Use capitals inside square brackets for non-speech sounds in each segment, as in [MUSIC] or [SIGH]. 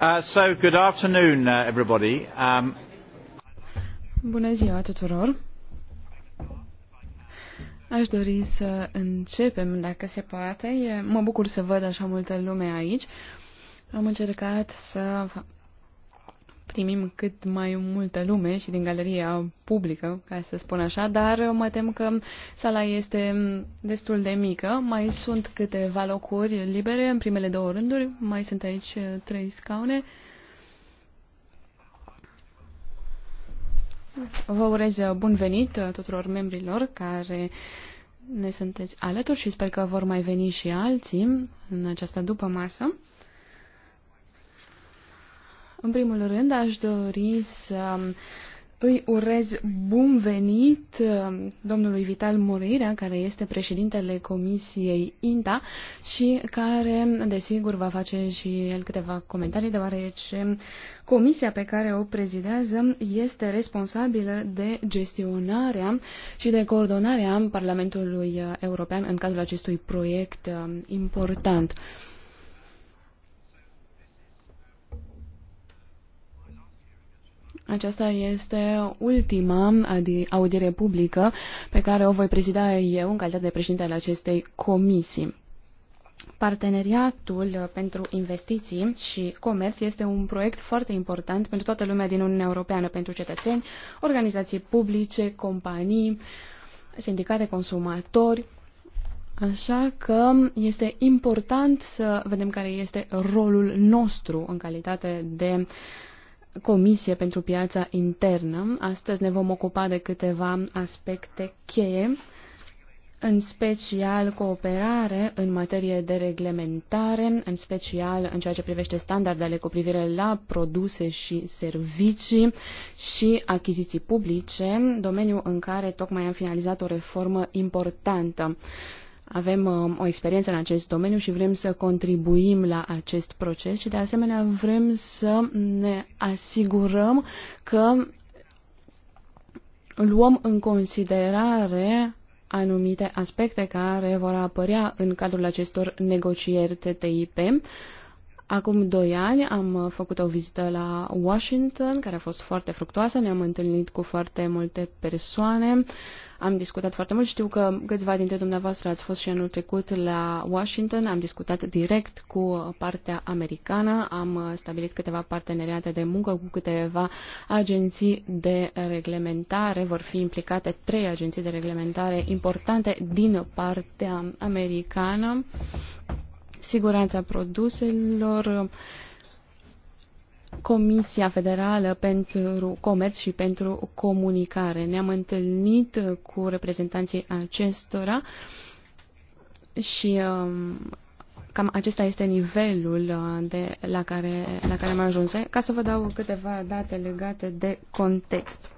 Uh, so, good afternoon, uh, everybody. Um... Bună ziua tuturor! Aș dori să începem, dacă se poate. Mă bucur să văd așa multă lume aici. Am încercat să primim cât mai multă lume și din galeria publică, ca să spun așa, dar mă tem că sala este destul de mică. Mai sunt câteva locuri libere în primele două rânduri, mai sunt aici trei scaune. Vă urez bun venit tuturor membrilor care ne sunteți alături și sper că vor mai veni și alții în această după masă. În primul rând, aș dori să îi urez bun venit um, domnului Vital Murirea, care este președintele Comisiei INTA și care, desigur, va face și el câteva comentarii, deoarece comisia pe care o prezidează este responsabilă de gestionarea și de coordonarea Parlamentului European în cadrul acestui proiect um, important. Aceasta este ultima audiere publică pe care o voi prezida eu în calitate de președinte al acestei comisii. Parteneriatul pentru investiții și comerț este un proiect foarte important pentru toată lumea din Uniunea Europeană, pentru cetățeni, organizații publice, companii, sindicate, consumatori. Așa că este important să vedem care este rolul nostru în calitate de uh, Comisie pentru Piața Internă. Astăzi ne vom ocupa de câteva aspecte cheie, în special cooperare în materie de reglementare, în special în ceea ce privește standardele cu privire la produse și servicii și achiziții publice, domeniu în care tocmai am finalizat o reformă importantă. Avem uh, o experiență în acest domeniu și vrem să contribuim la acest proces și de asemenea vrem să ne asigurăm că luăm în considerare anumite aspecte care vor apărea în cadrul acestor negocieri TTIP. Acum doi ani am făcut o vizită la Washington, care a fost foarte fructoasă, ne-am întâlnit cu foarte multe persoane am discutat foarte mult, știu că câțiva dintre dumneavoastră ați fost și anul trecut la Washington, am discutat direct cu partea americană, am stabilit câteva parteneriate de muncă cu câteva agenții de reglementare, vor fi implicate trei agenții de reglementare importante din partea americană, siguranța produselor, uh, Comisia Federală pentru Comerț și pentru Comunicare. Ne-am întâlnit cu reprezentanții acestora și um, cam acesta este nivelul uh, de, la, care, la care am ajuns. Ca să vă dau câteva date legate de context.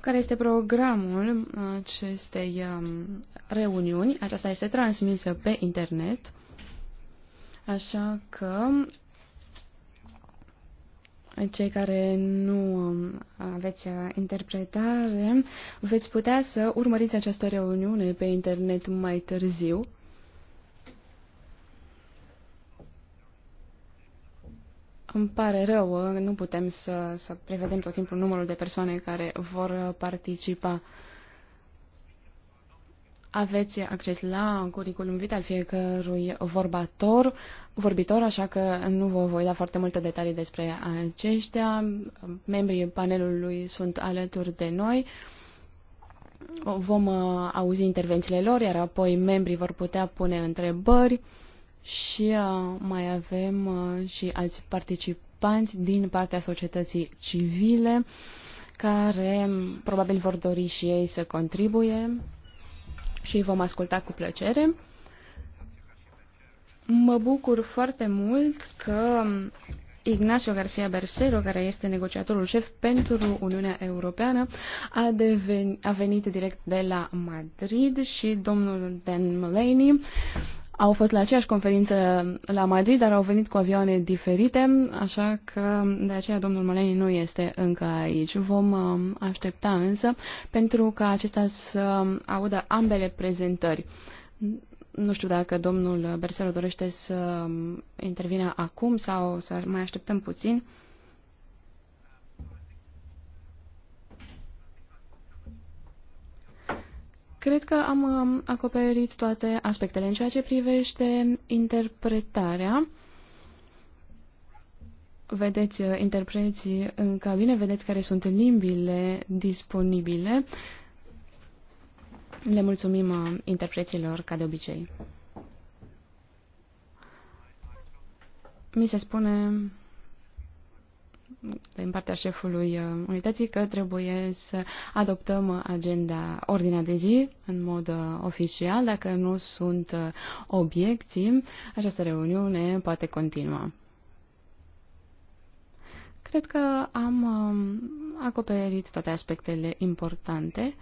Care este programul acestei um, reuniuni? Aceasta este transmisă pe internet. Așa că cei care nu um, aveți uh, interpretare, veți putea să urmăriți această reuniune pe internet mai târziu. Îmi pare rău, uh, nu putem să, să prevedem tot timpul numărul de persoane care vor uh, participa aveți acces la curriculum vitae al fiecărui vorbator, vorbitor, așa că nu vă voi da foarte multe detalii despre aceștia. Membrii panelului sunt alături de noi. Vom uh, auzi intervențiile lor, iar apoi membrii vor putea pune întrebări și uh, mai avem uh, și alți participanți din partea societății civile care probabil vor dori și ei să contribuie și îi vom asculta cu plăcere. Mă bucur foarte mult că Ignacio Garcia Bersero, care este negociatorul șef pentru Uniunea Europeană, a, deveni, a venit direct de la Madrid și domnul Dan Mulaney, au fost la aceeași conferință la Madrid, dar au venit cu avioane diferite, așa că de aceea domnul Măleni nu este încă aici. Vom um, aștepta însă pentru ca acesta să um, audă ambele prezentări. Nu știu dacă domnul Bersero dorește să um, intervină acum sau să mai așteptăm puțin. Cred că am acoperit toate aspectele în ceea ce privește interpretarea. Vedeți uh, interpreții în cabine, vedeți care sunt limbile disponibile. Le mulțumim uh, interpreților ca de obicei. Mi se spune din partea șefului uh, unității că trebuie să adoptăm agenda, ordinea de zi în mod uh, oficial. Dacă nu sunt uh, obiecții, această reuniune poate continua. Cred că am acoperit toate aspectele importante.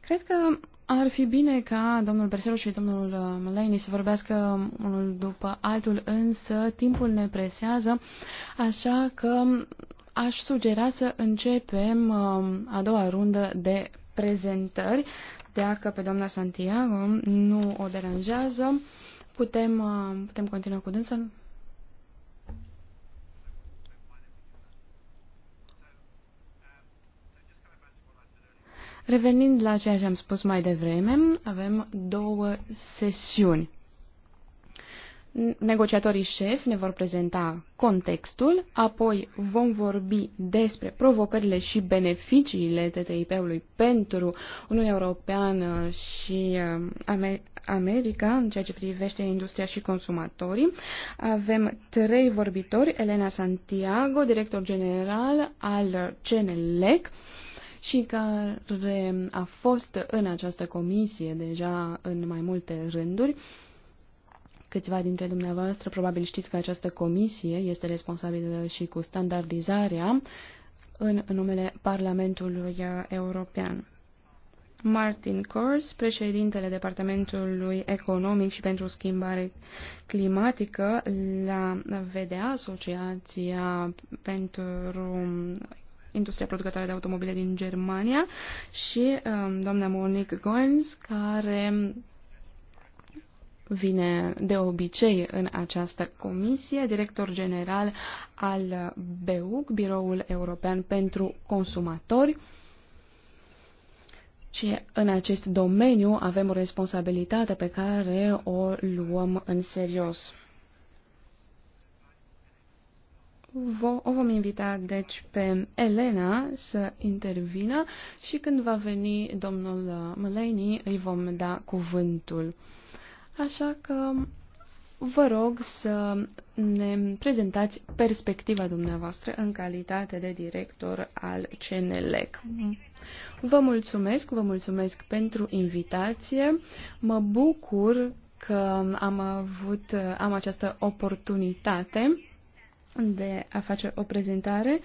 Cred că ar fi bine ca domnul Perselu și domnul uh, Mulaney să vorbească unul după altul, însă timpul ne presează, așa că aș sugera să începem uh, a doua rundă de prezentări. Dacă pe doamna Santiago nu o deranjează, putem, uh, putem continua cu dânsa Revenind la ceea ce am spus mai devreme, avem două sesiuni. Negociatorii șefi ne vor prezenta contextul, apoi vom vorbi despre provocările și beneficiile TTIP-ului pentru Uniunea Europeană și um, America în ceea ce privește industria și consumatorii. Avem trei vorbitori, Elena Santiago, director general al CNLEC, și care a fost în această comisie deja în mai multe rânduri. Câțiva dintre dumneavoastră probabil știți că această comisie este responsabilă și cu standardizarea în numele Parlamentului European. Martin Kors, președintele Departamentului Economic și pentru Schimbare Climatică la VDA, Asociația pentru industria producătoare de automobile din Germania și um, doamna Monique Goins, care vine de obicei în această comisie, director general al BEUC, Biroul European pentru Consumatori. Și în acest domeniu avem o responsabilitate pe care o luăm în serios o vom invita, deci, pe Elena să intervină și când va veni domnul Mulaney, îi vom da cuvântul. Așa că vă rog să ne prezentați perspectiva dumneavoastră în calitate de director al CNLEC. Vă mulțumesc, vă mulțumesc pentru invitație. Mă bucur că am avut am această oportunitate de a face o prezentare.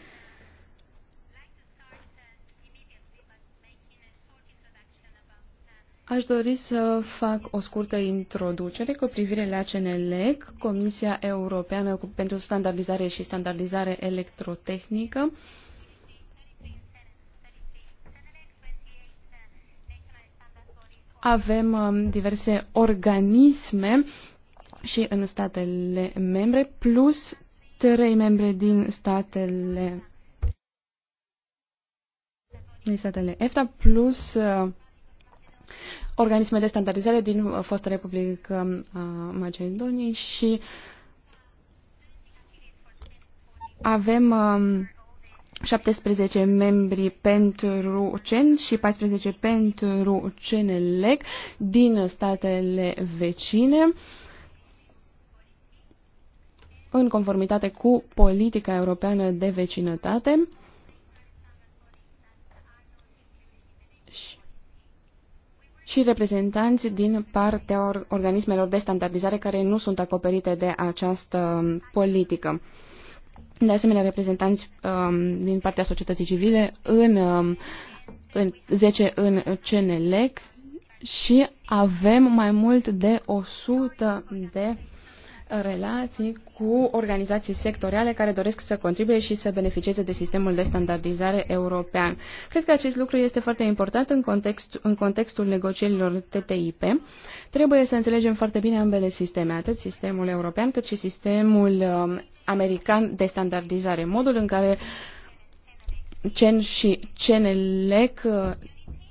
Aș dori să fac o scurtă introducere cu privire la CNLEC, Comisia Europeană pentru Standardizare și Standardizare Electrotehnică. Avem um, diverse organisme și în statele membre, plus trei membre din statele din statele EFTA plus uh, organisme de standardizare din fosta Republică uh, Macedoniei și avem uh, um, 17 membri pentru CEN și 14 pentru CNLEC din statele vecine. Uh, în conformitate cu politica europeană de vecinătate. și reprezentanți din partea organismelor de standardizare care nu sunt acoperite de această politică. De asemenea, reprezentanți um, din partea societății civile în, um, în 10 în CNLEC și avem mai mult de 100 de relații cu organizații sectoriale care doresc să contribuie și să beneficieze de sistemul de standardizare european. Cred că acest lucru este foarte important în, context, în contextul negocierilor TTIP. Trebuie să înțelegem foarte bine ambele sisteme, atât sistemul european cât și sistemul um, american de standardizare, modul în care CEN și CENELEC uh,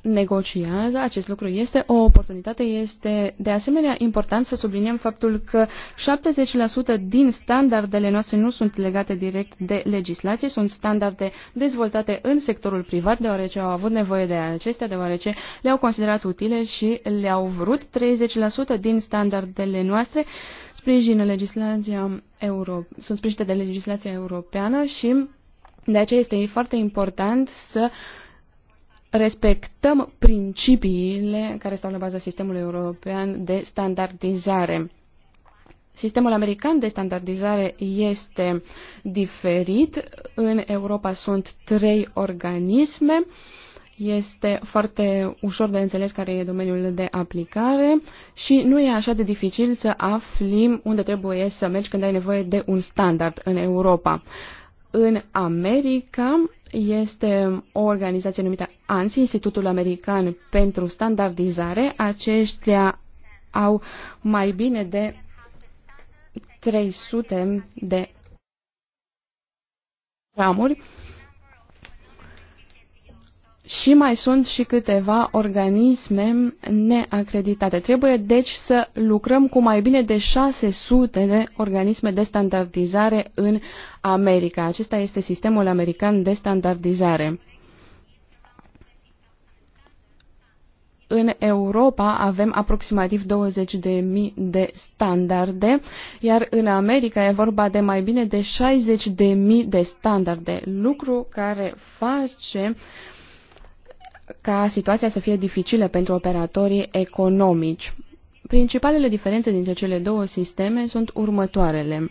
negociază acest lucru. Este o oportunitate, este de asemenea important să subliniem faptul că 70% din standardele noastre nu sunt legate direct de legislație, sunt standarde dezvoltate în sectorul privat, deoarece au avut nevoie de acestea, deoarece le-au considerat utile și le-au vrut. 30% din standardele noastre sprijină legislația euro, sunt sprijinite de legislația europeană și de aceea este foarte important să uh, respectăm principiile care stau la baza sistemului european de standardizare. Sistemul american de standardizare este diferit. În Europa sunt trei organisme. Este foarte ușor de înțeles care e domeniul de aplicare și nu e așa de dificil să aflim unde trebuie să mergi când ai nevoie de un standard în Europa. În America este o organizație numită ANSI, Institutul American pentru Standardizare. Aceștia au mai bine de 300 de ramuri și mai sunt și câteva organisme neacreditate. Trebuie deci să lucrăm cu mai bine de 600 de organisme de standardizare în America. Acesta este sistemul american de standardizare. în Europa avem aproximativ 20.000 de standarde, iar în America e vorba de mai bine de 60.000 de standarde, lucru care face uh, ca situația să fie dificilă pentru operatorii economici. Principalele diferențe dintre cele două sisteme sunt următoarele.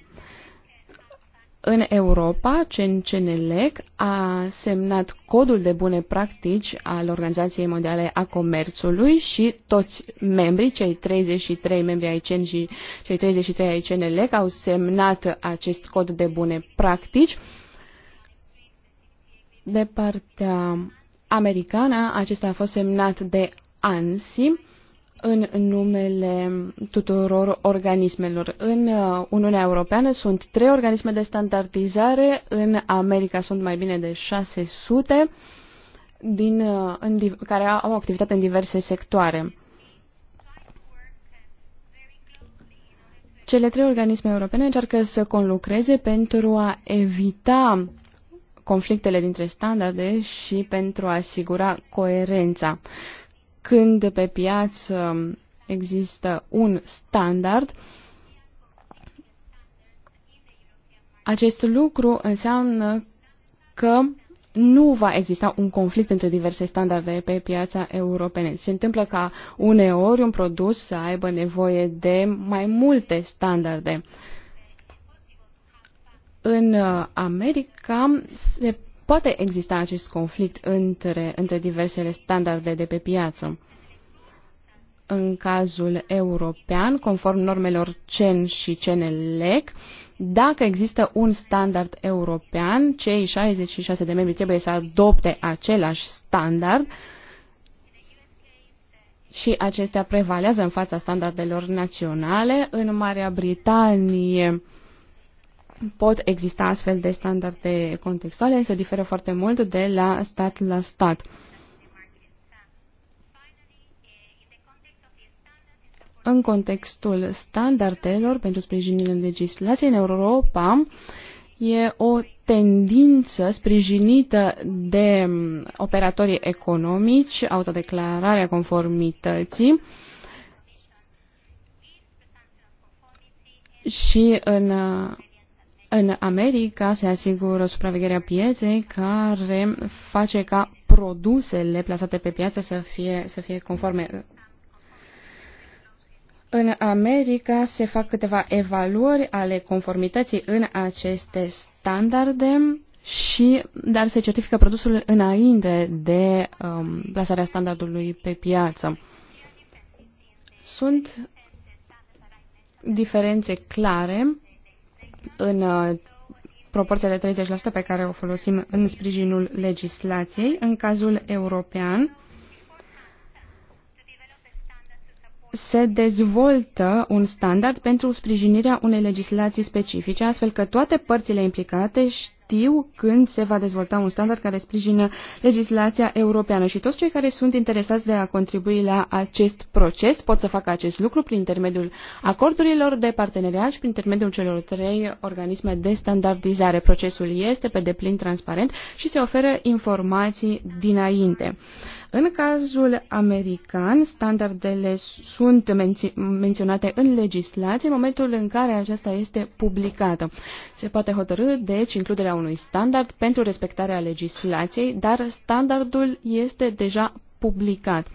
În Europa, CNCNLEC a semnat codul de bune practici al Organizației Mondiale a Comerțului și toți membrii, cei 33 membri ai CEN și cei 33 ai CNLEC au semnat acest cod de bune practici. De partea americană. Acesta a fost semnat de ANSI în numele tuturor organismelor. În uh, Uniunea Europeană sunt trei organisme de standardizare, în America sunt mai bine de 600 din, uh, în, care au activitate în diverse sectoare. Cele trei organisme europene încearcă să conlucreze pentru a evita conflictele dintre standarde și pentru a asigura coerența. Când pe piață există un standard, acest lucru înseamnă că nu va exista un conflict între diverse standarde pe piața europene. Se întâmplă ca uneori un produs să aibă nevoie de mai multe standarde. Uh, în uh, America se poate exista acest conflict între, între diversele standarde de pe piață. În cazul european, conform normelor CEN și CNLEC, dacă există un standard european, cei 66 de membri trebuie să adopte același standard și acestea prevalează în fața standardelor naționale. În Marea Britanie, pot exista astfel de standarde contextuale, însă diferă foarte mult de la stat la stat. În contextul standardelor pentru sprijinirea legislației în Europa, e o tendință sprijinită de operatorii economici, autodeclararea conformității, și în în America se asigură supravegherea pieței care face ca produsele plasate pe piață să fie, să fie conforme în America se fac câteva evaluări ale conformității în aceste standarde, și, dar se certifică produsul înainte de um, plasarea standardului pe piață. Sunt diferențe clare în uh, proporția de 30% pe care o folosim în sprijinul legislației. În cazul european, se dezvoltă un standard pentru sprijinirea unei legislații specifice, astfel că toate părțile implicate știu când se va dezvolta un standard care sprijină legislația europeană și toți cei care sunt interesați de a contribui la acest proces pot să facă acest lucru prin intermediul acordurilor de parteneriat și prin intermediul celor trei organisme de standardizare. Procesul este pe deplin transparent și se oferă informații dinainte. În cazul american, standardele sunt menți menționate în legislație în momentul în care aceasta este publicată. Se poate hotărâ, deci, includerea unui standard pentru respectarea legislației, dar standardul este deja publicat.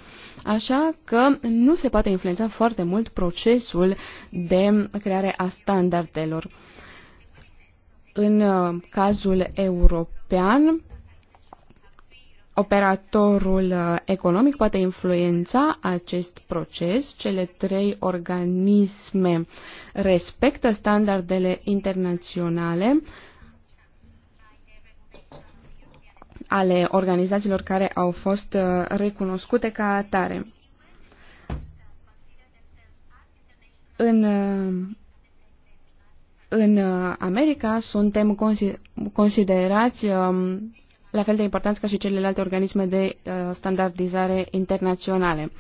Așa că nu se poate influența foarte mult procesul de creare a standardelor. În uh, cazul european, operatorul uh, economic poate influența acest proces. Cele trei organisme respectă standardele internaționale ale organizațiilor care au fost uh, recunoscute ca atare. În, uh, în America suntem considerați um, la fel de importanți ca și celelalte organisme de uh, standardizare internaționale.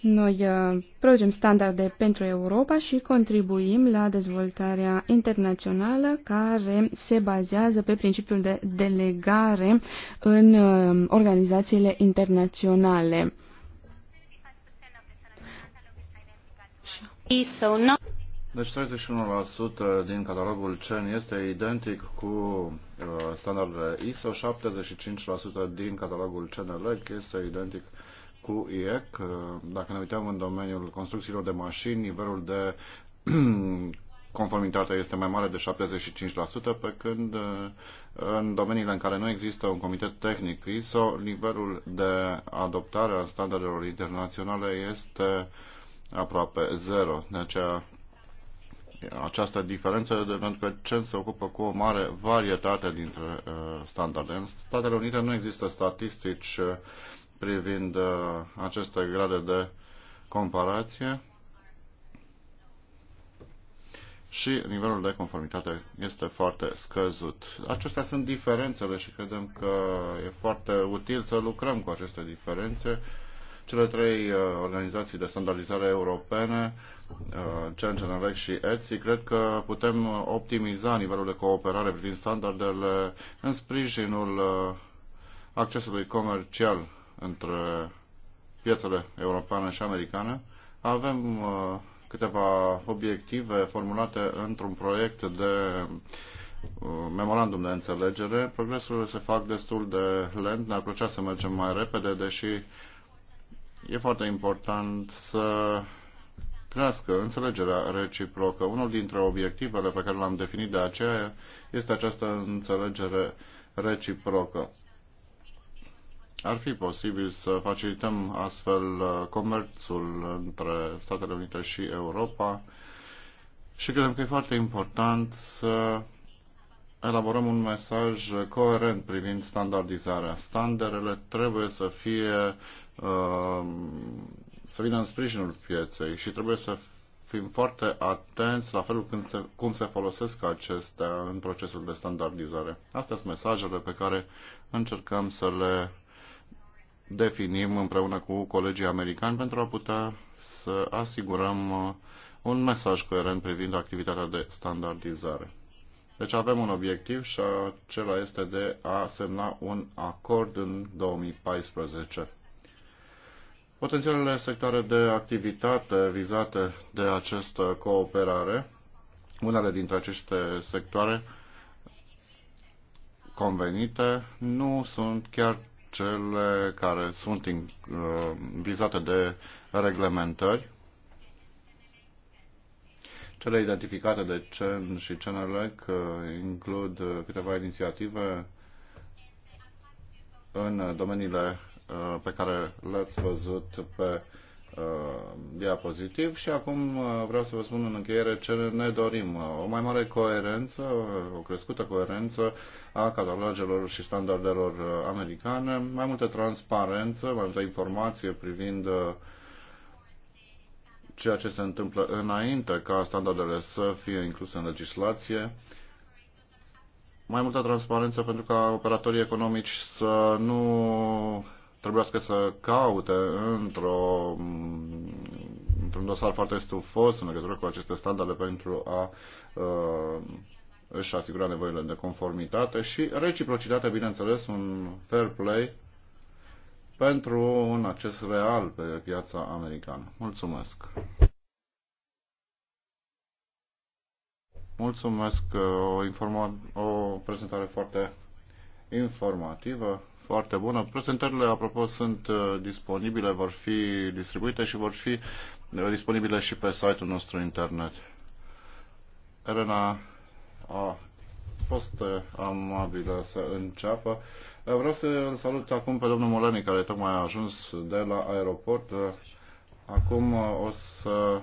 Noi uh, producem standarde pentru Europa și contribuim la dezvoltarea internațională care se bazează pe principiul de delegare în uh, organizațiile internaționale. Deci 31% din catalogul CEN este identic cu uh, standardele ISO, 75% din catalogul CNLEC este identic cu IEC. Uh, dacă ne uităm în domeniul construcțiilor de mașini, nivelul de [CLEARS THROAT] conformitate este mai mare de 75%, pe când uh, în domeniile în care nu există un comitet tehnic ISO, nivelul de adoptare a standardelor internaționale este aproape zero. De aceea această diferență pentru că CEN se ocupă cu o mare varietate dintre uh, standarde. În Statele Unite nu există statistici uh, privind uh, aceste grade de comparație și nivelul de conformitate este foarte scăzut. Acestea sunt diferențele și credem că e foarte util să lucrăm cu aceste diferențe cele trei uh, organizații de standardizare europene, uh, CNCNREC și ETSI, cred că putem optimiza nivelul de cooperare privind standardele în sprijinul uh, accesului comercial între piețele europene și americane. Avem câteva obiective formulate într-un proiect de memorandum de înțelegere. Progresurile se fac destul de lent, ne-ar plăcea să mergem mai repede, deși E foarte important să crească înțelegerea reciprocă. Unul dintre obiectivele pe care l-am definit de aceea este această înțelegere reciprocă. Ar fi posibil să facilităm astfel uh, comerțul între Statele Unite și Europa și credem că e foarte important să elaborăm un mesaj coerent privind standardizarea. Standardele trebuie să fie um, să vină în sprijinul pieței și trebuie să fim foarte atenți la felul când se, cum se folosesc acestea în procesul de standardizare. Astea sunt mesajele pe care încercăm să le definim împreună cu colegii americani pentru a putea să asigurăm uh, un mesaj coerent privind activitatea de standardizare. Deci avem un obiectiv și acela este de a semna un acord în 2014. Potențialele sectoare de activitate vizate de această cooperare, unele dintre aceste sectoare convenite, nu sunt chiar cele care sunt uh, vizate de reglementări, cele identificate de CEN și CENELEC uh, includ uh, câteva inițiative în domeniile uh, pe care le-ați văzut pe diapozitiv și acum vreau să vă spun în încheiere ce ne dorim. O mai mare coerență, o crescută coerență a catalogelor și standardelor americane, mai multă transparență, mai multă informație privind ceea ce se întâmplă înainte ca standardele să fie incluse în legislație, mai multă transparență pentru ca operatorii economici să nu trebuiască să caute într-o, într-un dosar foarte stufos în legătură cu aceste standarde pentru a uh, își asigura nevoile de conformitate și reciprocitate, bineînțeles, un fair play pentru un acces real pe piața americană. Mulțumesc! Mulțumesc, o, informa- o prezentare foarte informativă, foarte bună. Prezentările, apropo, sunt uh, disponibile, vor fi distribuite și vor fi uh, disponibile și pe site-ul nostru internet. Elena a fost uh, amabilă să înceapă. Vreau să îl salut acum pe domnul Molani, care tocmai a ajuns de la aeroport. Acum o să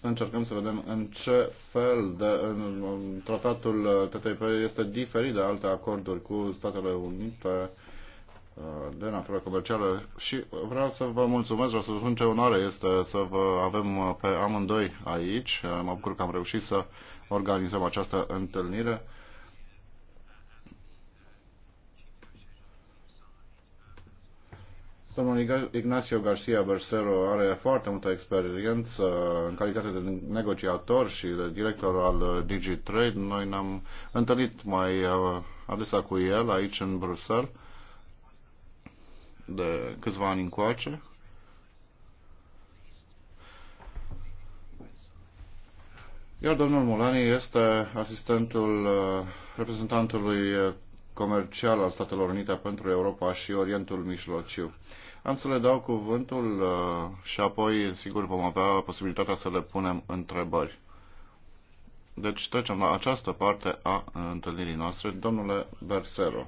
încercăm să vedem în ce fel de în, în tratatul TTIP este diferit de alte acorduri cu Statele Unite uh, de natură comercială și vreau să vă mulțumesc, vreau să spun ce onoare este să vă avem pe amândoi aici. Mă bucur că am reușit să organizăm această întâlnire. Domnul Ignacio Garcia Bersero are foarte multă experiență în calitate de negociator și de director al DigiTrade. Noi ne-am întâlnit mai uh, adesea cu el aici în Bruxelles de câțiva ani încoace. Iar domnul Mulani este asistentul uh, reprezentantului uh, comercial al Statelor Unite pentru Europa și Orientul Mijlociu. Am să le dau cuvântul uh, și apoi, sigur, vom avea posibilitatea să le punem întrebări. Deci trecem la această parte a întâlnirii noastre. Domnule Bersero,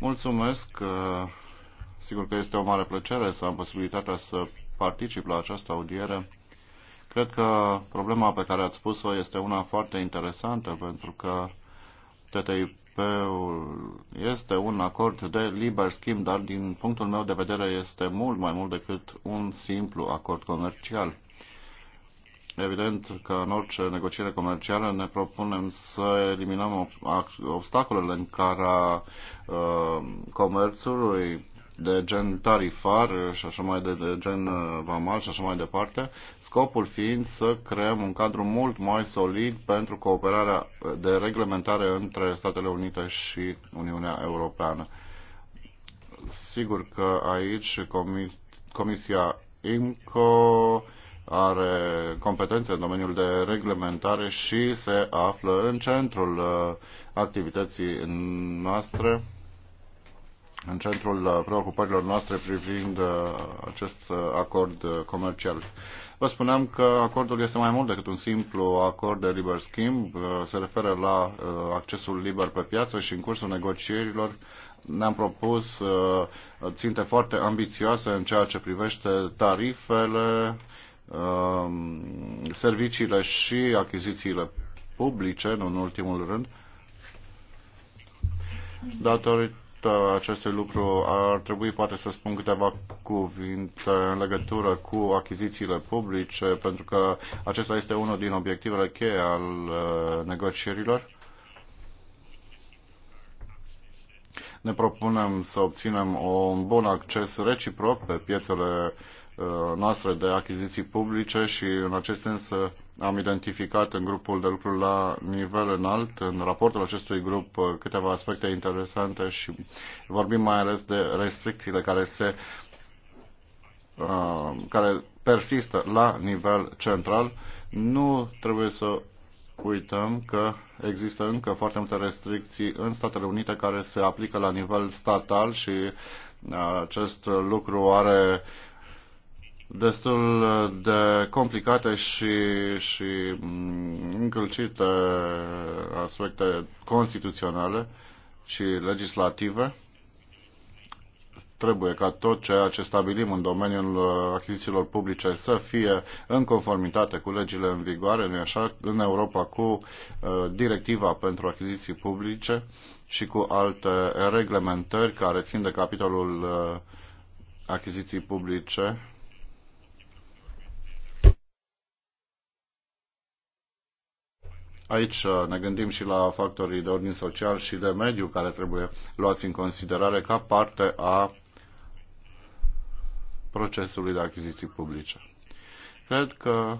mulțumesc. Sigur că este o mare plăcere să am posibilitatea să particip la această audiere Cred că problema pe care ați spus-o este una foarte interesantă, pentru că TTIP-ul este un acord de liber schimb, dar din punctul meu de vedere este mult mai mult decât un simplu acord comercial. Evident că în orice negociere comercială ne propunem să eliminăm obstacolele în care uh, comerțului de gen tarifar și așa mai de, de gen uh, vamal și așa mai departe, scopul fiind să creăm un cadru mult mai solid pentru cooperarea de reglementare între Statele Unite și Uniunea Europeană. Sigur că aici comis Comisia IMCO are competențe în domeniul de reglementare și se află în centrul uh, activității noastre în centrul uh, preocupărilor noastre privind uh, acest uh, acord comercial. Vă spuneam că acordul este mai mult decât un simplu acord de liber schimb, se referă la accesul liber pe piață și în cursul negocierilor ne-am propus ținte foarte ambițioase în ceea ce privește tarifele, um, serviciile și achizițiile publice, în ultimul rând, datorită Uh, acestui lucru, ar trebui poate să spun câteva cuvinte în legătură cu achizițiile publice, pentru că acesta este unul din obiectivele cheie al uh, negocierilor. Ne propunem să obținem un bun acces reciproc pe piețele uh, noastre de achiziții publice și în acest sens să am identificat în grupul de lucru la nivel înalt, în raportul acestui grup, uh, câteva aspecte interesante și vorbim mai ales de restricțiile care se uh, care persistă la nivel central. Nu trebuie să uităm că există încă foarte multe restricții în Statele Unite care se aplică la nivel statal și uh, acest lucru are destul de complicate și, și mm, încălcite aspecte constituționale și legislative. Trebuie ca tot ceea ce stabilim în domeniul achizițiilor publice să fie în conformitate cu legile în vigoare, nu așa, în Europa cu uh, directiva pentru achiziții publice și cu alte reglementări care țin de capitolul uh, achiziții publice Aici uh, ne gândim și la factorii de ordin social și de mediu care trebuie luați în considerare ca parte a procesului de achiziții publice. Cred că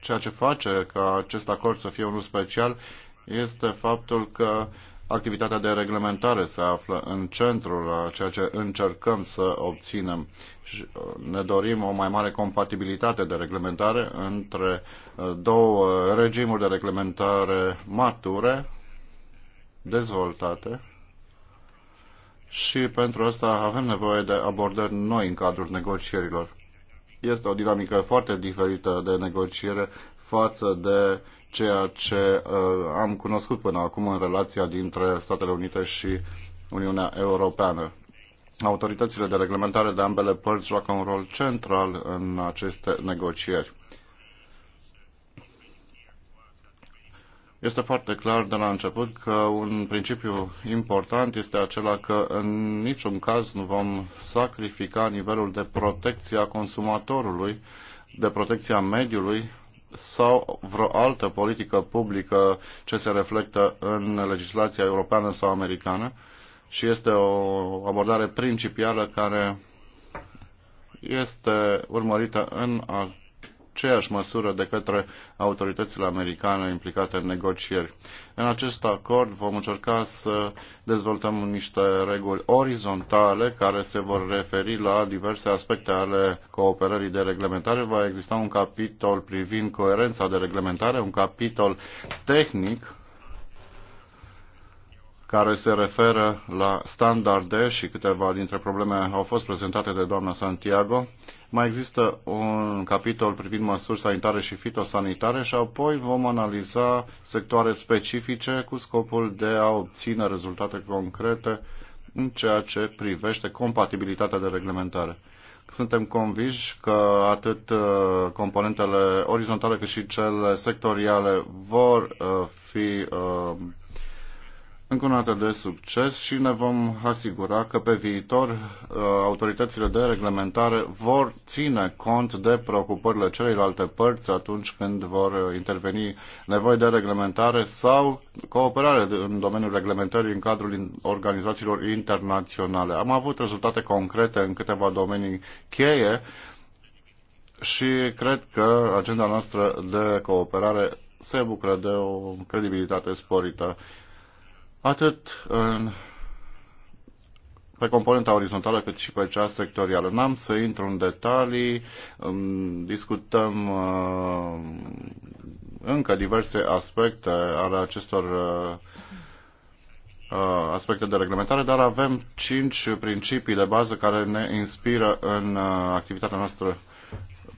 ceea ce face ca acest acord să fie unul special este faptul că activitatea de reglementare se află în centrul a uh, ceea ce încercăm să obținem. Uh, ne dorim o mai mare compatibilitate de reglementare între uh, două regimuri de reglementare mature, dezvoltate, și pentru asta avem nevoie de abordări noi în cadrul negocierilor. Este o dinamică foarte diferită de negociere față de ceea ce uh, am cunoscut până acum în relația dintre Statele Unite și Uniunea Europeană. Autoritățile de reglementare de ambele părți joacă un rol central în aceste negocieri. Este foarte clar de la început că un principiu important este acela că în niciun caz nu vom sacrifica nivelul de protecție a consumatorului, de protecția mediului sau vreo altă politică publică ce se reflectă în legislația europeană sau americană și este o abordare principială care este urmărită în aceeași măsură de către autoritățile americane implicate în negocieri. În acest acord vom încerca să dezvoltăm niște reguli orizontale care se vor referi la diverse aspecte ale cooperării de reglementare. Va exista un capitol privind coerența de reglementare, un capitol tehnic care se referă la standarde și câteva dintre probleme au fost prezentate de doamna Santiago. Mai există un capitol privind măsuri sanitare și fitosanitare și apoi vom analiza sectoare specifice cu scopul de a obține rezultate concrete în ceea ce privește compatibilitatea de reglementare. Suntem convinși că atât uh, componentele orizontale cât și cele sectoriale vor uh, fi uh, încă o dată de succes și ne vom asigura că pe viitor uh, autoritățile de reglementare vor ține cont de preocupările celelalte părți atunci când vor uh, interveni nevoi de reglementare sau cooperare în domeniul reglementării în cadrul organizațiilor internaționale. Am avut rezultate concrete în câteva domenii cheie și cred că agenda noastră de cooperare se bucură de o credibilitate sporită atât în, pe componenta orizontală cât și pe cea sectorială. N-am să intru în detalii, discutăm uh, încă diverse aspecte ale acestor uh, uh, aspecte de reglementare, dar avem cinci principii de bază care ne inspiră în activitatea noastră.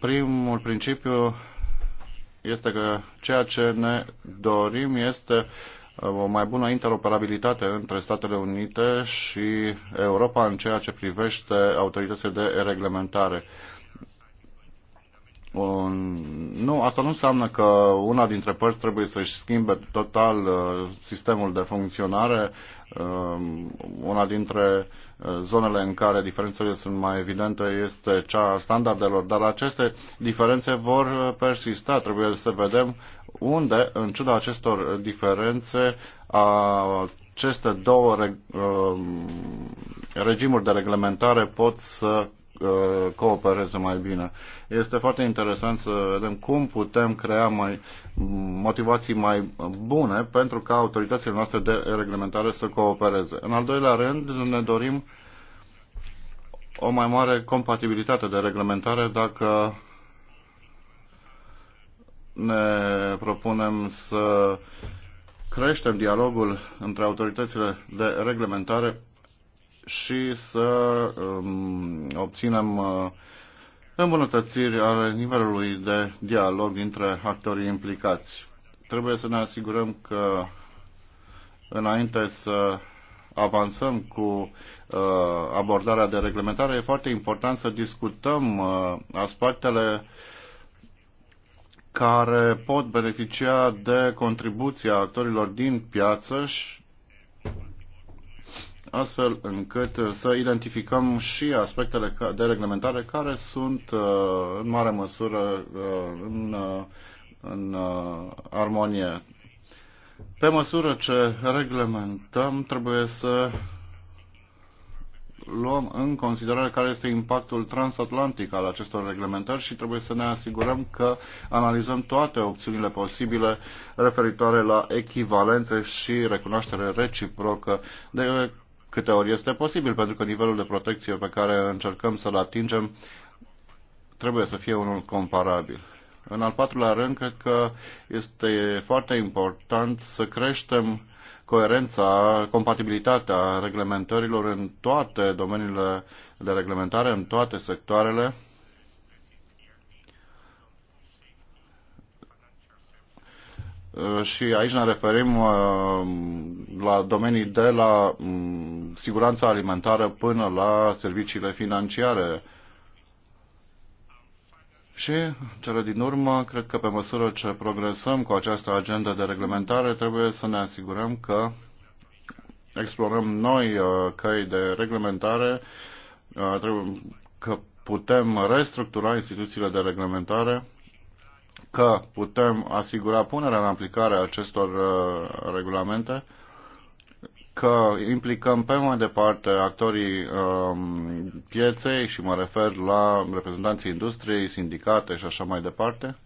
Primul principiu este că ceea ce ne dorim este uh, o mai bună interoperabilitate între Statele Unite și Europa în ceea ce privește autoritățile de reglementare nu, asta nu înseamnă că una dintre părți trebuie să-și schimbe total uh, sistemul de funcționare, um, una dintre uh, zonele în care diferențele sunt mai evidente este cea a standardelor, dar aceste diferențe vor uh, persista. Trebuie să vedem unde, în ciuda acestor diferențe, aceste două um, regimuri de reglementare pot să Uh, coopereze mai bine. Este foarte interesant să vedem cum putem crea mai, motivații mai bune pentru ca autoritățile noastre de reglementare să coopereze. În al doilea rând, ne dorim o mai mare compatibilitate de reglementare dacă ne propunem să creștem dialogul între autoritățile de reglementare și să um, obținem uh, îmbunătățiri ale nivelului de dialog dintre actorii implicați. Trebuie să ne asigurăm că înainte să avansăm cu uh, abordarea de reglementare, e foarte important să discutăm uh, aspectele care pot beneficia de contribuția actorilor din piață și astfel încât uh, să identificăm și aspectele de reglementare care sunt uh, în mare măsură uh, în, în armonie. Pe măsură ce reglementăm, trebuie să luăm în considerare care este impactul transatlantic al acestor reglementări și trebuie să ne asigurăm că analizăm toate opțiunile posibile referitoare la echivalențe și recunoaștere reciprocă de câte ori este posibil, pentru că nivelul de protecție pe care încercăm să-l atingem trebuie să fie unul comparabil. În al patrulea rând, cred că este foarte important să creștem coerența, compatibilitatea reglementărilor în toate domeniile de reglementare, în toate sectoarele, și aici ne referim uh, la domenii de la mm, siguranța alimentară până la serviciile financiare. Și, cele din urmă, cred că pe măsură ce progresăm cu această agendă de reglementare, trebuie să ne asigurăm că explorăm noi uh, căi de reglementare, uh, că putem restructura instituțiile de reglementare că putem asigura punerea în aplicare a acestor uh, regulamente, că implicăm pe mai departe actorii um, pieței și mă refer la reprezentanții industriei, sindicate și așa mai departe.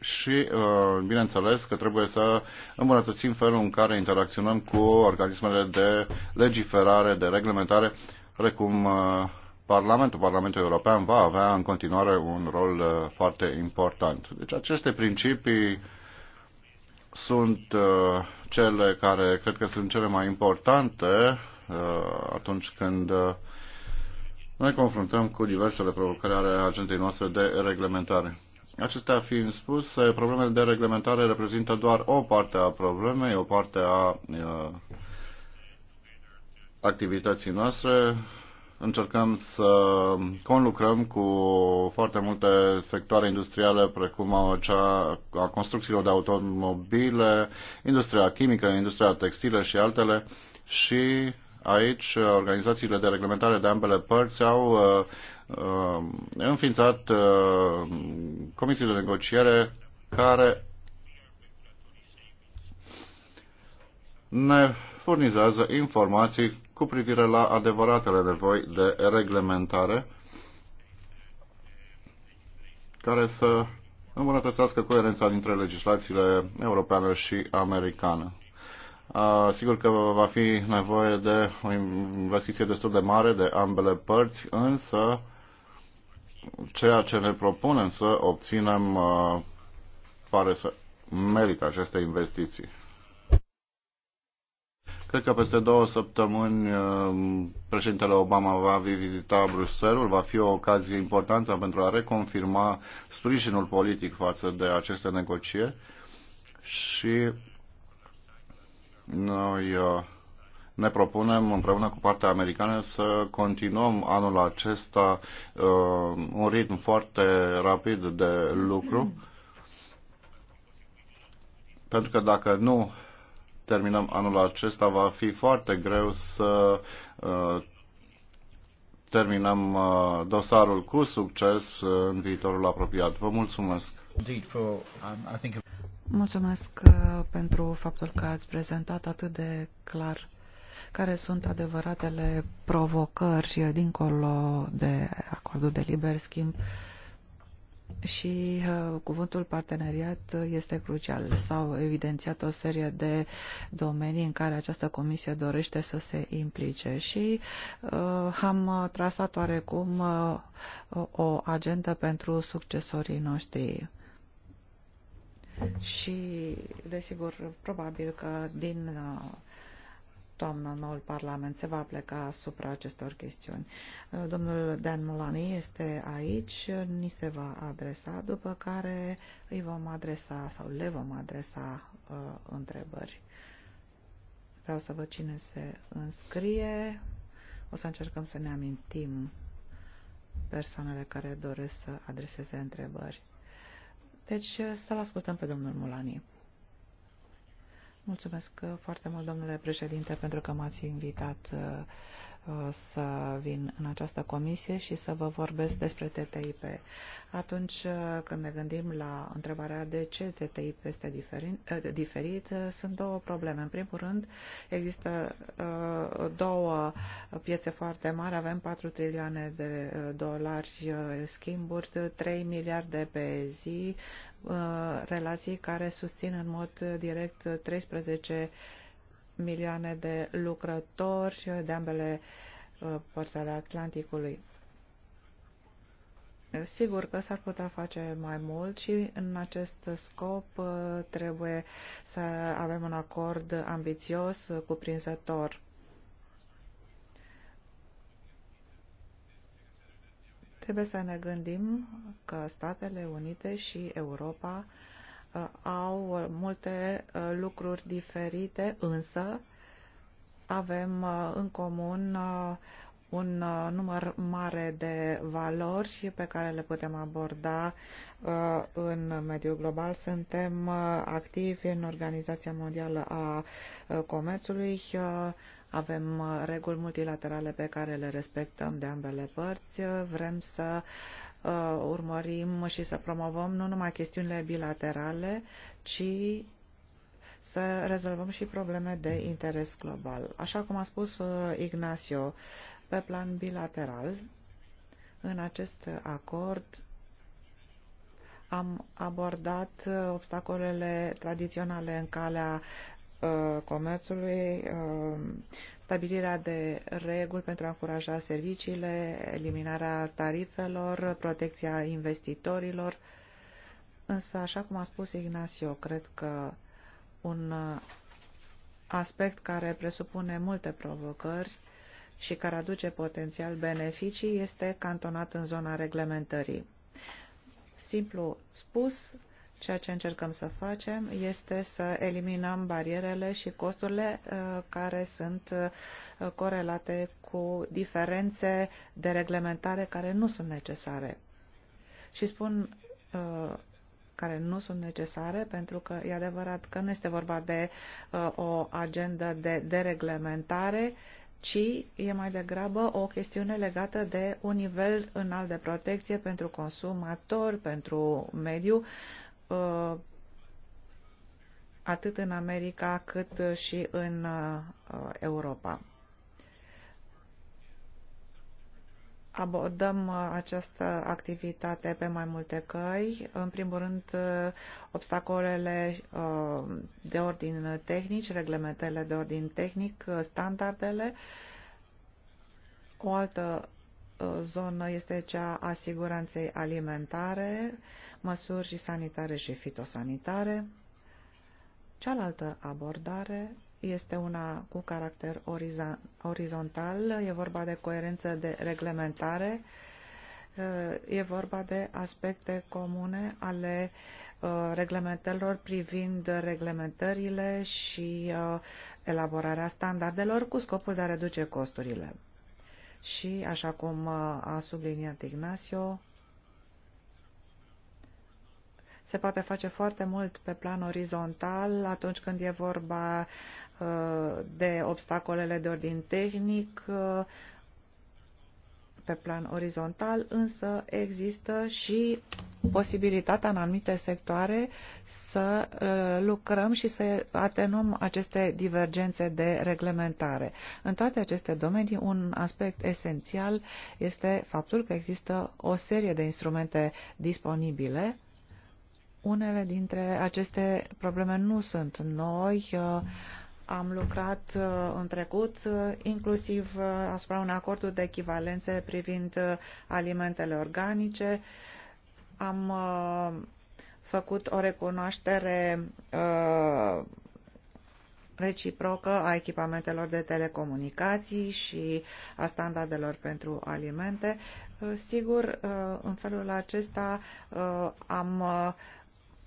Și, uh, bineînțeles, că trebuie să îmbunătățim felul în care interacționăm cu organismele de legiferare, de reglementare, precum uh, Parlamentul, Parlamentul European va avea în continuare un rol uh, foarte important. Deci aceste principii sunt uh, cele care cred că sunt cele mai importante uh, atunci când ne confruntăm cu diversele provocări ale agentei noastre de reglementare. Acestea fiind spuse, problemele de reglementare reprezintă doar o parte a problemei, o parte a uh, activității noastre încercăm să conlucrăm cu foarte multe sectoare industriale, precum cea a construcțiilor de automobile, industria chimică, industria textilă și altele. Și aici organizațiile de reglementare de ambele părți au uh, uh înființat uh, comisii de negociere care ne furnizează informații cu privire la adevăratele nevoi de reglementare care să îmbunătățească coerența dintre legislațiile europeană și americană. Sigur că va fi nevoie de o investiție destul de mare de ambele părți, însă ceea ce ne propunem să obținem pare să merită aceste investiții. Cred că peste două săptămâni uh, președintele Obama va vizita Bruxelles, va fi o ocazie importantă pentru a reconfirma sprijinul politic față de aceste negocieri și noi uh, ne propunem împreună cu partea americană să continuăm anul acesta uh, un ritm foarte rapid de lucru. Pentru că dacă nu terminăm anul acesta, va fi foarte greu să uh, terminăm uh, dosarul cu succes în viitorul apropiat. Vă mulțumesc! Um, mulțumesc uh, pentru faptul că ați prezentat atât de clar care sunt adevăratele provocări dincolo de acordul de liber schimb și uh, cuvântul parteneriat uh, este crucial. S-au evidențiat o serie de domenii în care această comisie dorește să se implice și uh, am uh, trasat oarecum uh, o agendă pentru succesorii noștri. Și, desigur, probabil că din uh, toamnă noul Parlament se va pleca asupra acestor chestiuni. Uh, domnul Dan Mulani este aici, ni se va adresa, după care îi vom adresa sau le vom adresa uh, întrebări. Vreau să văd cine se înscrie. O să încercăm să ne amintim persoanele care doresc să adreseze întrebări. Deci uh, să-l ascultăm pe domnul Mulani. Mulțumesc foarte mult, domnule președinte, pentru că m-ați invitat uh, să vin în această comisie și să vă vorbesc despre TTIP. Atunci uh, când ne gândim la întrebarea de ce TTIP este uh, diferit, sunt două probleme. În primul rând, există două piețe foarte mari, avem 4 trilioane de dolari schimburi, 3 miliarde pe zi, Uh, relații care susțin în mod direct 13 milioane de lucrători de ambele uh, părți ale Atlanticului. Sigur că s-ar putea face mai mult și în acest scop uh, trebuie să avem un acord ambițios, cuprinzător. Trebuie să ne gândim că Statele Unite și Europa uh, au multe uh, lucruri diferite, însă avem uh, în comun un număr mare de valori pe care le putem aborda în mediul global. Suntem activi în Organizația Mondială a Comerțului, avem uh, reguli multilaterale pe care le respectăm de ambele părți. Vrem să uh, urmărim și să promovăm nu numai chestiunile bilaterale, ci să rezolvăm și probleme de interes global. Așa cum a spus uh, Ignacio, pe plan bilateral, în acest acord am abordat obstacolele tradiționale în calea Uh, comerțului, uh, stabilirea de reguli pentru a încuraja serviciile, eliminarea tarifelor, protecția investitorilor. Însă, așa cum a spus Ignacio, cred că un uh, aspect care presupune multe provocări și care aduce potențial beneficii este cantonat în zona reglementării. Simplu spus, Ceea ce încercăm să facem este să eliminăm barierele și costurile uh, care sunt uh, corelate cu diferențe de reglementare care nu sunt necesare. Și spun uh, care nu sunt necesare, pentru că e adevărat că nu este vorba de o agendă de dereglementare, ci e mai degrabă o chestiune legată de un nivel înalt de protecție pentru consumatori, pentru mediu, Uh, atât în America cât și în uh, Europa. Abordăm uh, această activitate pe mai multe căi. În primul rând, obstacolele de ordin tehnic, reglementele de ordin tehnic, standardele. O altă Uh, zonă este cea a siguranței alimentare, măsuri și sanitare și fitosanitare. Cealaltă abordare este una cu caracter orizontal, e vorba de coerență de reglementare, uh, e vorba de aspecte comune ale uh, reglementărilor privind reglementările și elaborarea standardelor cu scopul de a reduce costurile și, așa cum uh, a subliniat Ignacio, se poate face foarte mult pe plan orizontal atunci când e vorba uh, de obstacolele de ordin tehnic, uh, pe plan orizontal, însă există și posibilitatea în anumite sectoare să uh, lucrăm și să atenuăm aceste divergențe de reglementare. În toate aceste domenii, un aspect esențial este faptul că există o serie de instrumente disponibile unele dintre aceste probleme nu sunt noi. Uh, am lucrat uh, în trecut uh, inclusiv uh, asupra un acord de echivalențe privind alimentele organice. Am făcut o recunoaștere reciprocă a echipamentelor de telecomunicații și a standardelor pentru alimente. Sigur, în felul acesta am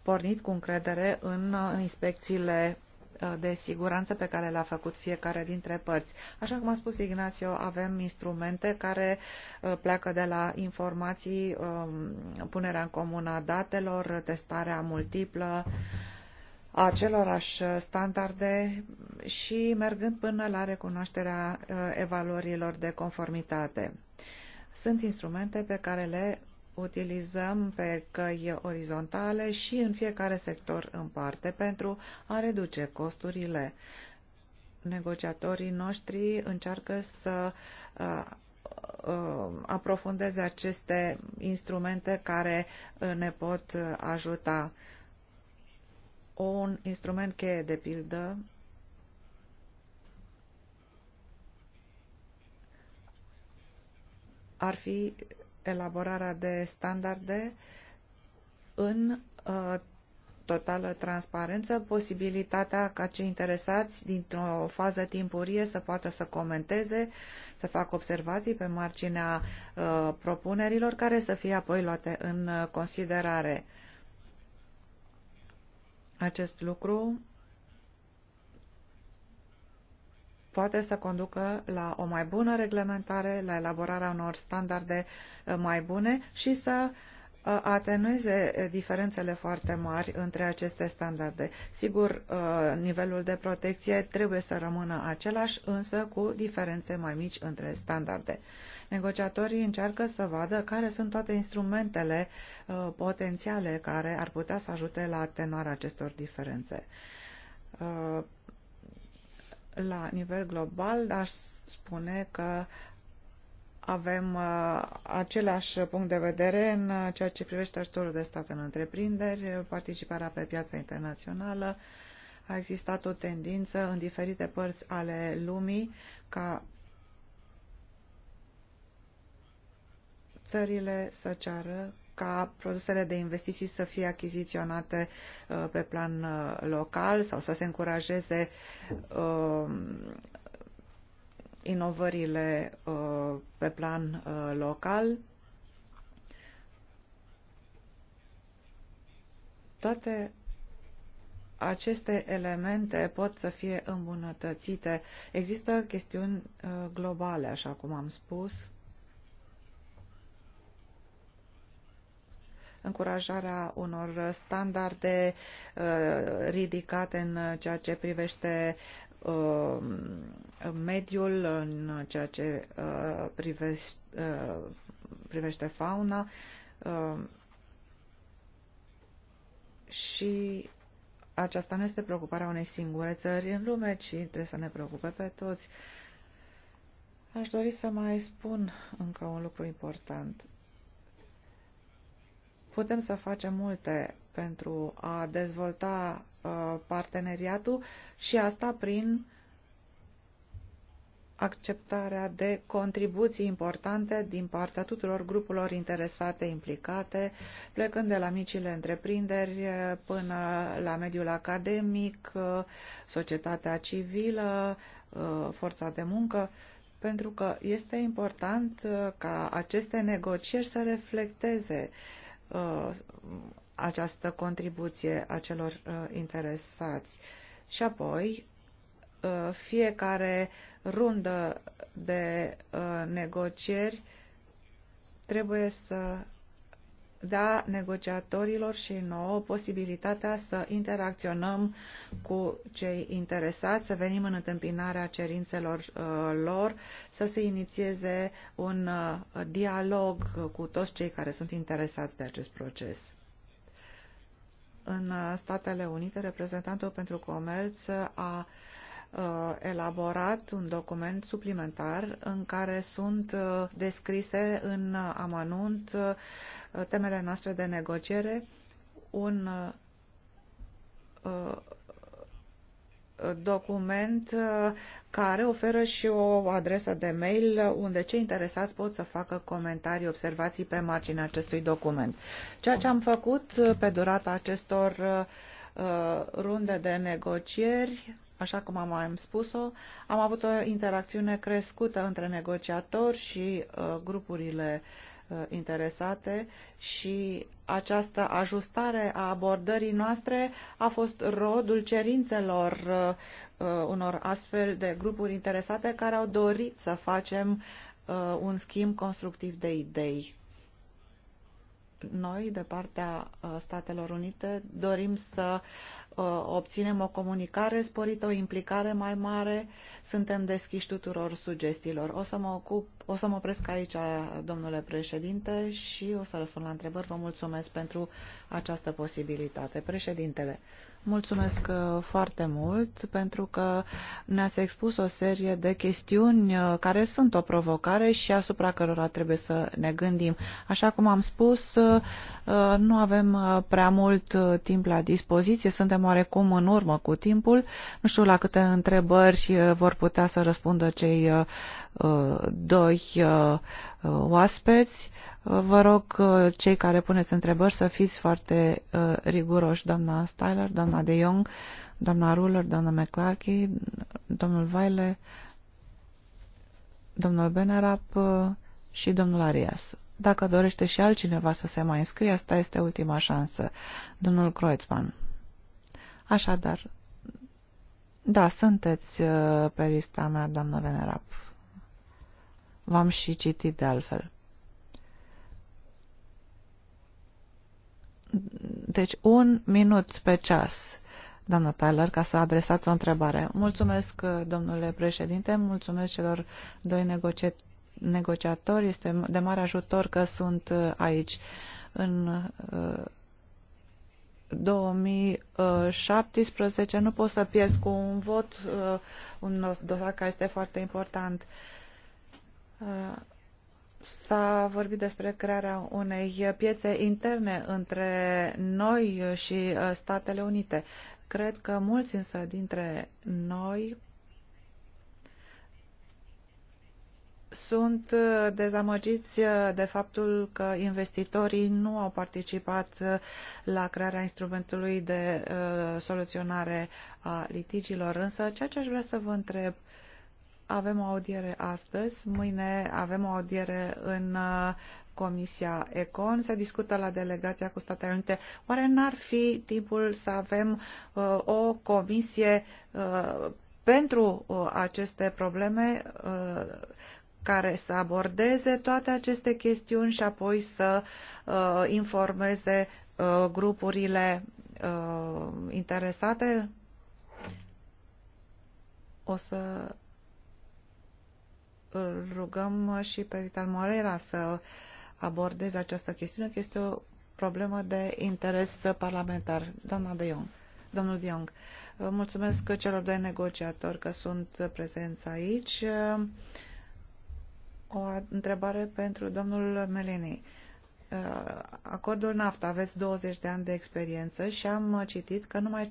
pornit cu încredere în inspecțiile Uh, de siguranță pe care le-a făcut fiecare dintre părți. Așa cum a spus Ignacio, avem instrumente care uh, pleacă de la informații, um, punerea în comun a datelor, testarea multiplă, acelorași standarde și mergând până la recunoașterea uh, evaluărilor de conformitate. Sunt instrumente pe care le utilizăm pe căi orizontale și în fiecare sector în parte pentru a reduce costurile. Negociatorii noștri încearcă să uh, uh, aprofundeze aceste instrumente care uh, ne pot ajuta. Un instrument cheie, de pildă, ar fi elaborarea de standarde în uh, totală transparență, posibilitatea ca cei interesați dintr-o fază timpurie să poată să comenteze, să facă observații pe marginea uh, propunerilor care să fie apoi luate în considerare. Acest lucru poate să conducă la o mai bună reglementare, la elaborarea unor standarde eh, mai bune și să eh, atenueze eh, diferențele foarte mari între aceste standarde. Sigur, nivelul de protecție trebuie să rămână același, însă cu diferențe mai mici între standarde. Negociatorii încearcă să vadă care sunt toate instrumentele potențiale care ar putea să ajute la atenuarea acestor diferențe la nivel global, aș spune că avem uh, același punct de vedere în uh, ceea ce privește ajutorul de stat în întreprinderi, participarea pe piața internațională. A existat o tendință în diferite părți ale lumii ca țările să ceară ca produsele de investiții să fie achiziționate uh, pe plan uh, local sau să se încurajeze uh, inovările pe plan local. Toate aceste elemente pot să fie îmbunătățite. Există chestiuni globale, așa cum am spus, încurajarea unor standarde uh, ridicate în ceea ce privește uh, mediul, în ceea ce uh, privește, privește fauna și aceasta nu este preocuparea unei singure țări în lume, ci trebuie să ne preocupe pe toți. Aș dori să mai spun încă un lucru important. Putem să facem multe pentru a dezvolta uh, parteneriatul și asta prin acceptarea de contribuții importante din partea tuturor grupurilor interesate, implicate, plecând de la micile întreprinderi uh, până la mediul academic, uh, societatea civilă, forța de muncă, pentru că este important ca aceste negocieri să reflecteze uh, Uh, această contribuție a celor uh, interesați. Și apoi, uh, fiecare rundă de negocieri trebuie să da negociatorilor și nouă posibilitatea să interacționăm cu cei interesați, să venim în întâmpinarea cerințelor uh, lor, să se inițieze un uh, dialog cu toți cei care sunt interesați de acest proces. În uh, Statele Unite, reprezentantul pentru comerț a uh, Uh, elaborat un document suplimentar în care sunt uh, descrise în amanunt uh, temele noastre de negociere, un document care oferă și o adresă de mail unde cei interesați pot să facă comentarii, observații pe marginea acestui document. Ceea ce am făcut pe durata acestor runde de negocieri așa cum am mai spus-o, am avut o interacțiune crescută între negociatori și uh, grupurile uh, interesate și această ajustare a abordării noastre a fost rodul cerințelor uh, uh unor astfel de grupuri interesate care au dorit să facem uh, un schimb constructiv de idei noi, de partea uh, Statelor Unite, dorim să Uh, obținem o comunicare sporită, o implicare mai mare. Suntem deschiși tuturor sugestiilor. O să mă, ocup, o să mă opresc aici, domnule președinte, și o să răspund la întrebări. Vă mulțumesc pentru această posibilitate. Președintele. Mulțumesc uh, foarte mult pentru că ne-ați expus o serie de chestiuni uh, care sunt o provocare și asupra cărora trebuie să ne gândim. Așa cum am spus, uh, nu avem prea mult timp la dispoziție, suntem oarecum în urmă cu timpul. Nu știu la câte întrebări vor putea să răspundă cei doi oaspeți. Vă rog uh, cei care puneți întrebări să fiți foarte uh, riguroși, doamna Styler, doamna De Jong, doamna Ruler, doamna McClarky, domnul Vaile, domnul Benerap uh, și domnul Arias. Dacă dorește și altcineva să se mai înscrie, asta este ultima șansă. Domnul Kreutzmann. Așadar, da, sunteți pe lista mea, doamna Venerap. V-am și citit de altfel. Deci un minut pe ceas, doamna Tyler, ca să adresați o întrebare. Mulțumesc, domnule președinte, mulțumesc celor doi negoci negociatori. este de mare ajutor că sunt aici. În 2017 uh, nu pot să pierd cu un vot uh, un dosar care este foarte important. Uh, S-a vorbit despre crearea unei piețe interne între noi și uh, Statele Unite. Cred că mulți însă dintre noi sunt uh, dezamăgiți uh, de faptul că investitorii nu au participat la crearea instrumentului de soluționare a litigilor. Însă ceea ce aș vrea să vă întreb avem o audiere astăzi, mâine avem o audiere în uh, Comisia Econ, se discută la delegația cu Statele Unite. Oare n-ar fi timpul să avem uh, o comisie uh, pentru uh, aceste probleme uh, care să abordeze toate aceste chestiuni și apoi să uh, informeze uh, grupurile uh, interesate? O să îl rugăm și pe Vital Moreira să abordeze această chestiune, că este o problemă de interes parlamentar. Doamna de Jong, domnul de Jong, mulțumesc celor doi negociatori că sunt prezenți aici. O întrebare pentru domnul Melini. Uh, acordul NAFTA aveți 20 de ani de experiență și am uh, citit că numai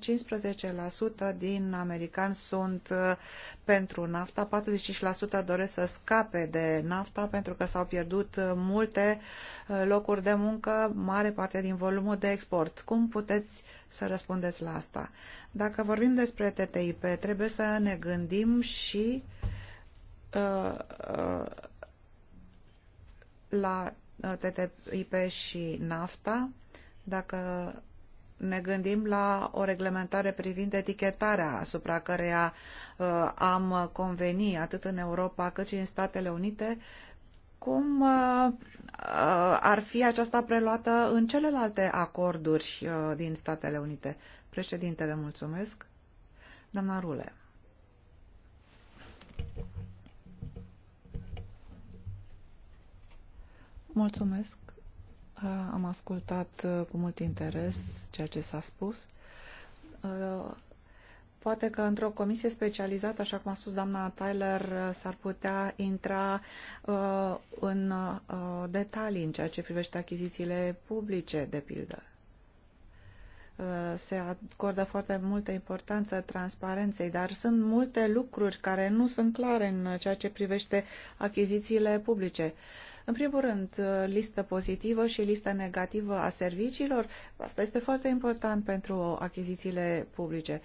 15% din americani sunt uh, pentru NAFTA, 45% doresc să scape de NAFTA pentru că s-au pierdut multe locuri de muncă, mare parte din volumul de export. Cum puteți să răspundeți la asta? Dacă vorbim despre TTIP, trebuie să ne gândim și uh, uh, la Uh, TTIP și NAFTA, dacă ne gândim la o reglementare privind etichetarea asupra căreia uh, am conveni atât în Europa cât și în Statele Unite, cum uh, ar fi aceasta preluată în celelalte acorduri din Statele Unite? Președintele, mulțumesc. Doamna Rule. Mulțumesc. Am ascultat cu mult interes ceea ce s-a spus. Poate că într-o comisie specializată, așa cum a spus doamna Tyler, s-ar putea intra în detalii în ceea ce privește achizițiile publice, de pildă se acordă foarte multă importanță transparenței, dar sunt multe lucruri care nu sunt clare în ceea ce privește achizițiile publice. În primul rând, listă pozitivă și listă negativă a serviciilor. Asta este foarte important pentru achizițiile publice.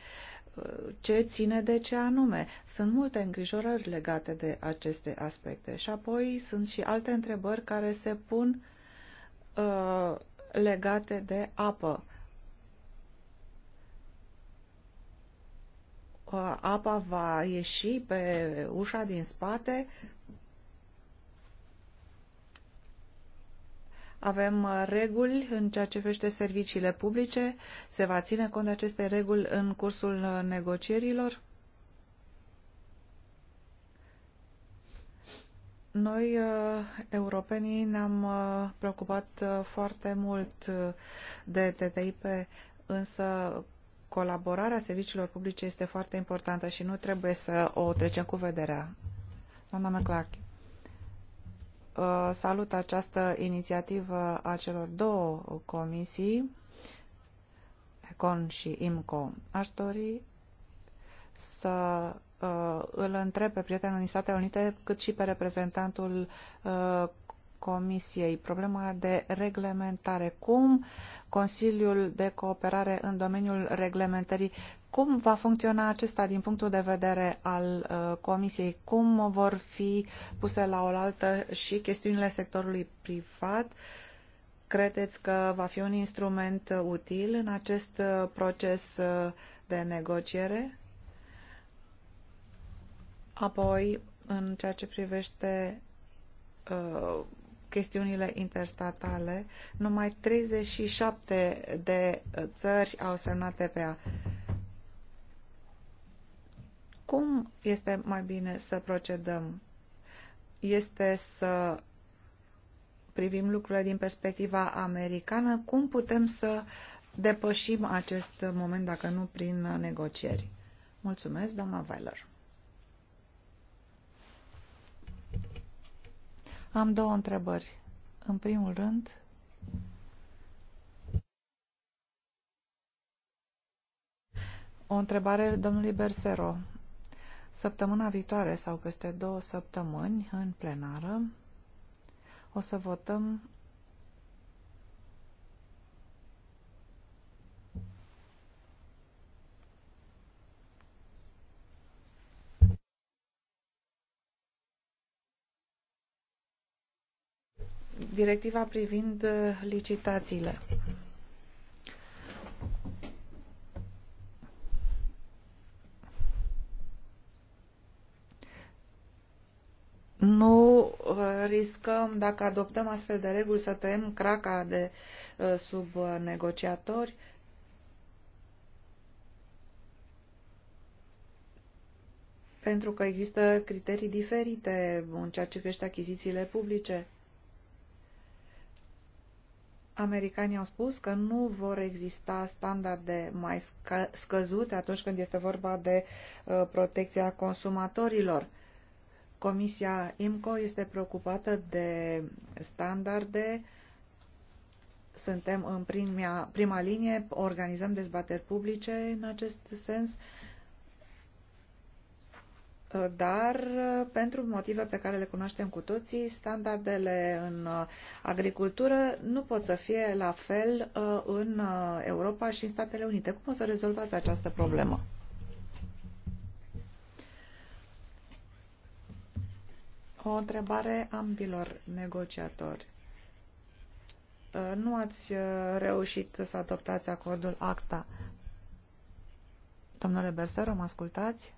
Ce ține de ce anume? Sunt multe îngrijorări legate de aceste aspecte. Și apoi sunt și alte întrebări care se pun uh, legate de apă. Uh, apa va ieși pe ușa din spate, Avem uh, reguli în ceea ce vește serviciile publice. Se va ține cont de aceste reguli în cursul uh, negocierilor? Noi, uh, europenii, ne-am preocupat foarte mult de TTIP, însă colaborarea serviciilor publice este foarte importantă și nu trebuie să o trecem cu vederea. Doamna McClarkin. Uh, salut această inițiativă a celor două comisii, Con și IMCO. Aș dori să uh, îl întreb pe prietenul din Statele Unite cât și pe reprezentantul uh, Comisiei, problema de reglementare, cum Consiliul de Cooperare în domeniul reglementării, cum va funcționa acesta din punctul de vedere al uh, Comisiei, cum vor fi puse la oaltă și chestiunile sectorului privat, credeți că va fi un instrument util în acest uh, proces uh, de negociere? Apoi, în ceea ce privește uh, chestiunile interstatale, numai 37 de țări au semnat TPA. Cum este mai bine să procedăm? Este să privim lucrurile din perspectiva americană, cum putem să depășim acest moment, dacă nu prin negocieri? Mulțumesc, doamna Weiler. Am două întrebări. În primul rând, o întrebare domnului Bersero. Săptămâna viitoare sau peste două săptămâni, în plenară, o să votăm directiva privind uh, licitațiile. Nu uh, riscăm, dacă adoptăm astfel de reguli, să tăiem craca de uh, sub negociatori, pentru că există criterii diferite în ceea ce privește achizițiile publice. Americanii au spus că nu vor exista standarde mai scă scăzute atunci când este vorba de uh, protecția consumatorilor. Comisia IMCO este preocupată de standarde. Suntem în prima, prima linie, organizăm dezbateri publice în acest sens. Uh, dar pentru motive pe care le cunoaștem cu toții, standardele în agricultură nu pot să fie la fel uh, în uh, Europa și în Statele Unite. Cum o să rezolvați această problemă? O întrebare ambilor negociatori. Uh, nu ați reușit să adoptați acordul ACTA. Domnule Bersero, mă ascultați?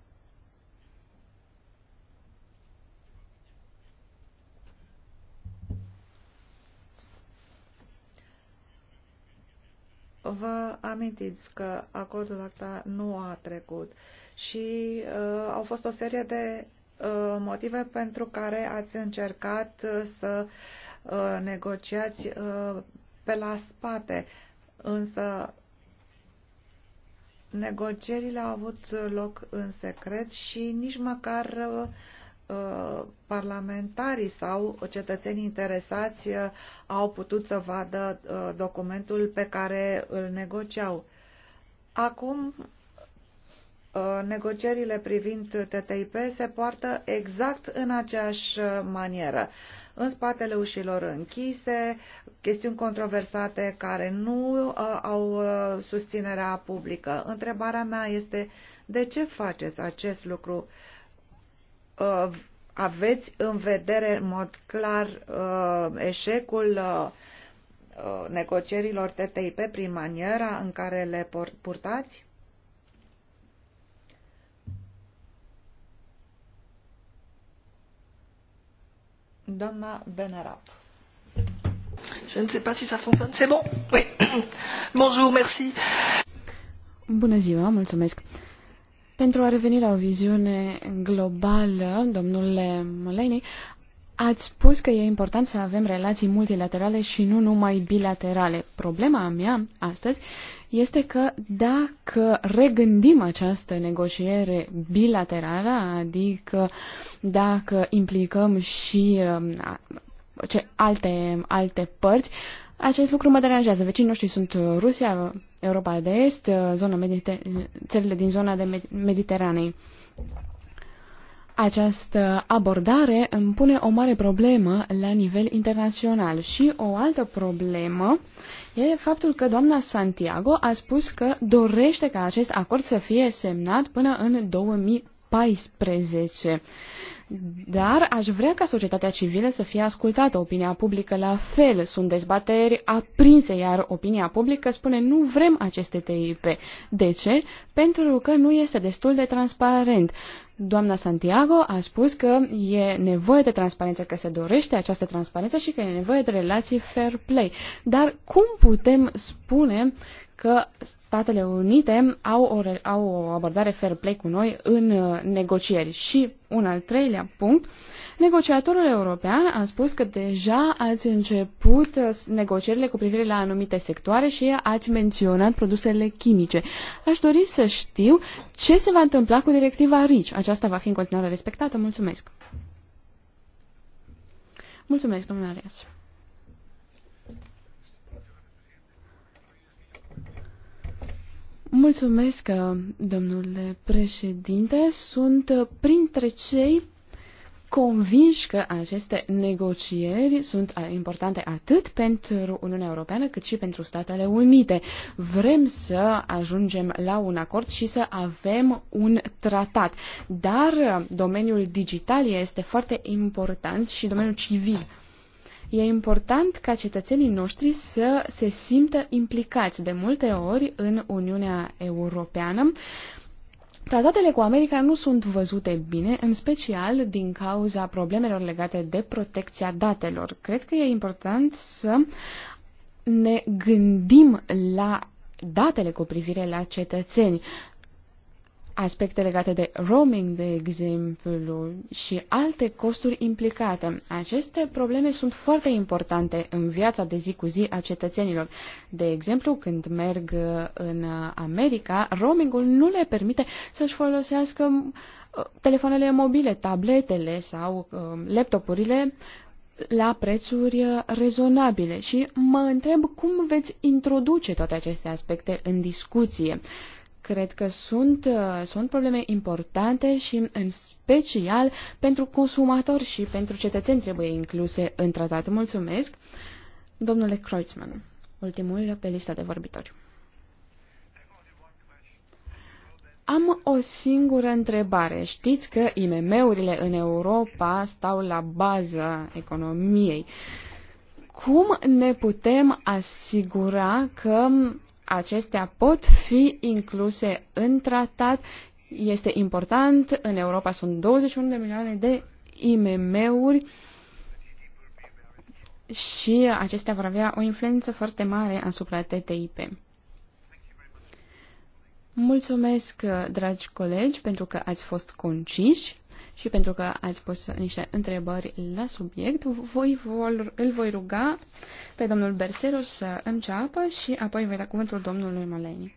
Vă amintiți că acordul acta nu a trecut și uh, au fost o serie de uh, motive pentru care ați încercat uh, să uh, negociați uh, pe la spate, însă negocierile au avut loc în secret și nici măcar uh, Uh, parlamentarii sau cetățenii interesați uh, au putut să vadă uh, documentul pe care îl negociau. Acum, negocierile privind TTIP se poartă exact în aceeași manieră. În spatele ușilor închise, chestiuni controversate care nu au susținerea publică. Întrebarea mea este de ce faceți acest lucru? Uh, Uh, aveți în vedere în mod clar uh, eșecul uh, negocierilor TTIP prin maniera în care le purtați? Doamna Benarap. Je ne sais pas si ça fonctionne. C'est bon Oui. [COUGHS] Bonjour, merci. Bună ziua, mulțumesc. Uh, pentru a reveni la o viziune globală, domnule Muleni, ați spus că e important să avem relații multilaterale și nu numai bilaterale. Problema mea astăzi este că dacă regândim această negociere bilaterală, adică dacă implicăm și um, ce, alte, alte părți, acest lucru mă deranjează. Vecinii noștri sunt Rusia, Europa de Est, uh, zona Mediter țările din zona de Mediteranei. Această abordare îmi pune o mare problemă la nivel internațional și o altă problemă e faptul că doamna Santiago a spus că dorește ca acest acord să fie semnat până în 2014. Dar aș vrea ca societatea civilă să fie ascultată, opinia publică la fel. Sunt dezbateri aprinse, iar opinia publică spune nu vrem aceste TIP. De ce? Pentru că nu este destul de transparent. Doamna Santiago a spus că e nevoie de transparență, că se dorește această transparență și că e nevoie de relații fair play. Dar cum putem spune că Statele Unite au o, au o abordare fair play cu noi în uh, negocieri. Și un al treilea punct, negociatorul european a spus că deja ați început uh, negocierile cu privire la anumite sectoare și ați menționat produsele chimice. Aș dori să știu ce se va întâmpla cu directiva RICI. Aceasta va fi în continuare respectată. Mulțumesc! Mulțumesc, domnule Arias. Mulțumesc, uh, domnule președinte. Sunt uh, printre cei convinși că aceste negocieri sunt uh, importante atât pentru Uniunea Europeană cât și pentru Statele Unite. Vrem să ajungem la un acord și să avem un tratat. Dar domeniul digital este foarte important și domeniul civil E important ca cetățenii noștri să se simtă implicați de multe ori în Uniunea Europeană. Tratatele cu America nu sunt văzute bine, în special din cauza problemelor legate de protecția datelor. Cred că e important să ne gândim la datele cu privire la cetățeni aspecte legate de roaming, de exemplu, și alte costuri implicate. Aceste probleme sunt foarte importante în viața de zi cu zi a cetățenilor. De exemplu, când merg în America, roamingul nu le permite să-și folosească uh, telefoanele mobile, tabletele sau uh, laptopurile la prețuri uh, rezonabile și mă întreb cum veți introduce toate aceste aspecte în discuție. Cred că sunt, uh, sunt probleme importante și în special pentru consumatori și pentru cetățeni trebuie incluse în tratat. Mulțumesc, domnule Kreutzmann, ultimul pe lista de vorbitori. Am o singură întrebare. Știți că IMM-urile în Europa stau la baza economiei. Cum ne putem asigura că acestea pot fi incluse în tratat. Este important, în Europa sunt 21 de milioane de IMM-uri și acestea vor avea o influență foarte mare asupra TTIP. Mulțumesc, dragi colegi, pentru că ați fost conciși și pentru că ați pus niște întrebări la subiect, voi vol, îl voi ruga pe domnul Berseru să înceapă și apoi voi da cuvântul domnului Maleni.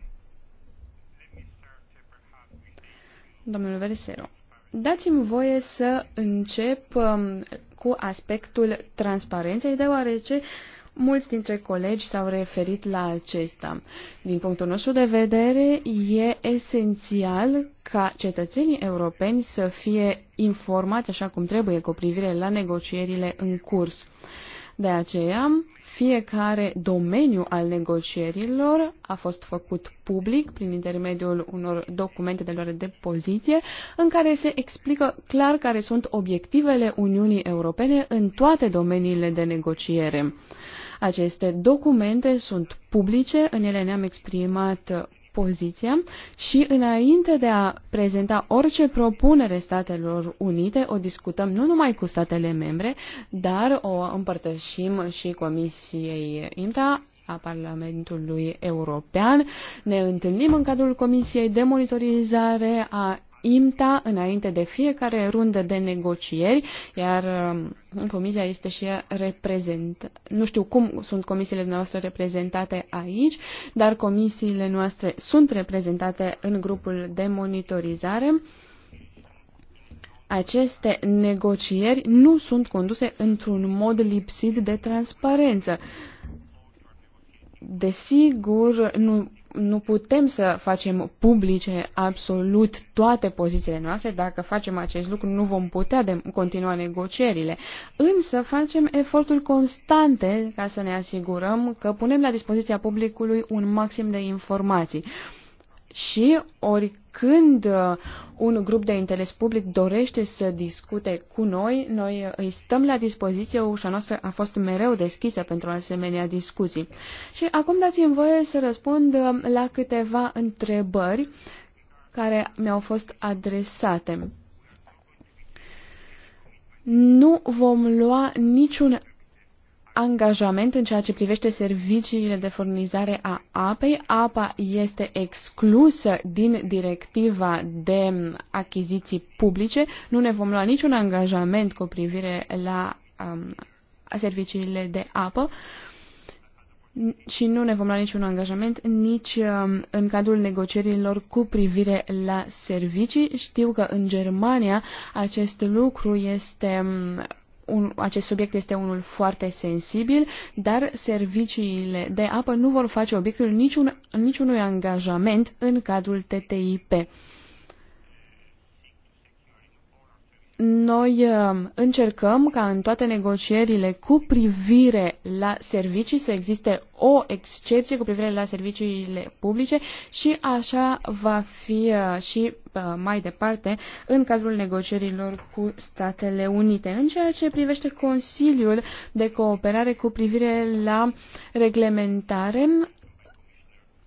Domnul Berseru, dați-mi voie să încep um, cu aspectul transparenței, deoarece uh, Mulți dintre colegi s-au referit la acesta. Din punctul nostru de vedere, e esențial ca cetățenii europeni să fie informați așa cum trebuie cu privire la negocierile în curs. De aceea, fiecare domeniu al negocierilor a fost făcut public prin intermediul unor documente de luare de poziție în care se explică clar care sunt obiectivele Uniunii Europene în toate domeniile de negociere. Aceste documente sunt publice, în ele ne-am exprimat poziția și înainte de a prezenta orice propunere Statelor Unite, o discutăm nu numai cu statele membre, dar o împărtășim și Comisiei INTA, a Parlamentului European. Ne întâlnim în cadrul Comisiei de Monitorizare a IMTA înainte de fiecare rundă de negocieri, iar um, comisia este și reprezentată. Nu știu cum sunt comisiile noastre reprezentate aici, dar comisiile noastre sunt reprezentate în grupul de monitorizare. Aceste negocieri nu sunt conduse într-un mod lipsit de transparență. Desigur, nu nu putem să facem publice absolut toate pozițiile noastre. Dacă facem acest lucru, nu vom putea de- continua negocierile. Însă facem eforturi constante ca să ne asigurăm că punem la dispoziția publicului un maxim de informații. Uh, și oricând uh, un grup de interes public dorește să discute cu noi, noi îi stăm la dispoziție, ușa noastră a fost mereu deschisă pentru asemenea discuții. Și acum dați-mi voie să răspund uh, la câteva întrebări care mi-au fost adresate. Nu vom lua niciun angajament în ceea ce privește serviciile de furnizare a apei. Apa este exclusă din directiva de achiziții publice. Nu ne vom lua niciun angajament cu privire la um, serviciile de apă și nu ne vom lua niciun angajament nici um, în cadrul negocierilor cu privire la servicii. Știu că în Germania acest lucru este um, un, acest subiect este unul foarte sensibil, dar serviciile de apă nu vor face obiectul niciun, niciunui angajament în cadrul TTIP. noi um, încercăm ca în toate negocierile cu privire la servicii să existe o excepție cu privire la serviciile publice și așa va fi uh, și uh, mai departe în cadrul negocierilor cu Statele Unite. În ceea ce privește Consiliul de Cooperare cu privire la reglementare,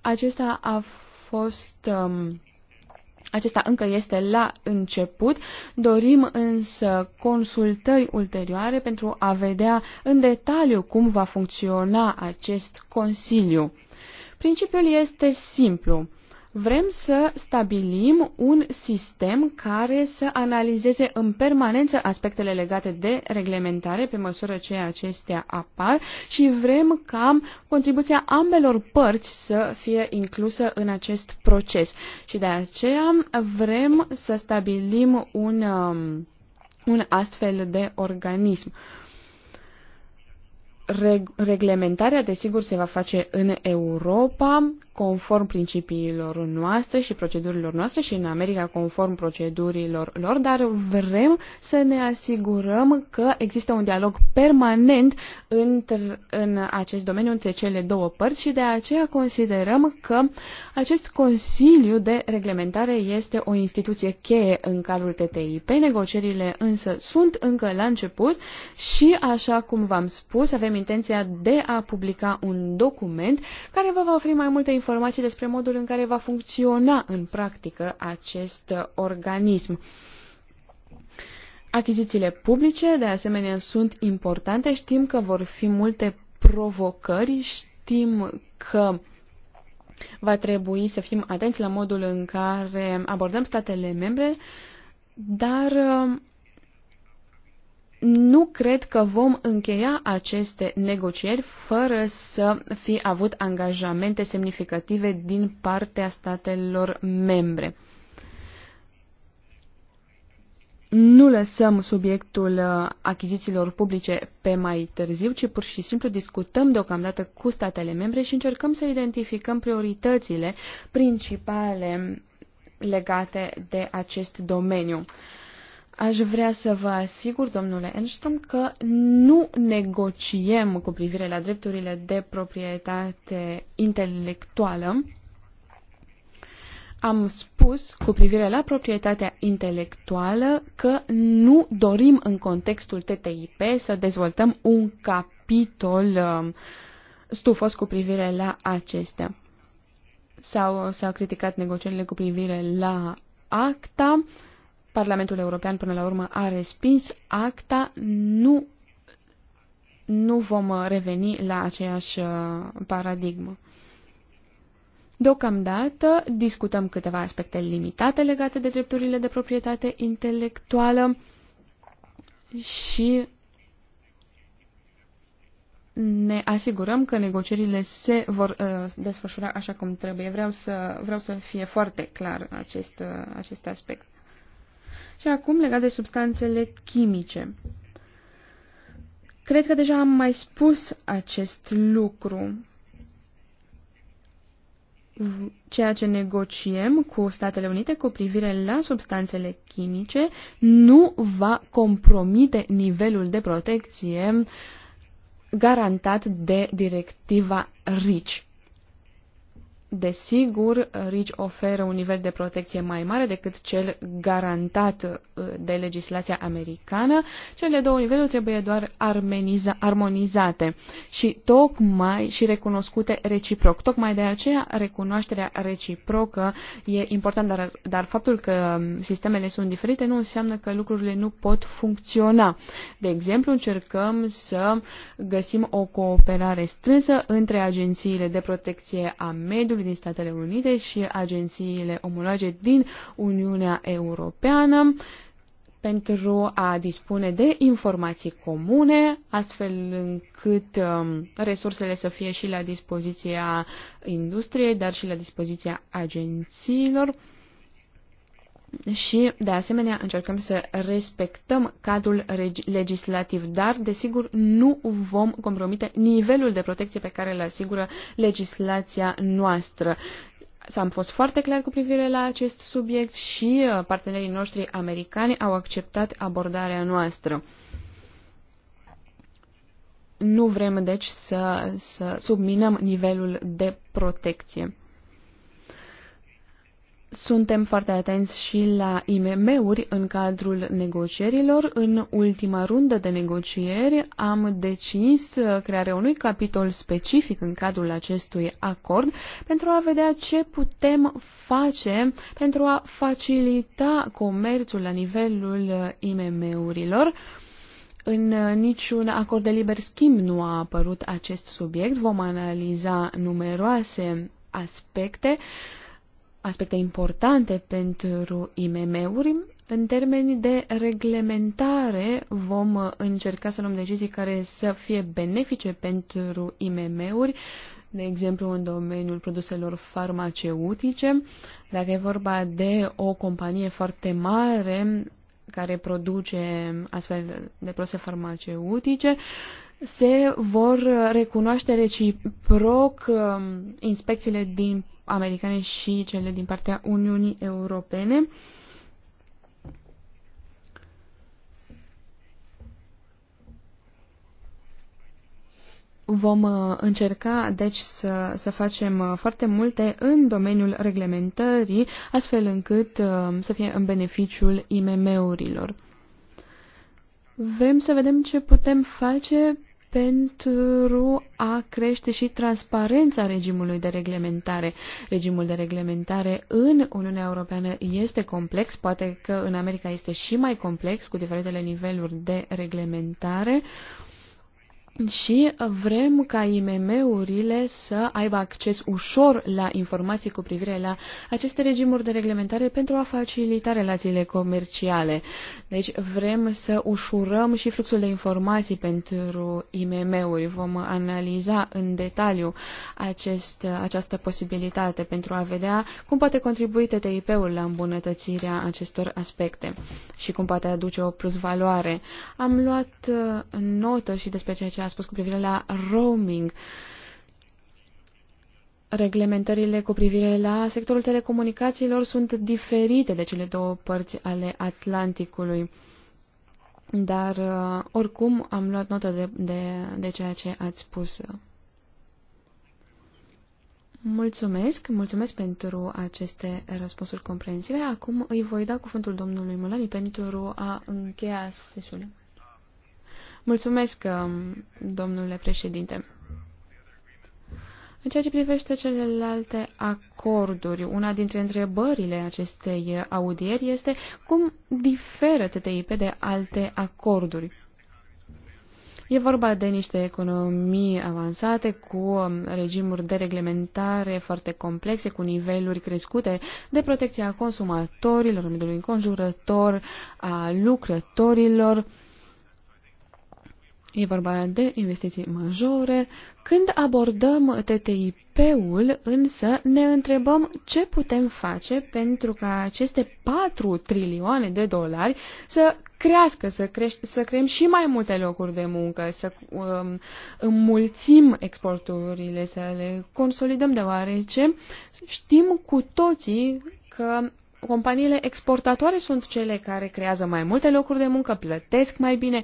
acesta a fost um, acesta încă este la început. Dorim însă consultări ulterioare pentru a vedea în detaliu cum va funcționa acest Consiliu. Principiul este simplu. Vrem să stabilim un sistem care să analizeze în permanență aspectele legate de reglementare pe măsură ce acestea apar și vrem ca contribuția ambelor părți să fie inclusă în acest proces. Și de aceea vrem să stabilim un, um, un astfel de organism reglementarea, desigur, se va face în Europa conform principiilor noastre și procedurilor noastre și în America conform procedurilor lor, dar vrem să ne asigurăm că există un dialog permanent între, în acest domeniu între cele două părți și de aceea considerăm că acest Consiliu de Reglementare este o instituție cheie în cadrul TTIP. Negocierile însă sunt încă la început și, așa cum v-am spus, avem intenția de a publica un document care vă va oferi mai multe informații informații despre modul în care va funcționa în practică acest uh, organism. Achizițiile publice, de asemenea, sunt importante. Știm că vor fi multe provocări, știm că va trebui să fim atenți la modul în care abordăm statele membre, dar uh, nu cred că vom încheia aceste negocieri fără să fi avut angajamente semnificative din partea statelor membre. Nu lăsăm subiectul uh, achizițiilor publice pe mai târziu, ci pur și simplu discutăm deocamdată cu statele membre și încercăm să identificăm prioritățile principale legate de acest domeniu. Aș vrea să vă asigur, domnule Enstrom, că nu negociem cu privire la drepturile de proprietate intelectuală. Am spus cu privire la proprietatea intelectuală că nu dorim în contextul TTIP să dezvoltăm un capitol um, stufos cu privire la acestea. Sau s-au criticat negocierile cu privire la acta. Uh, Parlamentul European până la urmă a respins acta, nu, nu vom reveni la aceeași uh, paradigmă. Deocamdată discutăm câteva aspecte limitate legate de drepturile de proprietate intelectuală și ne asigurăm că negocierile se vor uh, desfășura așa cum trebuie. Vreau să, vreau să fie foarte clar acest, uh, acest aspect. Și acum, legat de substanțele chimice. Cred că deja am mai spus acest lucru. Ceea ce negociem cu Statele Unite cu privire la substanțele chimice nu va compromite nivelul de protecție garantat de directiva RICI. Desigur, RICI oferă un nivel de protecție mai mare decât cel garantat uh, de legislația americană. Cele două niveluri trebuie doar armonizate și tocmai și recunoscute reciproc. Tocmai de aceea recunoașterea reciprocă e importantă, dar, dar faptul că um, sistemele sunt diferite nu înseamnă că lucrurile nu pot funcționa. De exemplu, încercăm să găsim o cooperare strânsă între agențiile de protecție a mediului Comerțului din Statele Unite și agențiile omologe din Uniunea Europeană pentru a dispune de informații comune, astfel încât um, resursele să fie și la dispoziția industriei, dar și la dispoziția agențiilor și, de asemenea, încercăm să respectăm cadrul legislativ, dar, desigur, nu vom compromite nivelul de protecție pe care îl asigură legislația noastră. S-am fost foarte clar cu privire la acest subiect și uh, partenerii noștri americani au acceptat abordarea noastră. Nu vrem, deci, să, să subminăm nivelul de protecție. Suntem foarte atenți și la IMM-uri în cadrul negocierilor. În ultima rundă de negocieri am decis crearea unui capitol specific în cadrul acestui acord pentru a vedea ce putem face pentru a facilita comerțul la nivelul IMM-urilor. În niciun acord de liber schimb nu a apărut acest subiect. Vom analiza numeroase aspecte aspecte importante pentru IMM-uri. În termeni de reglementare vom încerca să luăm decizii care să fie benefice pentru IMM-uri, de exemplu în domeniul produselor farmaceutice. Dacă e vorba de o companie foarte mare care produce astfel de produse farmaceutice, se vor recunoaște reciproc um, inspecțiile din americane și cele din partea Uniunii Europene. Vom uh, încerca, deci, să, să facem uh, foarte multe în domeniul reglementării, astfel încât uh, să fie în beneficiul IMM-urilor. Vrem să vedem ce putem face pentru a crește și transparența regimului de reglementare. Regimul de reglementare în Uniunea Europeană este complex, poate că în America este și mai complex, cu diferitele niveluri de reglementare și vrem ca IMM-urile să aibă acces ușor la informații cu privire la aceste regimuri de reglementare pentru a facilita relațiile comerciale. Deci vrem să ușurăm și fluxul de informații pentru IMM-uri. Vom analiza în detaliu acest, această posibilitate pentru a vedea cum poate contribui TTIP-ul la îmbunătățirea acestor aspecte și cum poate aduce o plusvaloare. Am luat uh, notă și despre ceea ce a spus cu privire la roaming, reglementările cu privire la sectorul telecomunicațiilor sunt diferite de cele două părți ale Atlanticului. Dar, uh, oricum, am luat notă de, de, de ceea ce ați spus. Mulțumesc, mulțumesc pentru aceste răspunsuri comprensive. Acum îi voi da cuvântul domnului Mulani pentru a încheia sesiunea. Mulțumesc, um, domnule președinte. În ceea ce privește celelalte acorduri, una dintre întrebările acestei audieri este cum diferă TTIP de alte acorduri. E vorba de niște economii avansate cu um, regimuri de reglementare foarte complexe, cu niveluri crescute de protecție a consumatorilor, mediului înconjurător, a lucrătorilor. E vorba de investiții majore. Când abordăm TTIP-ul, însă, ne întrebăm ce putem face pentru ca aceste 4 trilioane de dolari să crească, să, creș- să creăm și mai multe locuri de muncă, să um, înmulțim exporturile, să le consolidăm, deoarece știm cu toții că companiile exportatoare sunt cele care creează mai multe locuri de muncă, plătesc mai bine,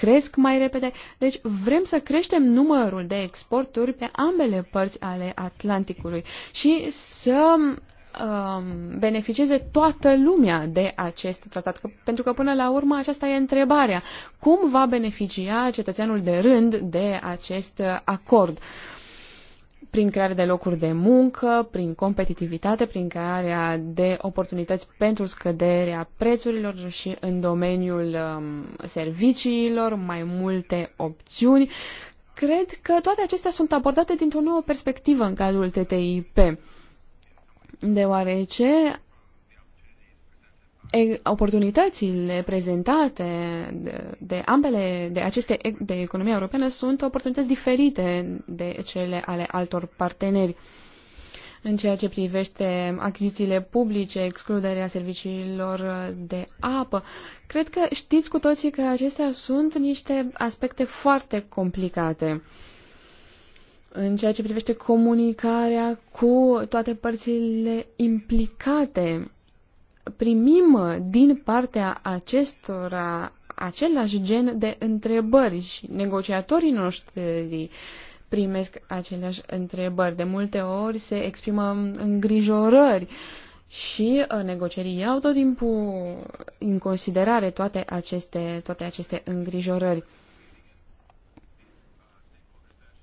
cresc mai repede. Deci vrem să creștem numărul de exporturi pe ambele părți ale Atlanticului și să um, beneficieze toată lumea de acest tratat. Pentru că până la urmă aceasta e întrebarea. Cum va beneficia cetățeanul de rând de acest acord? Uh, prin crearea de locuri de muncă, prin competitivitate, prin crearea de oportunități pentru scăderea prețurilor și în domeniul um, serviciilor, mai multe opțiuni. Cred că toate acestea sunt abordate dintr-o nouă perspectivă în cadrul TTIP, deoarece oportunitățile prezentate de ambele, de aceste, de economia europeană sunt oportunități diferite de cele ale altor parteneri. În ceea ce privește achizițiile publice, excluderea serviciilor de apă, cred că știți cu toții că acestea sunt niște aspecte foarte complicate în ceea ce privește comunicarea cu toate părțile implicate primim din partea acestora același gen de întrebări și negociatorii noștri primesc aceleași întrebări. De multe ori se exprimă îngrijorări și uh, negocierii iau tot timpul în considerare toate aceste, toate aceste îngrijorări.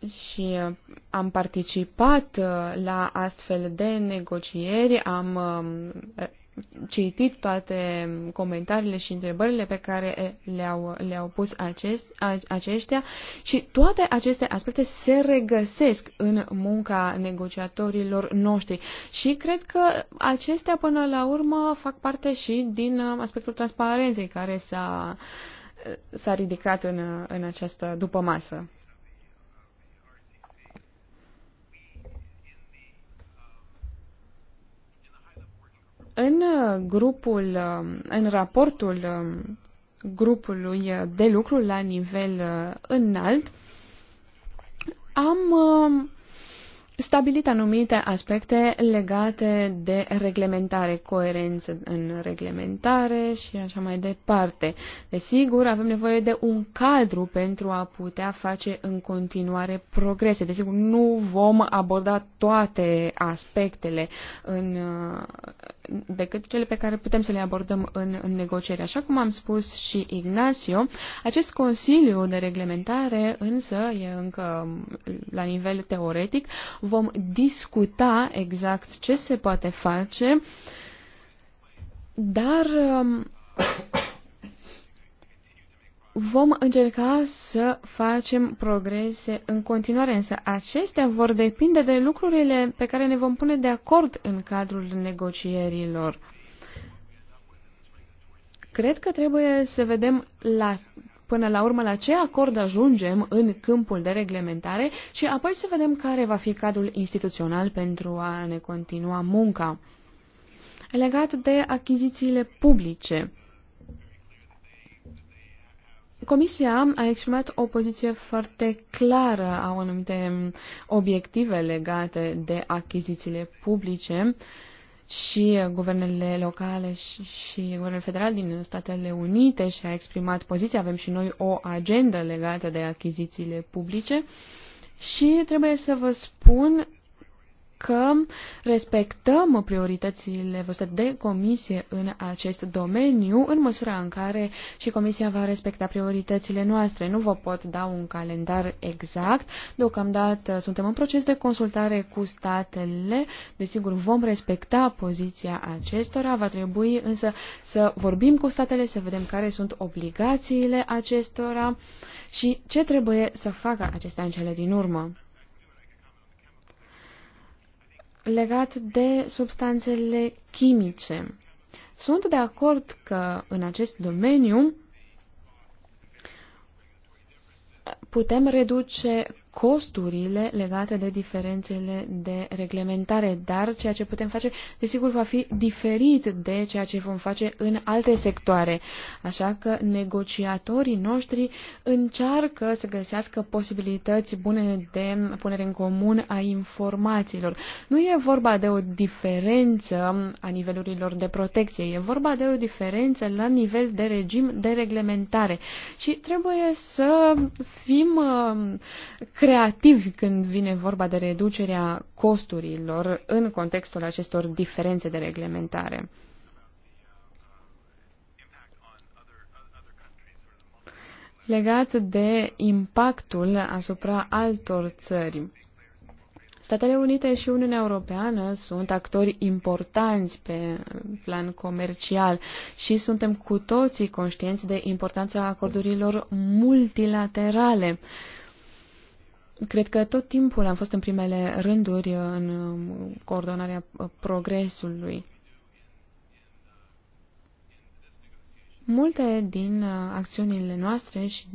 Și uh, am participat uh, la astfel de negocieri, am citit toate comentariile și întrebările pe care le-au, le-au pus acest, aceștia și toate aceste aspecte se regăsesc în munca negociatorilor noștri și cred că acestea până la urmă fac parte și din um, aspectul transparenței care s-a, s-a ridicat în, în această dupămasă. În grupul, în raportul grupului de lucru la nivel înalt, am um, stabilit anumite aspecte legate de reglementare, coerență în reglementare și așa mai departe. Desigur, avem nevoie de un cadru pentru a putea face în continuare progrese. Desigur, nu vom aborda toate aspectele în, decât cele pe care putem să le abordăm în, în negocieri. Așa cum am spus și Ignacio, acest Consiliu de Reglementare însă e încă la nivel teoretic. Vom discuta exact ce se poate face, dar um, Vom încerca să facem progrese în continuare, însă acestea vor depinde de lucrurile pe care ne vom pune de acord în cadrul negocierilor. Cred că trebuie să vedem la, până la urmă la ce acord ajungem în câmpul de reglementare și apoi să vedem care va fi cadrul instituțional pentru a ne continua munca. Legat de achizițiile publice. Comisia a exprimat o poziție foarte clară, a anumite obiective legate de achizițiile publice și guvernele locale și, și guvernul federal din Statele Unite și-a exprimat poziția. Avem și noi o agendă legată de achizițiile publice și trebuie să vă spun că respectăm prioritățile văzute de comisie în acest domeniu, în măsura în care și comisia va respecta prioritățile noastre. Nu vă pot da un calendar exact. Deocamdată suntem în proces de consultare cu statele. Desigur, vom respecta poziția acestora. Va trebui însă să vorbim cu statele, să vedem care sunt obligațiile acestora și ce trebuie să facă acestea în cele din urmă legat de substanțele chimice. Sunt de acord că în acest domeniu putem reduce costurile legate de diferențele de reglementare, dar ceea ce putem face, desigur, va fi diferit de ceea ce vom face în alte sectoare. Așa că negociatorii noștri încearcă să găsească posibilități bune de punere în comun a informațiilor. Nu e vorba de o diferență a nivelurilor de protecție, e vorba de o diferență la nivel de regim de reglementare și trebuie să fim uh, creativi când vine vorba de reducerea costurilor în contextul acestor diferențe de reglementare. Legat de impactul asupra altor țări. Statele Unite și Uniunea Europeană sunt actori importanți pe plan comercial și suntem cu toții conștienți de importanța acordurilor multilaterale. Uh, Cred că tot timpul am fost în primele rânduri uh, în uh, coordonarea uh, progresului. Multe din acțiunile noastre și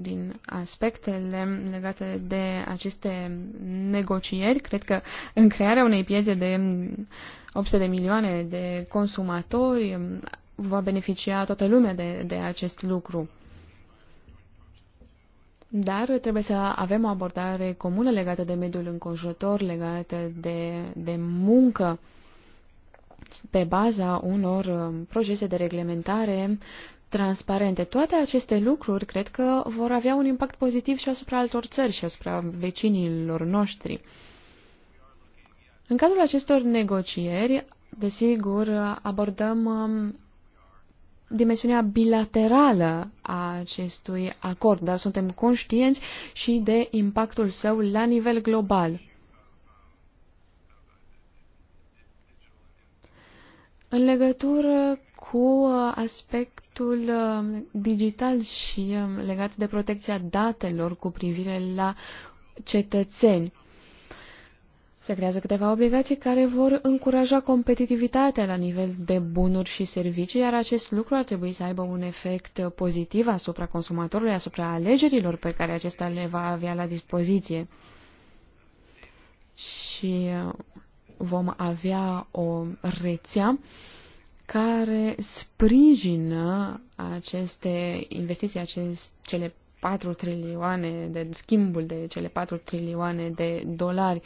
din aspectele legate de aceste negocieri, cred că în crearea unei piețe de 800 de milioane de consumatori um, va beneficia toată lumea de, de acest lucru. Dar trebuie să avem o abordare comună legată de mediul înconjurător, legată de, de muncă, pe baza unor um, procese de reglementare transparente. Toate aceste lucruri cred că vor avea un impact pozitiv și asupra altor țări și asupra vecinilor noștri. În cadrul acestor negocieri, desigur, abordăm um, dimensiunea bilaterală a acestui acord, dar suntem conștienți și de impactul său la nivel global. În legătură cu uh, aspectul uh, digital și um, legat de protecția datelor cu privire la cetățeni. Se creează câteva obligații care vor încuraja competitivitatea la nivel de bunuri și servicii, iar acest lucru ar trebui să aibă un efect pozitiv asupra consumatorului, asupra alegerilor pe care acesta le va avea la dispoziție. Și uh, vom avea o rețea care sprijină aceste investiții, acest, cele 4 trilioane de schimbul de cele 4 trilioane de dolari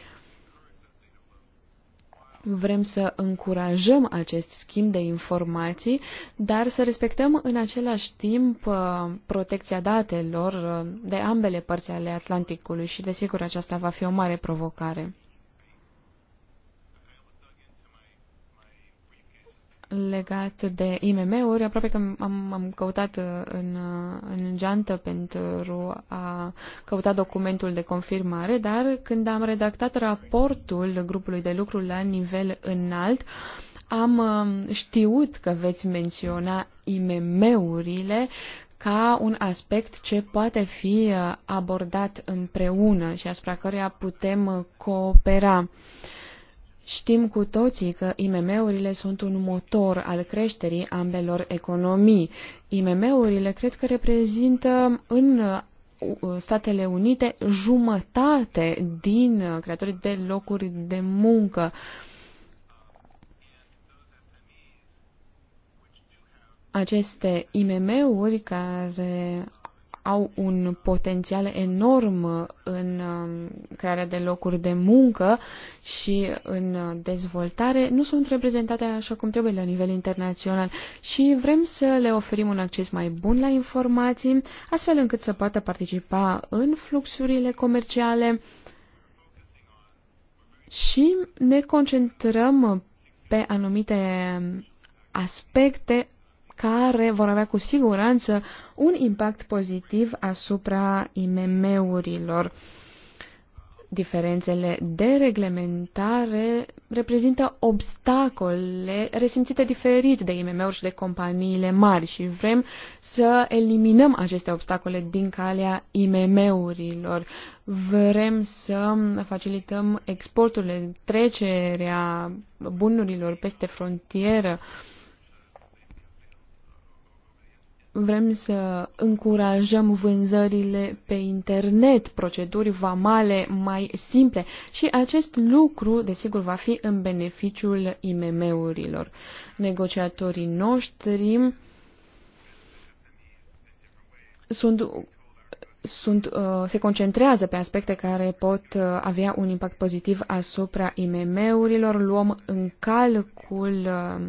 Vrem să încurajăm acest schimb de informații, dar să respectăm în același timp uh, protecția datelor uh, de ambele părți ale Atlanticului și desigur aceasta va fi o mare provocare. legat de IMM-uri, aproape că am, am căutat uh, în, uh, în geantă pentru a căuta documentul de confirmare, dar când am redactat raportul grupului de lucru la nivel înalt, am uh, știut că veți menționa IMM-urile ca un aspect ce poate fi abordat împreună și asupra căruia putem coopera. Uh, Știm cu toții că IMM-urile sunt un motor al creșterii ambelor economii. IMM-urile cred că reprezintă în uh, Statele Unite jumătate din uh, creatorii de locuri de muncă. Aceste IMM-uri care au un potențial enorm în um, crearea de locuri de muncă și în dezvoltare, nu sunt reprezentate așa cum trebuie la nivel internațional și vrem să le oferim un acces mai bun la informații, astfel încât să poată participa în fluxurile comerciale și ne concentrăm pe anumite aspecte care vor avea cu siguranță un impact pozitiv asupra IMM-urilor. Diferențele de reglementare reprezintă obstacole resimțite diferit de IMM-uri și de companiile mari și vrem să eliminăm aceste obstacole din calea IMM-urilor. Vrem să facilităm exporturile, trecerea bunurilor peste frontieră, uh, Vrem să încurajăm vânzările pe internet, proceduri vamale mai simple și acest lucru, desigur, va fi în beneficiul IMM-urilor. Negociatorii noștri sunt sunt, uh, se concentrează pe aspecte care pot uh, avea un impact pozitiv asupra IMM-urilor. Luăm în calcul uh,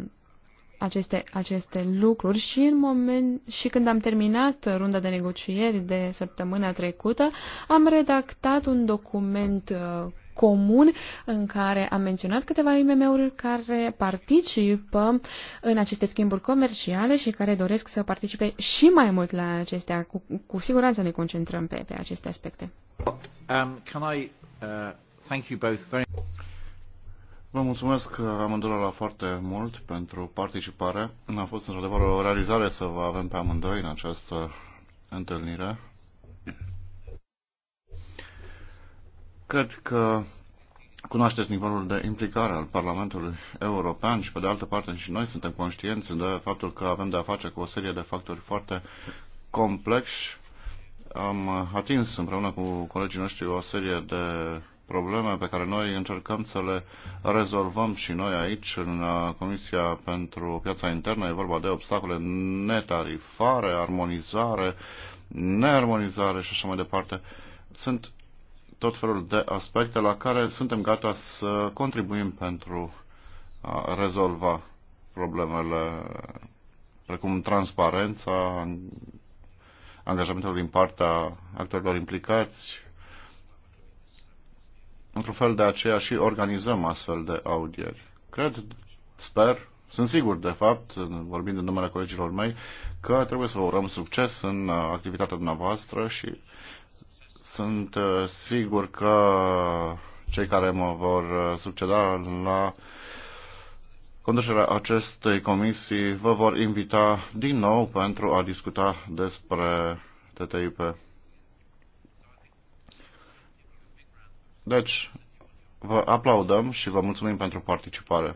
aceste, aceste lucruri și, în moment, și când am terminat runda de negocieri de săptămâna trecută, am redactat un document uh, comun în care am menționat câteva IMM-uri care participă în aceste schimburi comerciale și care doresc să participe și mai mult la acestea. Cu, cu siguranță ne concentrăm pe, pe aceste aspecte. Um, can I, uh, thank you both very... Vă mulțumesc amândurilor la foarte mult pentru participare. A fost într-adevăr o realizare să vă avem pe amândoi în această întâlnire. Cred că cunoașteți nivelul de implicare al Parlamentului European și, pe de altă parte, și noi suntem conștienți de faptul că avem de-a face cu o serie de factori foarte complexi. Am atins împreună cu colegii noștri o serie de probleme pe care noi încercăm să le rezolvăm și noi aici în uh, Comisia pentru Piața Internă. E vorba de obstacole netarifare, armonizare, nearmonizare și așa mai departe. Sunt tot felul de aspecte la care suntem gata să contribuim pentru a rezolva problemele precum transparența, angajamentelor din partea actorilor implicați, Într-un fel de aceea și organizăm astfel de audieri. Cred, sper, sunt sigur, de fapt, vorbind în numele colegilor mei, că trebuie să vă urăm succes în uh, activitatea dumneavoastră și sunt uh, sigur că cei care mă vor uh, succeda la conducerea acestei comisii vă vor invita din nou pentru a discuta despre TTIP. Deci, vă aplaudăm și vă mulțumim pentru participare.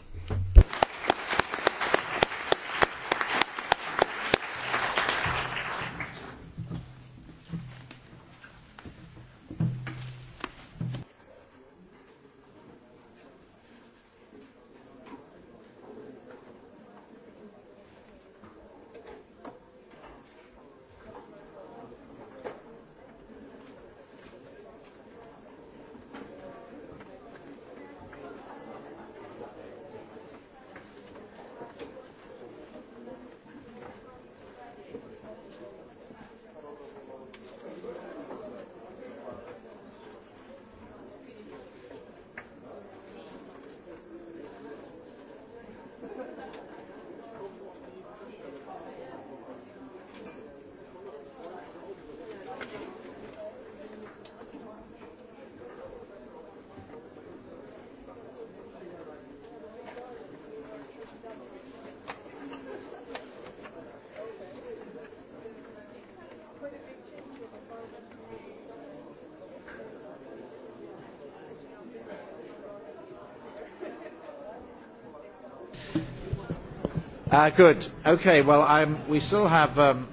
Uh, good. Okay, well, I'm, we still have, um...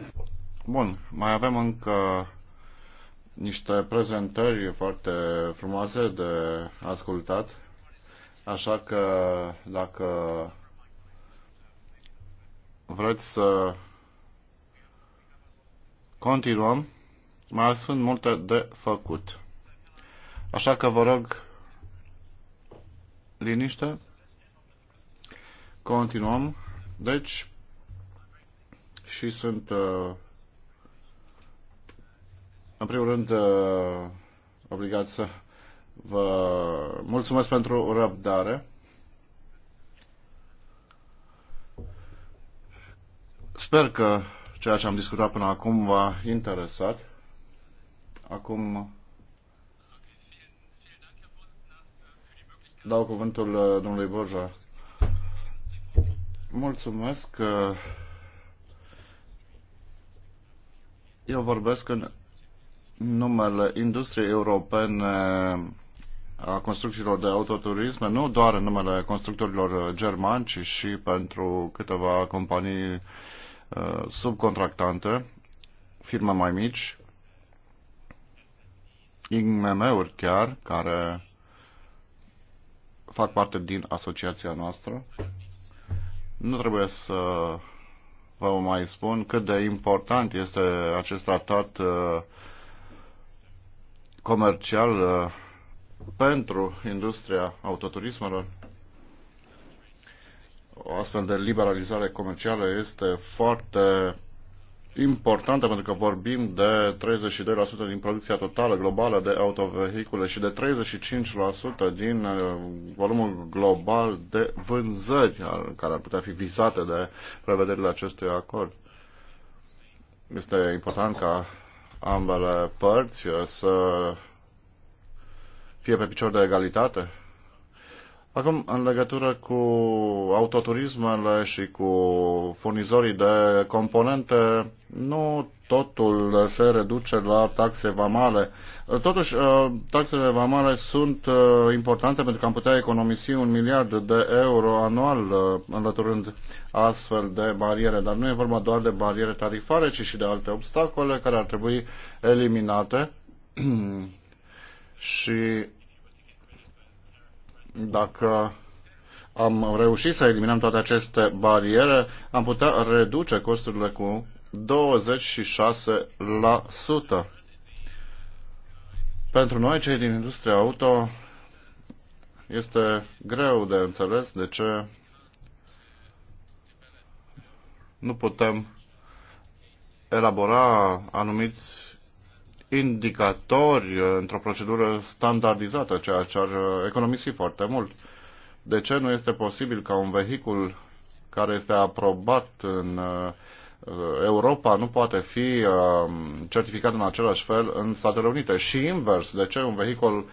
Bun, mai avem încă niște prezentări foarte frumoase de ascultat, așa că dacă vreți să continuăm, mai sunt multe de făcut. Așa că vă rog liniște. Continuăm deci, și sunt, uh, în primul rând, uh, obligat să vă mulțumesc pentru răbdare. Sper că ceea ce am discutat până acum v-a interesat. Acum dau cuvântul uh, domnului Borja Mulțumesc. Eu vorbesc în numele industriei europene a construcțiilor de autoturisme, nu doar în numele constructorilor germani, ci și pentru câteva companii uh, subcontractante, firme mai mici, IMM-uri chiar, care fac parte din asociația noastră. Nu trebuie să vă mai spun cât de important este acest tratat uh, comercial uh, pentru industria autoturismelor. O astfel de liberalizare comercială este foarte importantă pentru că vorbim de 32% din producția totală globală de autovehicule și de 35% din uh, volumul global de vânzări care ar putea fi vizate de prevederile acestui acord. Este important ca ambele părți uh, să fie pe picior de egalitate Acum, în legătură cu autoturismele și cu furnizorii de componente, nu totul se reduce la taxe vamale. Totuși, uh, taxele vamale sunt uh, importante pentru că am putea economisi un miliard de euro anual uh, înlăturând astfel de bariere. Dar nu e vorba doar de bariere tarifare, ci și de alte obstacole care ar trebui eliminate. [CLEARS THROAT] și dacă am reușit să eliminăm toate aceste bariere, am putea reduce costurile cu 26%. Pentru noi, cei din industria auto, este greu de înțeles de ce nu putem elabora anumiți indicatori uh, într-o procedură standardizată, ceea ce ar uh, economisi foarte mult. De ce nu este posibil ca un vehicul care este aprobat în uh, Europa nu poate fi certificat în același fel în Statele Unite și invers, de ce un vehicul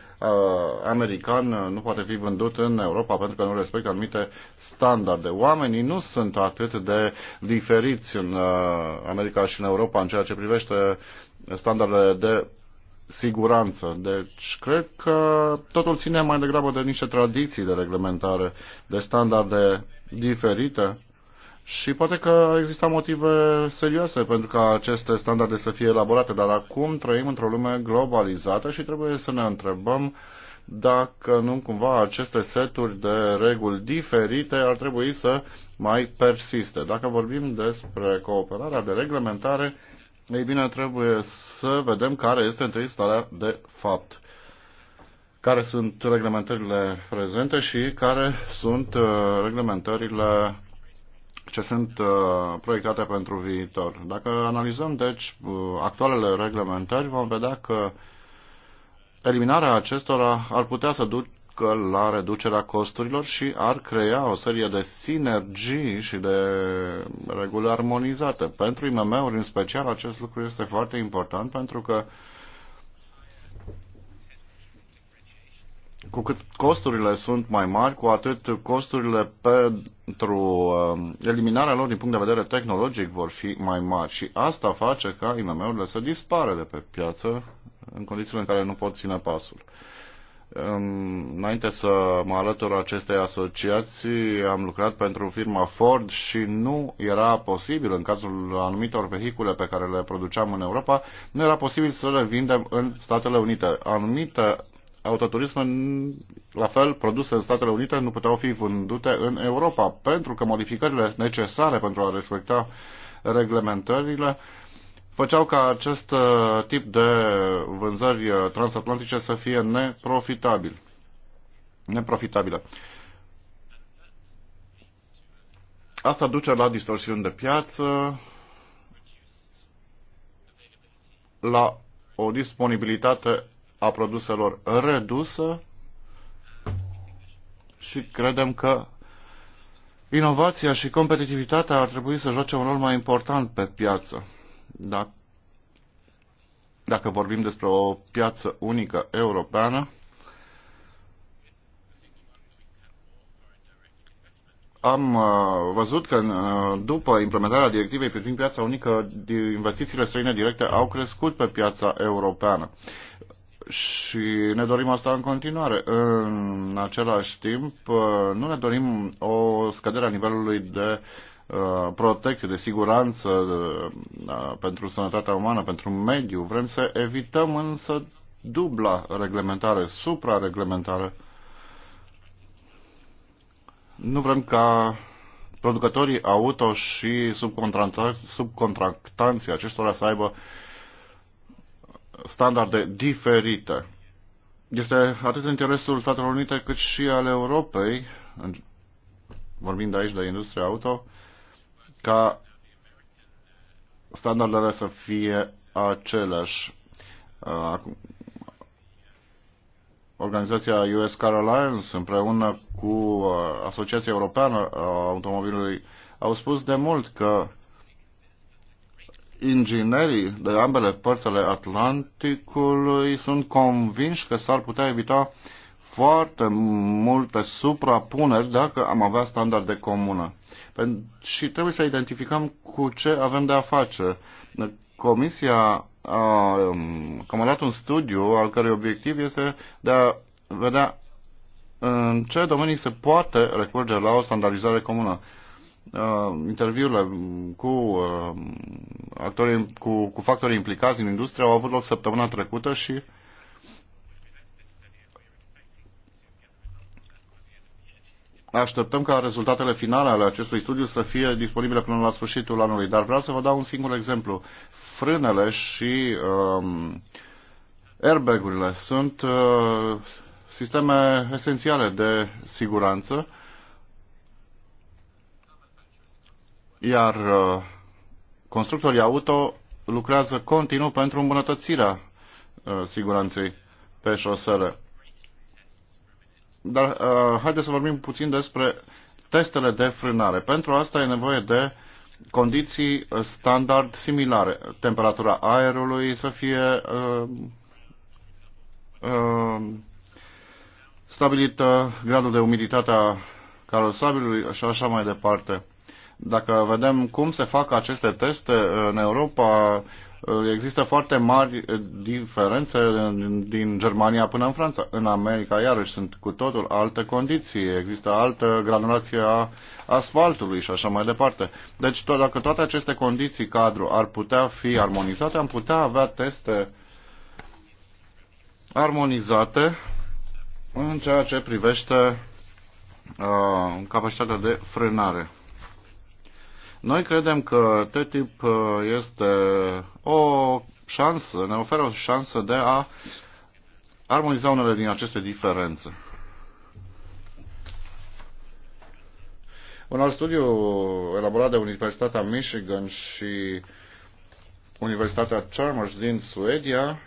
american nu poate fi vândut în Europa pentru că nu respectă anumite standarde. Oamenii nu sunt atât de diferiți în America și în Europa în ceea ce privește standardele de siguranță. Deci cred că totul ține mai degrabă de niște tradiții de reglementare, de standarde diferite și poate că exista motive serioase pentru ca aceste standarde să fie elaborate, dar acum trăim într-o lume globalizată și trebuie să ne întrebăm dacă nu cumva aceste seturi de reguli diferite ar trebui să mai persiste. Dacă vorbim despre cooperarea de reglementare, ei bine, trebuie să vedem care este întâi starea de fapt, care sunt reglementările prezente și care sunt uh, reglementările ce sunt uh, proiectate pentru viitor. Dacă analizăm, deci, uh, actualele reglementări, vom vedea că eliminarea acestora ar putea să duc, ducă la reducerea costurilor și ar crea o serie de sinergii și de reguli armonizate. Pentru IMM-uri în special acest lucru este foarte important pentru că cu cât costurile sunt mai mari, cu atât costurile pentru um, eliminarea lor din punct de vedere tehnologic vor fi mai mari. Și asta face ca IMM-urile să dispară de pe piață în condițiile în care nu pot ține pasul. Înainte să mă alătur acestei asociații, am lucrat pentru firma Ford și nu era posibil, în cazul anumitor vehicule pe care le produceam în Europa, nu era posibil să le vindem în Statele Unite. Anumite autoturisme, la fel, produse în Statele Unite, nu puteau fi vândute în Europa, pentru că modificările necesare pentru a respecta reglementările făceau ca acest uh, tip de vânzări uh, transatlantice să fie neprofitabil. neprofitabilă. Asta duce la distorsiuni de piață, la o disponibilitate a produselor redusă și credem că inovația și competitivitatea ar trebui să joace un rol mai important pe piață dacă, dacă vorbim despre o piață unică europeană, am uh, văzut că uh, după implementarea directivei privind piața unică, investițiile străine directe au crescut pe piața europeană. Și ne dorim asta în continuare. În același timp, uh, nu ne dorim o scădere a nivelului de Uh, protecție, de siguranță uh, uh, pentru sănătatea umană, pentru mediu. Vrem să evităm însă dubla reglementare, suprareglementare. Nu vrem ca producătorii auto și subcontractanții, subcontractanții acestora să aibă standarde diferite. Este atât interesul Statelor Unite cât și al Europei, vorbind aici de industria auto, ca standardele să fie aceleași. Uh, Organizația US Car Alliance împreună cu uh, Asociația Europeană a Automobilului au spus de mult că inginerii de ambele părțile Atlanticului sunt convinși că s-ar putea evita foarte multe suprapuneri dacă am avea standarde comune și trebuie să identificăm cu ce avem de a face. Comisia a um, comandat un studiu al cărui obiectiv este de a vedea în ce domenii se poate recurge la o standardizare comună. Interviurile cu, actorii, cu, cu factorii implicați din industrie au avut loc săptămâna trecută și așteptăm ca rezultatele finale ale acestui studiu să fie disponibile până la sfârșitul anului. Dar vreau să vă dau un singur exemplu. Frânele și um, airbag-urile sunt uh, sisteme esențiale de siguranță, iar uh, constructorii auto lucrează continuu pentru îmbunătățirea uh, siguranței pe șosele. Dar uh, haideți să vorbim puțin despre testele de frânare. Pentru asta e nevoie de condiții uh, standard similare. Temperatura aerului să fie uh, uh, stabilită, gradul de umiditate a carosabilului și așa mai departe. Dacă vedem cum se fac aceste teste în Europa, Eh, există foarte mari eh, diferențe eh, din Germania până în Franța. În America, iarăși, sunt cu totul alte condiții, există altă granulație a asfaltului și așa mai departe. Deci, to- dacă toate aceste condiții cadru ar putea fi armonizate, am putea avea teste armonizate în ceea ce privește uh, capacitatea de frânare. Noi credem că TTIP uh, este o șansă, ne oferă o șansă de a armoniza unele din aceste diferențe. Un alt studiu elaborat de Universitatea Michigan și Universitatea Chalmers din Suedia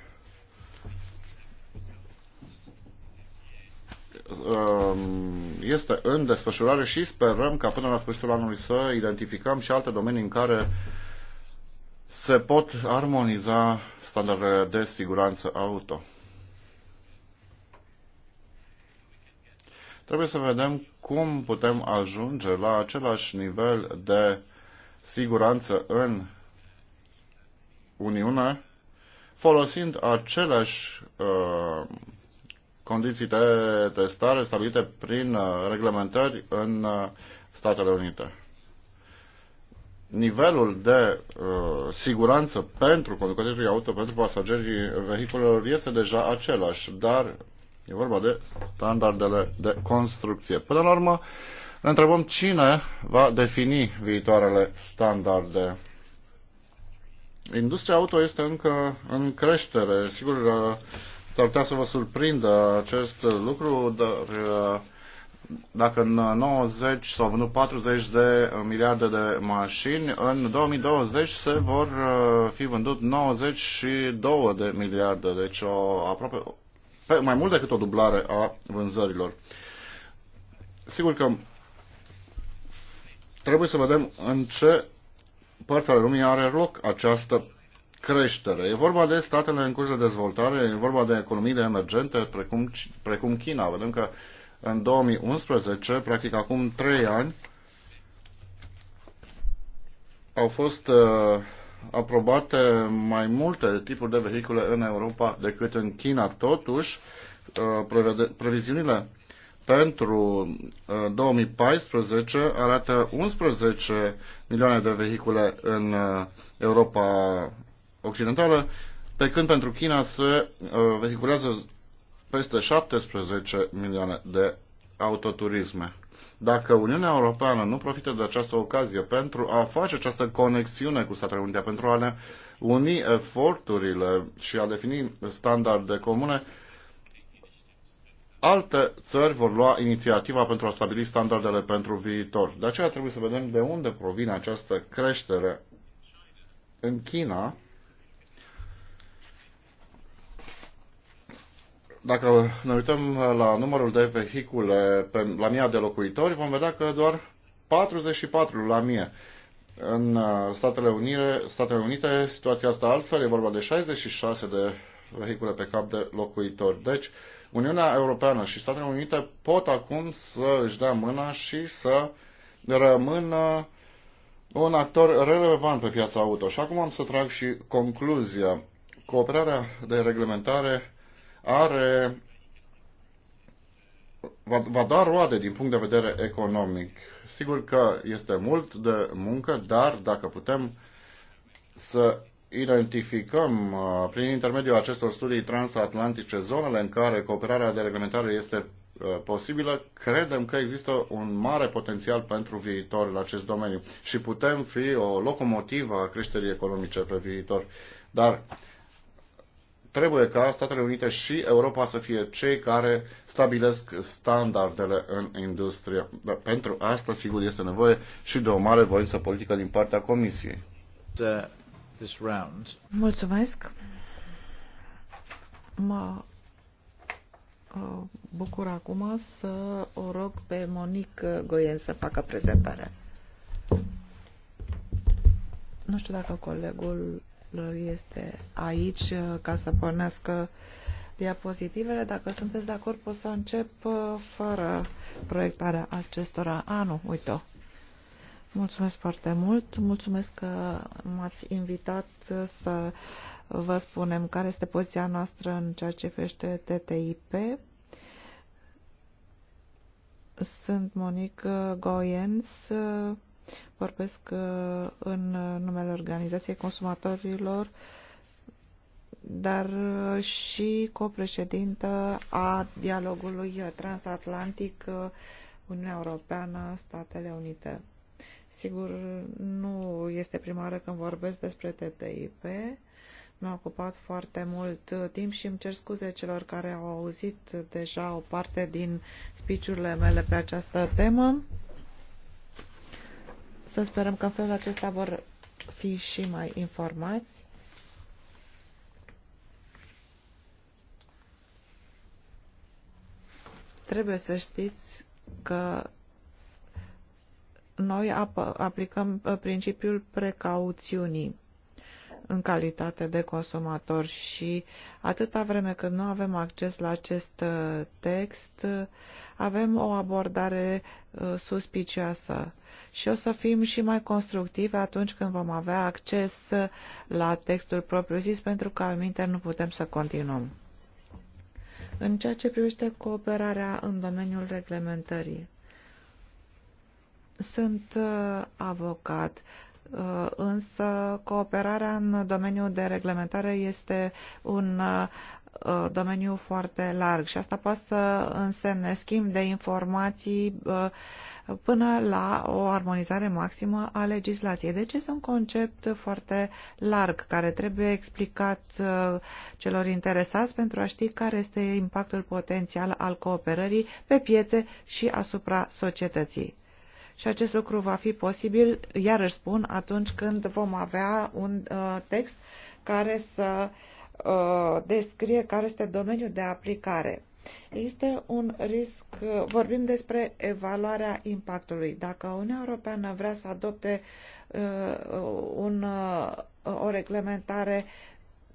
Um, este în desfășurare și sperăm ca până la sfârșitul anului să identificăm și alte domenii în care se pot armoniza standardele de siguranță auto. Trebuie să vedem cum putem ajunge la același nivel de siguranță în Uniune folosind aceleași uh, condiții de testare stabilite prin uh, reglementări în uh, Statele Unite. Nivelul de uh, siguranță pentru conducătorii auto, pentru pasagerii vehiculelor este deja același, dar e vorba de standardele de construcție. Până la urmă, ne întrebăm cine va defini viitoarele standarde. Industria auto este încă în creștere. Sigur, uh, S-ar putea să vă surprindă acest lucru, dar uh, dacă în 90 s-au vândut 40 de miliarde de mașini, în 2020 se vor uh, fi vândut 92 de miliarde, deci o, aproape pe, mai mult decât o dublare a vânzărilor. Sigur că trebuie să vedem în ce părți ale lumii are loc această creștere. E vorba de statele în curs de dezvoltare, e vorba de economiile emergente, precum, precum China. Vedem că în 2011, practic acum 3 ani, au fost uh, aprobate mai multe tipuri de vehicule în Europa decât în China. Totuși, uh, previziunile pentru uh, 2014 arată 11 milioane de vehicule în uh, Europa occidentală, pe când pentru China se uh, vehiculează peste 17 milioane de autoturisme. Dacă Uniunea Europeană nu profită de această ocazie pentru a face această conexiune cu Statele Unite, pentru a ne uni eforturile și a defini standarde comune, alte țări vor lua inițiativa pentru a stabili standardele pentru viitor. De aceea trebuie să vedem de unde provine această creștere în China, dacă ne uităm uh, la numărul de vehicule pe, la mia de locuitori, vom vedea că doar 44 la mie. În uh, Statele Unite, Statele Unite situația asta altfel, e vorba de 66 de vehicule pe cap de locuitori. Deci, Uniunea Europeană și Statele Unite pot acum să își dea mâna și să rămână un actor relevant pe piața auto. Și acum am să trag și concluzia. Cooperarea de reglementare are va, va da roade din punct de vedere economic. Sigur că este mult de muncă, dar dacă putem să identificăm uh, prin intermediul acestor studii transatlantice zonele în care cooperarea de reglementare este uh, posibilă, credem că există un mare potențial pentru viitor în acest domeniu și putem fi o locomotivă a creșterii economice pe viitor. Dar trebuie ca Statele Unite și Europa să fie cei care stabilesc standardele în industrie. Dar pentru asta, sigur, este nevoie și de o mare voință politică din partea Comisiei. Mulțumesc. Mă uh, bucur acum să o rog pe Monique Goien să facă prezentarea. Nu știu dacă colegul lor este aici uh, ca să pornească diapozitivele. Dacă sunteți de acord, pot să încep uh, fără proiectarea acestora. Anu, uite-o. Mulțumesc foarte mult. Mulțumesc că m-ați invitat uh, să vă spunem care este poziția noastră în ceea ce fește TTIP. Sunt Monica Goyens, Vorbesc uh, în numele Organizației Consumatorilor, dar uh, și copreședintă a dialogului transatlantic uh, Uniunea Europeană, Statele Unite. Sigur, nu este prima oară când vorbesc despre TTIP. Mi-a ocupat foarte mult timp și îmi cer scuze celor care au auzit deja o parte din spiciurile mele pe această temă. Să sperăm că în felul acesta vor fi și mai informați. Trebuie să știți că noi aplicăm uh, principiul precauțiunii în calitate de consumator și atâta vreme când nu avem acces la acest uh, text, avem o abordare uh, suspicioasă și o să fim și mai constructivi atunci când vom avea acces la textul propriu-zis, pentru că al minte nu putem să continuăm. În ceea ce privește cooperarea în domeniul reglementării, sunt uh, avocat Uh, însă cooperarea în domeniul de reglementare este un uh, domeniu foarte larg și asta poate să însemne schimb de informații uh, până la o armonizare maximă a legislației. Deci este un concept foarte larg care trebuie explicat celor interesați pentru a ști care este impactul potențial al cooperării pe piețe și asupra societății. Și acest lucru va fi posibil, iarăși spun, atunci când vom avea un uh, text care să uh, descrie care este domeniul de aplicare. Este un risc, uh, vorbim despre evaluarea impactului. Dacă Uniunea Europeană vrea să adopte uh, un, uh, o reglementare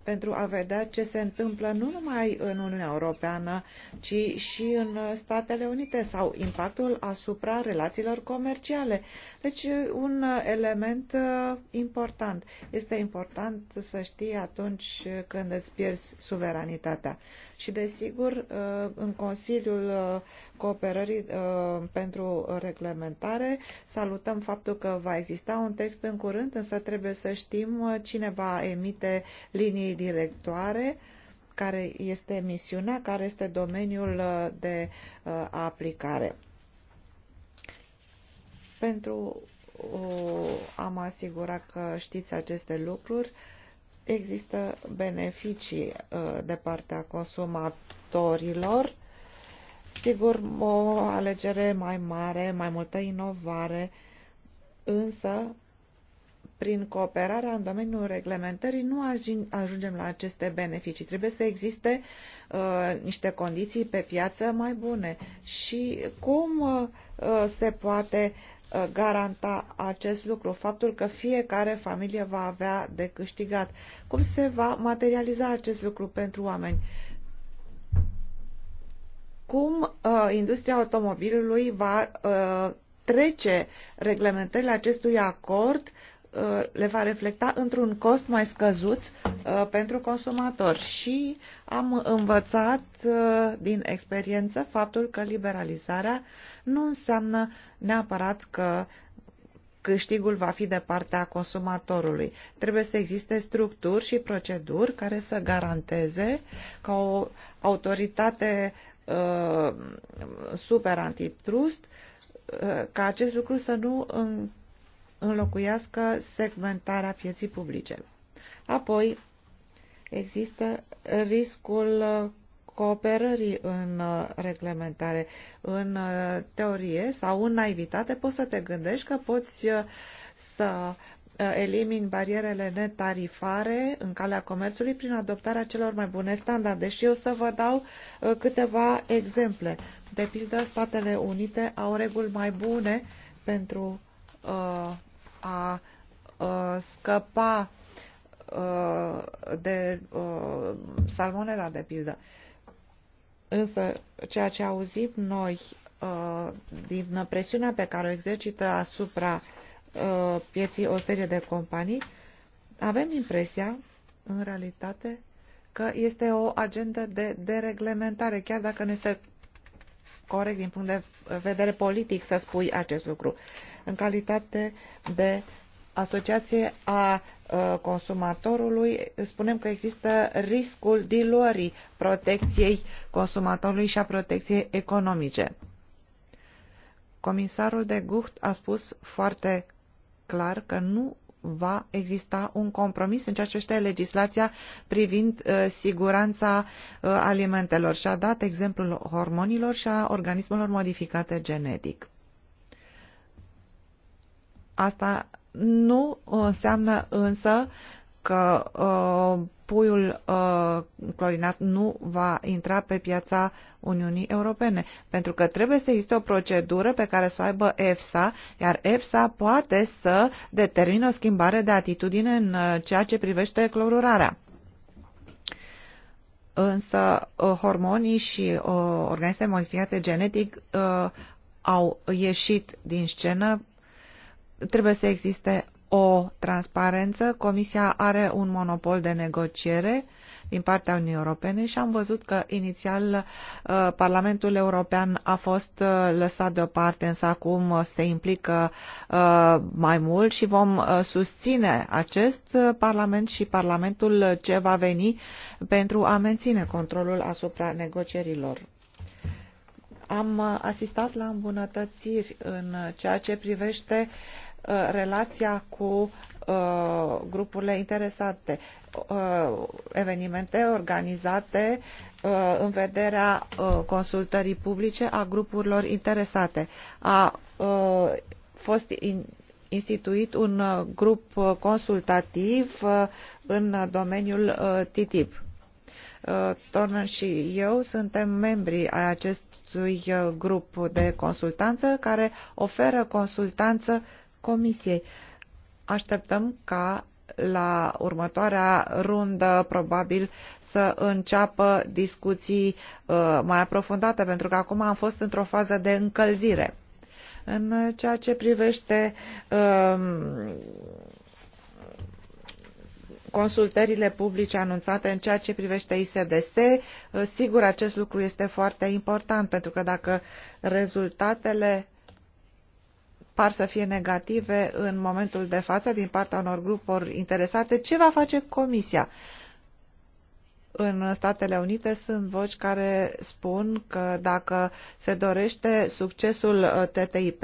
pentru a vedea ce se întâmplă nu numai în Uniunea Europeană, ci și în Statele Unite sau impactul asupra relațiilor comerciale. Deci un element uh, important. Este important să știi atunci când îți pierzi suveranitatea și, desigur, uh, în Consiliul uh, Cooperării uh, pentru Reglementare salutăm faptul că va exista un text în curând, însă trebuie să știm cine va emite linii directoare care este misiunea, care este domeniul de aplicare. Pentru a mă asigura că știți aceste lucruri, uh, există beneficii uh, de partea consumatorilor. Sigur, o alegere mai mare, mai multă inovare, însă prin cooperarea în domeniul reglementării nu ajungem la aceste beneficii. Trebuie să existe uh, niște condiții pe piață mai bune. Și cum uh, se poate Uh, garanta acest lucru, faptul că fiecare familie va avea de câștigat. Cum se va materializa acest lucru pentru oameni? Cum uh, industria automobilului va uh, trece reglementările acestui acord Uh, le va reflecta într-un cost mai scăzut uh, pentru consumator. Și am învățat uh, din experiență faptul că liberalizarea nu înseamnă neapărat că câștigul va fi de partea consumatorului. Trebuie să existe structuri și proceduri care să garanteze că o autoritate uh, super antitrust uh, ca acest lucru să nu înlocuiască segmentarea pieții publice. Apoi, există riscul cooperării în uh, reglementare. În uh, teorie sau în naivitate poți să te gândești că poți uh, să elimini barierele netarifare în calea comerțului prin adoptarea celor mai bune standarde. Și eu să vă dau câteva exemple. De pildă, Statele Unite au reguli mai bune pentru uh, a scăpa de salmonela, de pildă. Însă, ceea ce auzim noi din presiunea pe care o exercită asupra pieții o serie de companii, avem impresia, în realitate, că este o agendă de dereglementare, chiar dacă nu este corect din punct de vedere politic să spui acest lucru în calitate de asociație a uh, consumatorului, spunem că există riscul diluării protecției consumatorului și a protecției economice. Comisarul de Gucht a spus foarte clar că nu va exista un compromis în ceea ce privește legislația privind uh, siguranța uh, alimentelor și a dat exemplul hormonilor și a organismelor modificate genetic. Asta nu uh, înseamnă însă că uh, puiul uh, clorinat nu va intra pe piața Uniunii Europene, pentru că trebuie să existe o procedură pe care să o aibă EFSA, iar EFSA poate să determine o schimbare de atitudine în ceea ce privește clorurarea. Însă hormonii și uh, modificate genetic au ieșit din scenă trebuie să existe o transparență. Comisia are un monopol de negociere din partea Uniunii Europene și am văzut că inițial uh, Parlamentul European a fost uh, lăsat deoparte, însă acum se implică uh, mai mult și vom susține acest Parlament și Parlamentul ce va veni pentru a menține controlul asupra negocierilor. Am asistat la îmbunătățiri în ceea ce privește uh, Uh, relația cu uh, grupurile interesate, uh, evenimente organizate în vederea consultării publice a grupurilor interesate. A fost instituit un grup consultativ în domeniul TTIP. Tornan și eu suntem membri ai acestui grup de consultanță care oferă consultanță Comisiei. Așteptăm ca la următoarea rundă probabil să înceapă discuții uh, mai aprofundate, pentru că acum am fost într-o fază de încălzire. În ceea ce privește uh, consultările publice anunțate în ceea ce privește ISDS, uh, sigur acest lucru este foarte important, pentru că dacă rezultatele par să fie negative în momentul de față din partea unor grupuri interesate, ce va face Comisia? În Statele Unite sunt voci care spun că dacă se dorește succesul uh, TTIP,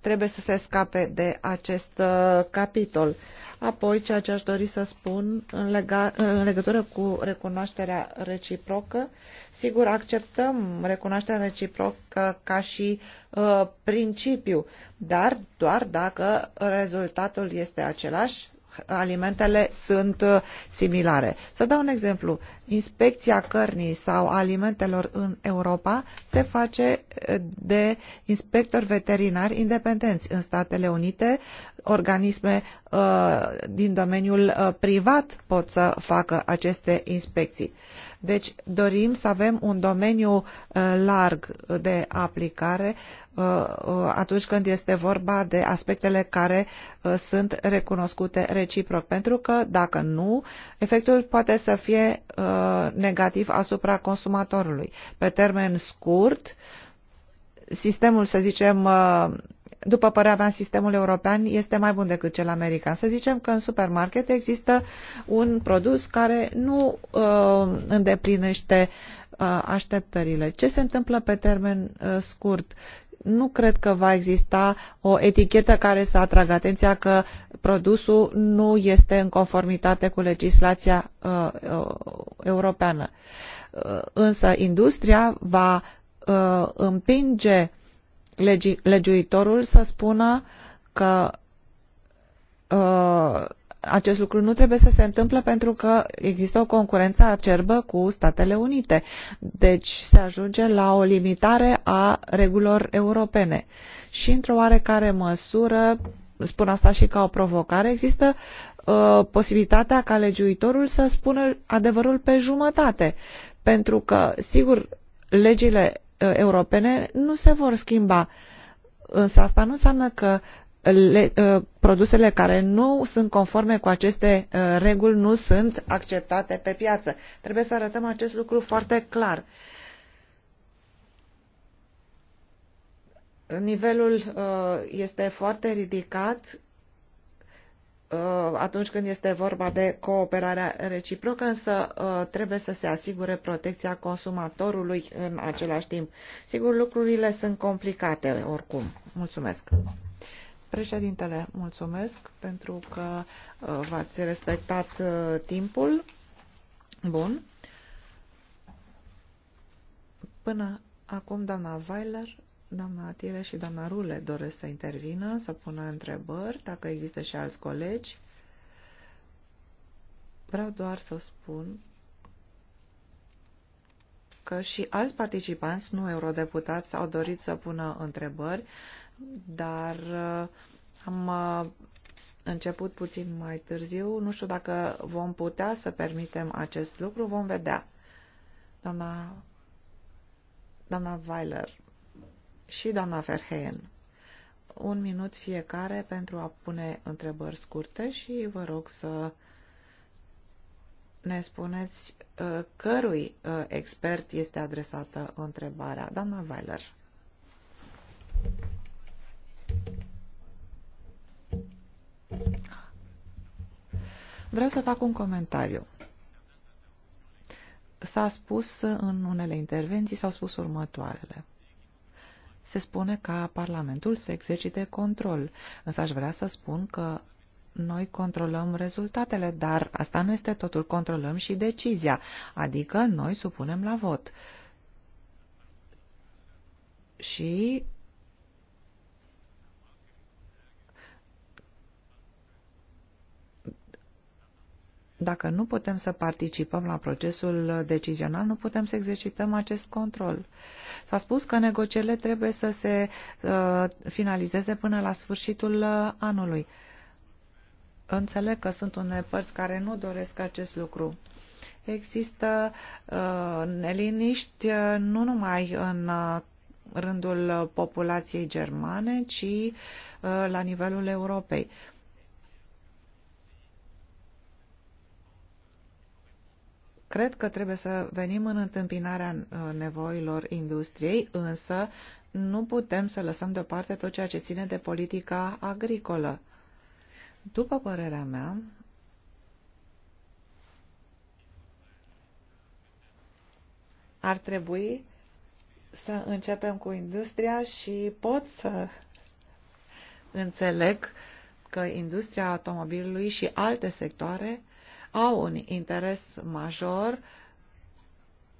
trebuie să se scape de acest uh, capitol. Apoi, ceea ce aș dori să spun în, lega, în legătură cu recunoașterea reciprocă, sigur, acceptăm recunoașterea reciprocă ca și uh, principiu, dar doar dacă rezultatul este același, alimentele sunt uh, similare. Să dau un exemplu. Inspecția cărnii sau alimentelor în Europa se face uh, de inspectori veterinari independenți. În Statele Unite organisme uh, din domeniul uh, privat pot să facă aceste inspecții. Deci dorim să avem un domeniu uh, larg de aplicare atunci când este vorba de aspectele care sunt recunoscute reciproc, pentru că dacă nu, efectul poate să fie negativ asupra consumatorului. Pe termen scurt, sistemul, să zicem, după părerea mea, sistemul european este mai bun decât cel american. Să zicem că în supermarket există un produs care nu uh, îndeplinește uh, așteptările. Ce se întâmplă pe termen uh, scurt? Nu cred că va exista o etichetă care să atragă atenția că produsul nu este în conformitate cu legislația uh, uh, europeană. Uh, însă industria va uh, împinge uh, legi, legiuitorul să spună că uh, acest lucru nu trebuie să se întâmple pentru că există o concurență acerbă cu Statele Unite. Deci se ajunge la o limitare a regulilor europene. Și într-o oarecare măsură, spun asta și ca o provocare, există uh, posibilitatea ca legiuitorul să spună adevărul pe jumătate. Pentru că, sigur, legile Uh, europene nu se vor schimba. Însă asta nu înseamnă că le, uh, produsele care nu sunt conforme cu aceste uh, reguli nu sunt acceptate pe piață. Trebuie să arătăm acest lucru foarte clar. Nivelul este foarte ridicat Uh, atunci când este vorba de cooperarea reciprocă, însă uh, trebuie să se asigure protecția consumatorului în același timp. Sigur, lucrurile sunt complicate oricum. Mulțumesc. Președintele, mulțumesc pentru că uh, v-ați respectat timpul. Bun. Până acum, doamna Weiler Doamna Atire și doamna Rule doresc să intervină, să pună întrebări, dacă există și alți colegi. Vreau doar să spun că și alți participanți, nu eurodeputați, au dorit să pună întrebări, dar uh, am uh, început puțin mai târziu. Nu știu dacă vom putea să permitem acest lucru, vom vedea. Doamna, doamna Weiler și doamna Verheyen. Un minut fiecare pentru a pune întrebări scurte și vă rog să ne spuneți uh, cărui uh, expert este adresată întrebarea. Doamna Weiler. Vreau să fac un comentariu. S-a spus în unele intervenții, s-au spus următoarele se spune ca Parlamentul să exercite control, însă aș vrea să spun că noi controlăm rezultatele, dar asta nu este totul, controlăm și decizia, adică noi supunem la vot. Și dacă nu putem să participăm la procesul decizional, nu putem să exercităm acest control. Uh, S-a spus că negocierile trebuie să se uh, finalizeze până la sfârșitul uh, anului. Înțeleg că sunt unele părți care nu doresc acest lucru există uh, neliniști uh, nu numai în uh, rândul uh, populației germane, ci la nivelul Europei. Cred că trebuie să venim în întâmpinarea uh, nevoilor industriei, însă nu putem să lăsăm deoparte tot ceea ce ține de politica agricolă. După părerea mea, ar trebui să începem cu industria și pot să înțeleg că industria automobilului și alte sectoare au un interes major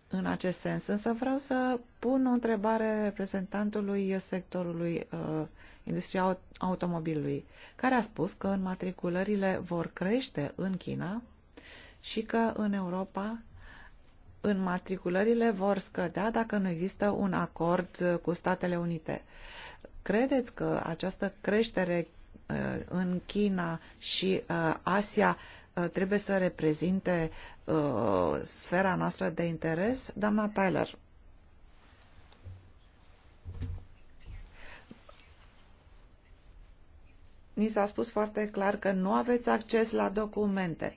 în acest sens. Însă vreau să pun o întrebare reprezentantului sectorului uh, industriei automobilului, care a spus că înmatriculările vor crește în China și că în Europa înmatriculările vor scădea dacă nu există un acord cu Statele Unite. Credeți că această creștere uh, în China și uh, Asia Uh, trebuie să reprezinte uh, sfera noastră de interes? Doamna Tyler. Ni s-a spus foarte clar că nu aveți acces la documente.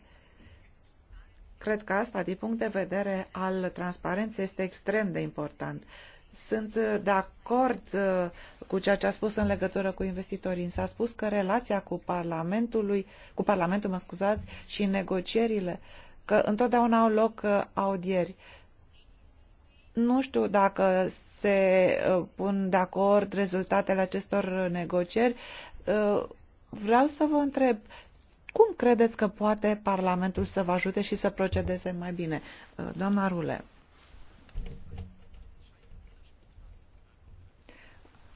Cred că asta, din punct de vedere al transparenței, este extrem de important. Uh, sunt uh, de acord uh, cu ceea ce a spus în legătură cu investitorii. S-a spus că relația cu, parlamentului, cu Parlamentul mă scuzați, și negocierile, că întotdeauna au loc uh, audieri. Nu știu dacă se pun de acord rezultatele acestor negocieri. Vreau să vă întreb, cum credeți că poate Parlamentul să vă ajute și să procedeze mai bine? Doamna Rule.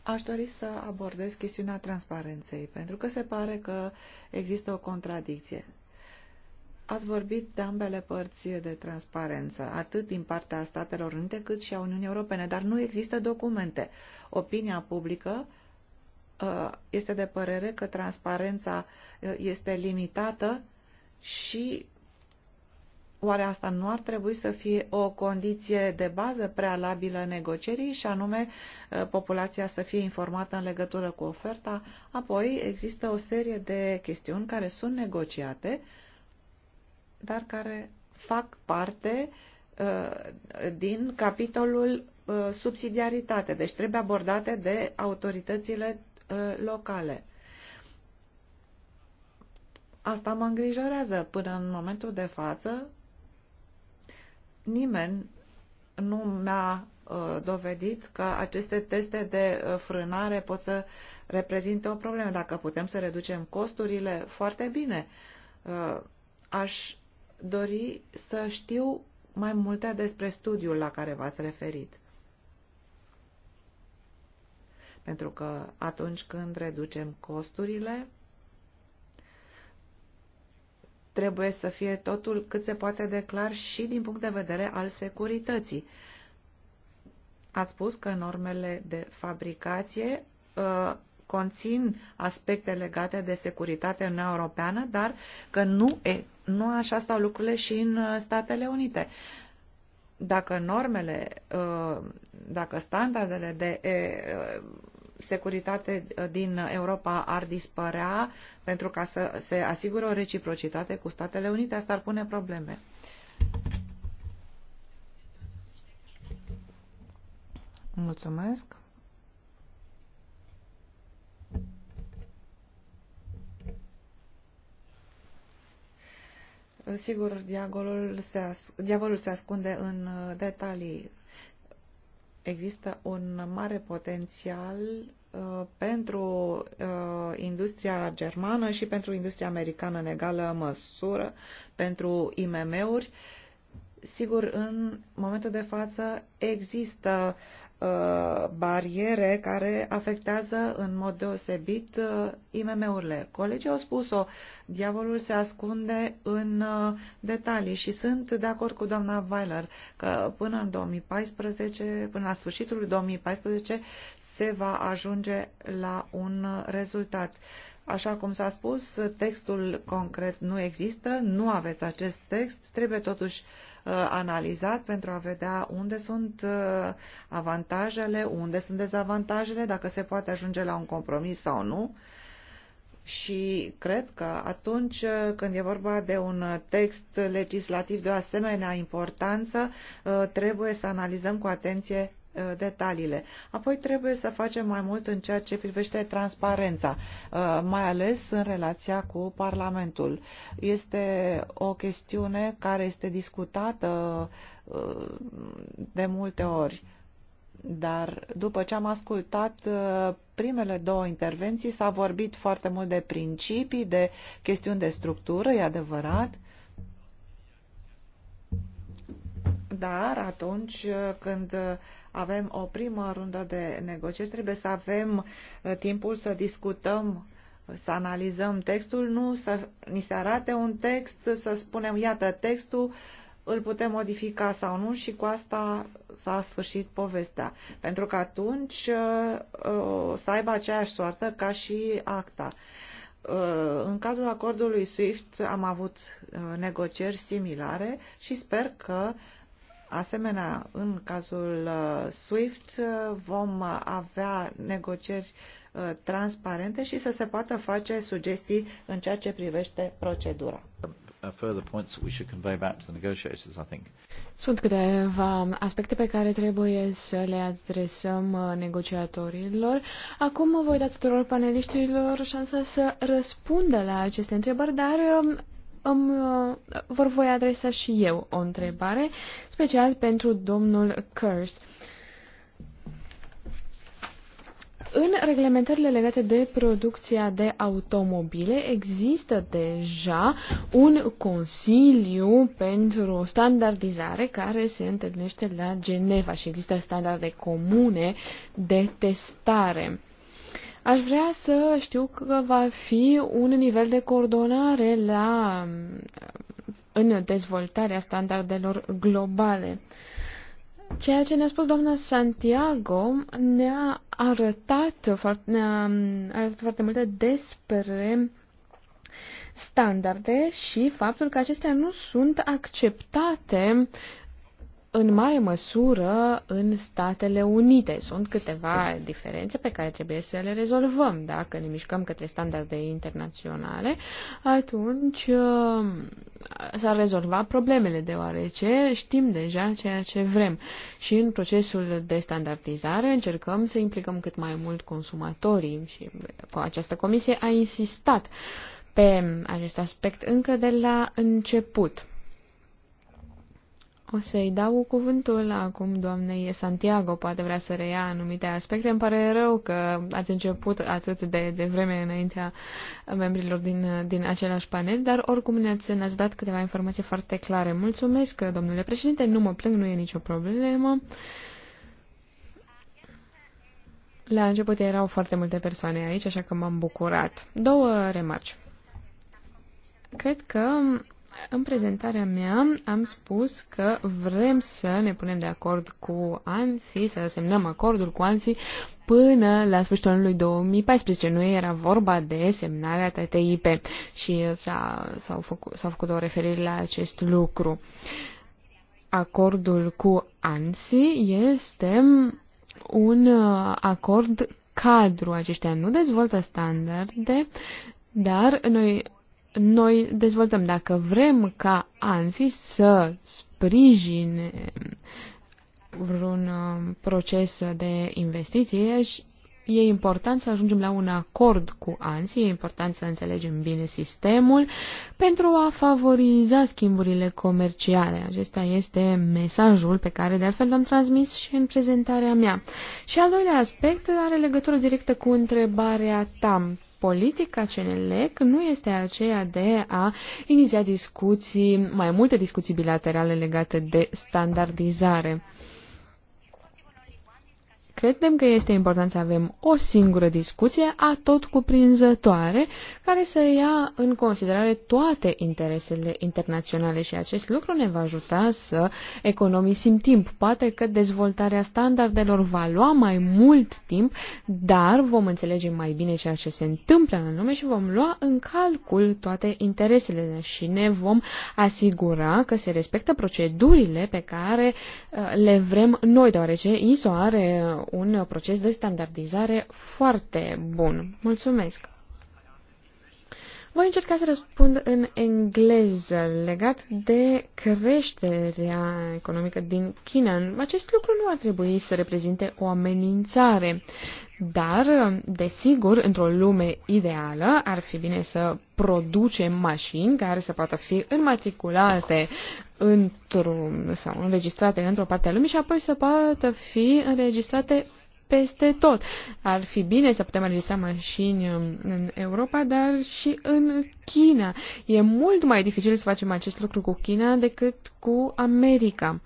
Aș dori să abordez chestiunea transparenței, pentru că se pare că există o contradicție. Ați vorbit de ambele părți de transparență, atât din partea Statelor Unite cât și a Uniunii Europene, dar nu există documente. Opinia publică uh, este de părere că transparența uh, este limitată și Oare asta nu ar trebui să fie o condiție de bază prealabilă negocierii și anume uh, populația să fie informată în legătură cu oferta? Apoi există o serie de chestiuni care sunt negociate, dar care fac parte uh, din capitolul uh, subsidiaritate, deci trebuie abordate de autoritățile locale. Asta mă îngrijorează. Până în momentul de față, Nimeni nu mi-a uh, dovedit că aceste teste de uh, frânare pot să reprezinte o problemă. Dacă putem să reducem costurile, foarte bine. Uh, aș dori să știu mai multe despre studiul la care v-ați referit. Pentru că atunci când reducem costurile, trebuie să fie totul cât se poate de clar și din punct de vedere al securității. Ați spus că normele de fabricație uh, conțin aspecte legate de securitate în europeană, dar că nu, e, nu așa stau lucrurile și în uh, Statele Unite. Dacă normele, uh, dacă standardele de uh, securitate uh, din Europa ar dispărea pentru ca să se asigure o reciprocitate cu Statele Unite, asta ar pune probleme. Mulțumesc. Sigur, diavolul se, as diavolul se ascunde în uh, detalii există un mare potențial uh, pentru uh, industria germană și pentru industria americană în egală măsură, pentru IMM-uri. Sigur, în momentul de față există Uh, bariere care afectează în mod deosebit uh, IMM-urile. Colegii au spus-o, diavolul se ascunde în uh, detalii și sunt de acord cu doamna Weiler că până în 2014, până la sfârșitul 2014, se va ajunge la un rezultat. Așa cum s-a spus, textul concret nu există, nu aveți acest text, trebuie totuși uh, Uh, analizat pentru a vedea unde sunt uh, avantajele, unde sunt dezavantajele, dacă se poate ajunge la un compromis sau nu. Și cred că atunci uh, când e vorba de un text legislativ de o asemenea importanță, trebuie să analizăm cu atenție Uh, detaliile. Apoi trebuie să facem mai mult în ceea ce privește transparența, uh, mai ales în relația cu Parlamentul. Este o chestiune care este discutată uh, de multe ori, dar după ce am ascultat primele două intervenții s-a vorbit foarte mult de principii, de chestiuni de structură, e adevărat, dar atunci când avem o primă rundă de negocieri, trebuie să avem uh, timpul să discutăm uh, să analizăm textul, nu să ni se arate un text, să spunem, iată, textul îl putem modifica sau nu și cu asta s-a sfârșit povestea. Pentru că atunci uh, să aibă aceeași soartă ca și acta. În cadrul acordului SWIFT am avut negocieri similare și sper că Asemenea, în cazul uh, SWIFT uh, vom uh, avea negocieri transparente și să se poată face sugestii în ceea ce privește procedura. Sunt câteva aspecte pe care trebuie să le adresăm negociatorilor. Acum voi da tuturor paneliștilor șansa să răspundă la aceste întrebări, dar um, îmi, uh, vor voi adresa și eu o întrebare, special pentru domnul Kers. În reglementările legate de producția de automobile există deja un consiliu pentru standardizare care se întâlnește la Geneva și există standarde comune de testare. Aș vrea să știu că va fi un nivel de coordonare la, în dezvoltarea standardelor globale. Ceea ce ne-a spus doamna Santiago ne-a arătat, ne arătat foarte multe despre standarde și faptul că acestea nu sunt acceptate în mare măsură în Statele Unite. Sunt câteva diferențe pe care trebuie să le rezolvăm. Dacă ne mișcăm către standarde internaționale, atunci uh, s-ar rezolva problemele, deoarece știm deja ceea ce vrem. Și în procesul de standardizare încercăm să implicăm cât mai mult consumatorii și această comisie a insistat pe acest aspect încă de la început. O să-i dau cuvântul acum doamnei Santiago, poate vrea să reia anumite aspecte. Îmi pare rău că ați început atât de, de vreme înaintea membrilor din, din același panel, dar oricum ne-ați, ne-ați dat câteva informații foarte clare. Mulțumesc, domnule președinte, nu mă plâng, nu e nicio problemă. La început erau foarte multe persoane aici, așa că m-am bucurat. Două remarci. Cred că în prezentarea mea am spus că vrem să ne punem de acord cu ANSI, să semnăm acordul cu ANSI până la sfârșitul anului 2014. Nu era vorba de semnarea TTIP și s-au făcut, făcut o referire la acest lucru. Acordul cu ANSI este un uh, acord cadru. Aceștia nu dezvoltă standarde, dar noi noi dezvoltăm. Dacă vrem ca ANSI să sprijine vreun um, proces de investiție e important să ajungem la un acord cu ANSI, e important să înțelegem bine sistemul pentru a favoriza schimburile comerciale. Acesta este mesajul pe care de altfel l-am transmis și în prezentarea mea. Și al doilea aspect are legătură directă cu întrebarea ta politica CNLEC nu este aceea de a iniția discuții, mai multe discuții bilaterale legate de standardizare. Credem că este important să avem o singură discuție a tot cuprinzătoare care să ia în considerare toate interesele internaționale și acest lucru ne va ajuta să economisim timp. Poate că dezvoltarea standardelor va lua mai mult timp, dar vom înțelege mai bine ceea ce se întâmplă în lume și vom lua în calcul toate interesele și ne vom asigura că se respectă procedurile pe care uh, le vrem noi, deoarece ISO are uh, un proces de standardizare foarte bun. Mulțumesc! Voi încerca să răspund în engleză legat de creșterea economică din China. Acest lucru nu ar trebui să reprezinte o amenințare. Dar, desigur, într-o lume ideală ar fi bine să producem mașini care să poată fi înmatriculate într-un, sau înregistrate într-o parte a lumii și apoi să poată fi înregistrate peste tot. Ar fi bine să putem înregistra mașini în Europa, dar și în China. E mult mai dificil să facem acest lucru cu China decât cu America.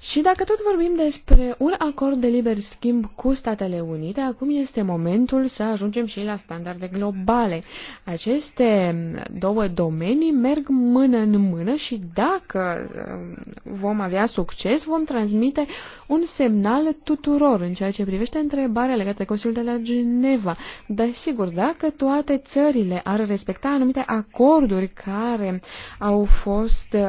Și dacă tot vorbim despre un acord de liber schimb cu Statele Unite, acum este momentul să ajungem și la standarde globale. Aceste două domenii merg mână în mână și dacă um, vom avea succes, vom transmite un semnal tuturor în ceea ce privește întrebarea legată de Consiliul de la Geneva. Dar sigur, dacă toate țările ar respecta anumite acorduri care au fost, um,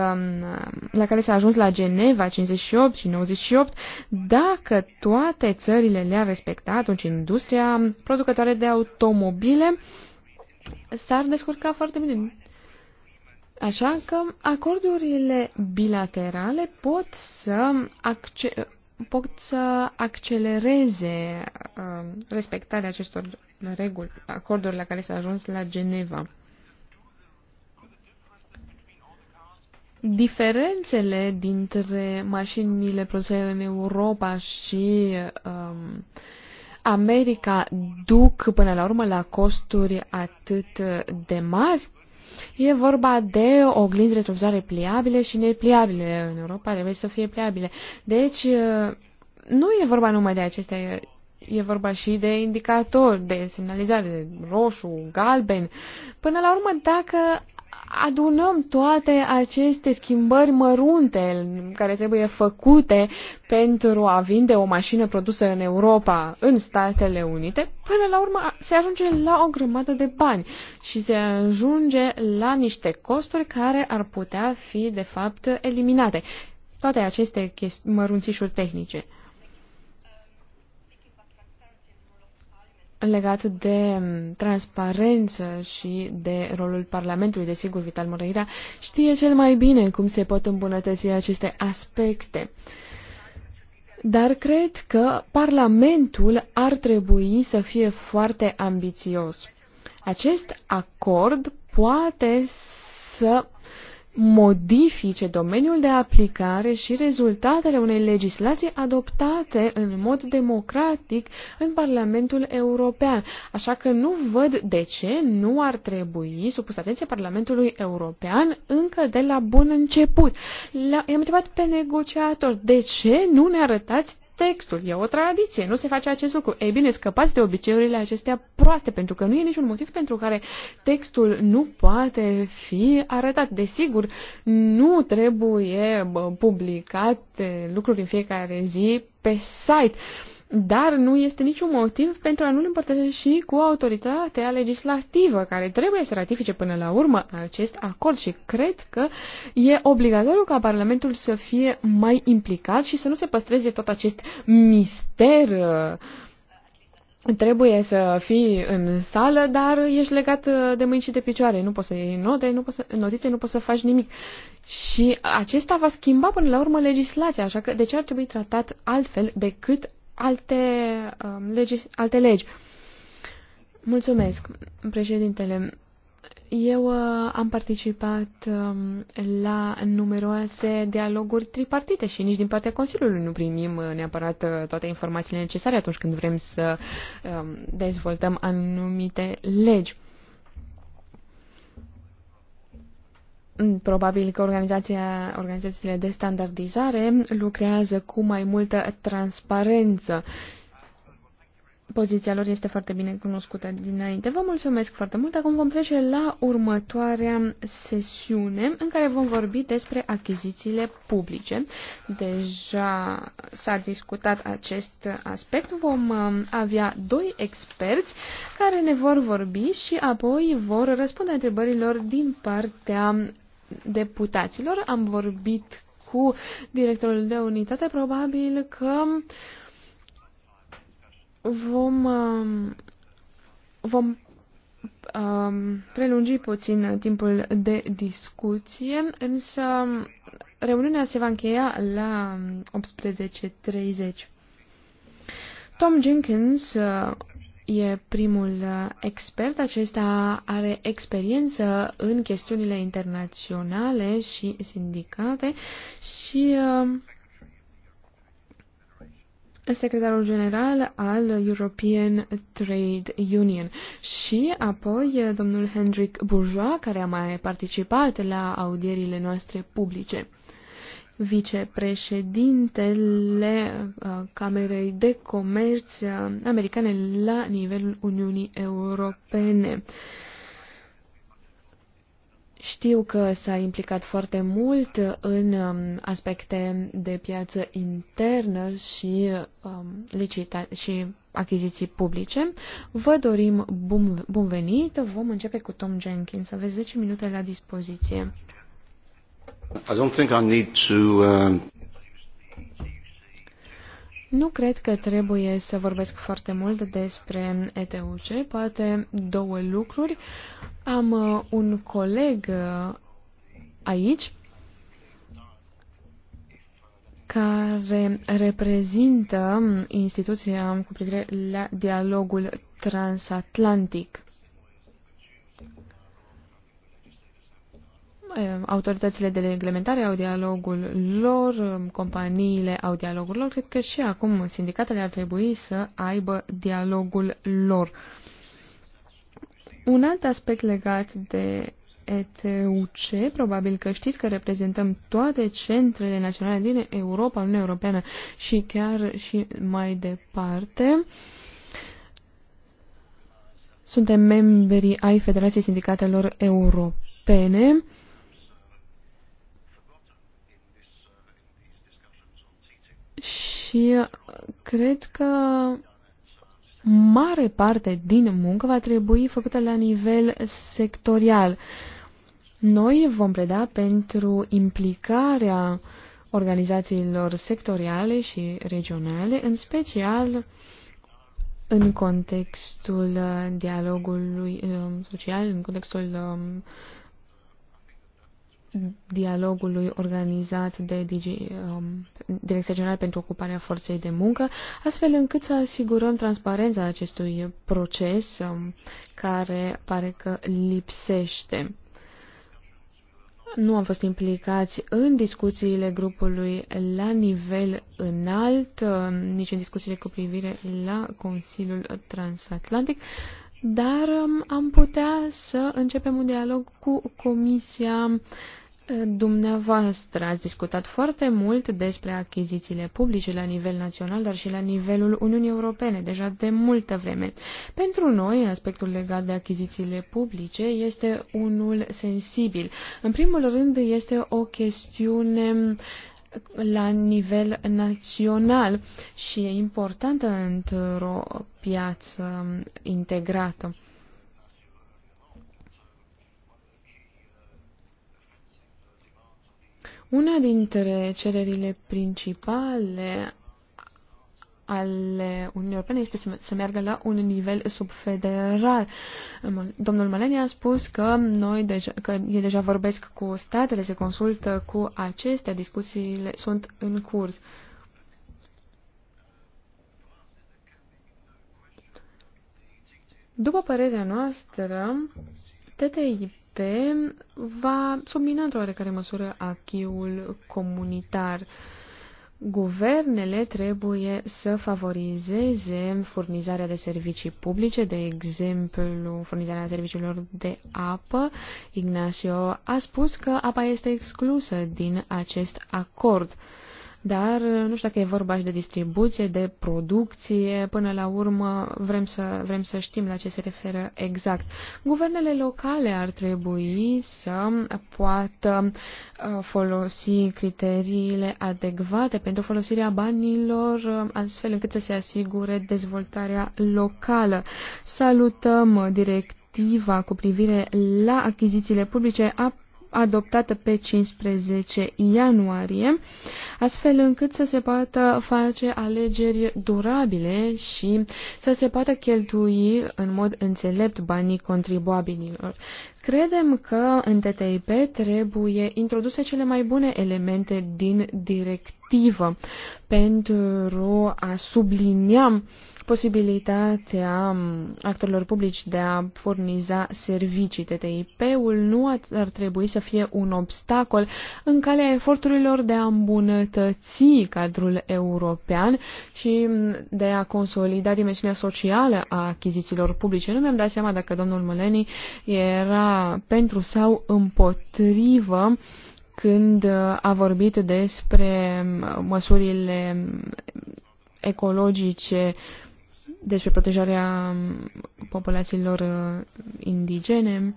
la care s-a ajuns la Geneva 58, 98 și 98, dacă toate țările le-ar respecta, atunci industria producătoare de automobile s-ar descurca foarte bine. Așa că acordurile bilaterale pot să, acce- pot să accelereze uh, respectarea acestor reguli, acordurile la care s-a ajuns la Geneva. diferențele dintre mașinile produse în Europa și um, America duc până la urmă la costuri atât de mari? E vorba de oglinzi retrovizoare pliabile și nepliabile. În Europa trebuie să fie pliabile. Deci, uh, nu e vorba numai de acestea, e vorba și de indicatori, de semnalizare, roșu, galben. Până la urmă, dacă adunăm toate aceste schimbări mărunte care trebuie făcute pentru a vinde o mașină produsă în Europa, în Statele Unite, până la urmă se ajunge la o grămadă de bani și se ajunge la niște costuri care ar putea fi, de fapt, eliminate. Toate aceste mărunțișuri tehnice. legat de mm, transparență și de rolul Parlamentului, desigur, Vital Moreira știe cel mai bine cum se pot îmbunătăți aceste aspecte. Dar cred că Parlamentul ar trebui să fie foarte ambițios. Acest acord poate să modifice domeniul de aplicare și rezultatele unei legislații adoptate în mod democratic în Parlamentul European. Așa că nu văd de ce nu ar trebui supus atenție Parlamentului European încă de la bun început. I-am întrebat pe negociator de ce nu ne arătați textul, e o tradiție, nu se face acest lucru. Ei bine, scăpați de obiceiurile acestea proaste, pentru că nu e niciun motiv pentru care textul nu poate fi arătat. Desigur, nu trebuie publicate lucruri în fiecare zi pe site. Uh, dar nu este niciun motiv pentru a nu-l împărtăși cu autoritatea legislativă care trebuie să ratifice până la urmă acest acord și cred că e obligatoriu ca Parlamentul să fie mai implicat și să nu se păstreze tot acest mister trebuie să fii în sală, dar ești legat de mâini și de picioare. Nu poți să iei note, nu poți să, notițe, nu poți să faci nimic. Și acesta va schimba până la urmă legislația, așa că de ce ar trebui tratat altfel decât alte, um, legi, alte legi. Mulțumesc, președintele. Eu uh, am participat um, la numeroase dialoguri tripartite și nici din partea Consiliului nu primim uh, neapărat uh, toate informațiile necesare atunci când vrem să uh, dezvoltăm anumite legi. Probabil că organizația, organizațiile de standardizare lucrează cu mai multă transparență. Poziția lor este foarte bine cunoscută dinainte. Vă mulțumesc foarte mult. Acum vom trece la următoarea sesiune în care vom vorbi despre achizițiile publice. Deja s-a discutat acest aspect. Vom um, avea doi experți care ne vor vorbi și apoi vor răspunde întrebărilor din partea deputaților. Am vorbit cu directorul de unitate. Probabil că vom, um, vom um, prelungi puțin timpul de discuție, însă reuniunea se va încheia la 18.30. Tom Jenkins, uh, e primul uh, expert. Acesta are experiență în chestiunile internaționale și sindicate și uh, secretarul general al European Trade Union și apoi uh, domnul Hendrik Bourgeois, care a mai participat la audierile noastre publice vicepreședintele uh, Camerei de Comerț uh, americane la nivelul Uniunii Europene. Știu că s-a implicat foarte mult în um, aspecte de piață internă și, um, licita- și achiziții publice. Vă dorim bun, bun venit. Vom începe cu Tom Jenkins. Aveți 10 minute la dispoziție. Um, nu cred că trebuie să vorbesc foarte mult despre ETUC, poate două lucruri. Am uh, un coleg uh, aici care reprezintă instituția cu privire la dialogul transatlantic. Um, autoritățile de reglementare au dialogul lor, um, companiile au dialogul lor, cred că și acum sindicatele ar trebui să aibă dialogul lor. Un alt aspect legat de ETUC, probabil că știți că reprezentăm toate centrele naționale din Europa, Uniunea Europeană și chiar și mai departe. Suntem membrii ai Federației Sindicatelor Europene. Și cred că mare parte din muncă va trebui făcută la nivel sectorial. Noi vom preda pentru implicarea organizațiilor sectoriale și regionale, în special în contextul dialogului um, social, în contextul um, dialogului organizat de Digi, um, Direcția Generală pentru Ocuparea Forței de Muncă, astfel încât să asigurăm transparența acestui proces um, care pare că lipsește. Nu am fost implicați în discuțiile grupului la nivel înalt, um, nici în discuțiile cu privire la Consiliul Transatlantic, dar um, am putea să începem un dialog cu Comisia Dumneavoastră ați discutat foarte mult despre achizițiile publice la nivel național, dar și la nivelul Uniunii Europene, deja de multă vreme. Pentru noi, aspectul legat de achizițiile publice este unul sensibil. În primul rând, este o chestiune la nivel național și e importantă într-o piață integrată. Una dintre cererile principale ale Uniunii Europene este să, să meargă la un nivel subfederal. Domnul Maleni a spus că noi deja, că ei deja vorbesc cu statele, se consultă cu acestea, discuțiile sunt în curs. După părerea noastră, TTIP PCP va submina într-o oarecare măsură achiul comunitar. Guvernele trebuie să favorizeze furnizarea de servicii publice, de exemplu, furnizarea serviciilor de apă. Ignacio a spus că apa este exclusă din acest acord dar nu știu dacă e vorba și de distribuție, de producție, până la urmă vrem să, vrem să știm la ce se referă exact. Guvernele locale ar trebui să poată uh, folosi criteriile adecvate pentru folosirea banilor, uh, astfel încât să se asigure dezvoltarea locală. Salutăm direct directiva cu privire la achizițiile publice a adoptată pe 15 ianuarie, astfel încât să se poată face alegeri durabile și să se poată cheltui în mod înțelept banii contribuabililor. Credem că în TTIP trebuie introduse cele mai bune elemente din directivă pentru a sublinia posibilitatea actorilor publici de a furniza servicii. TTIP-ul nu ar trebui să fie un obstacol în calea eforturilor de a îmbunătăți cadrul european și de a consolida dimensiunea socială a achizițiilor publice. Nu mi-am dat seama dacă domnul Măleni era pentru sau împotrivă când a vorbit despre măsurile ecologice uh, despre protejarea populațiilor uh, indigene.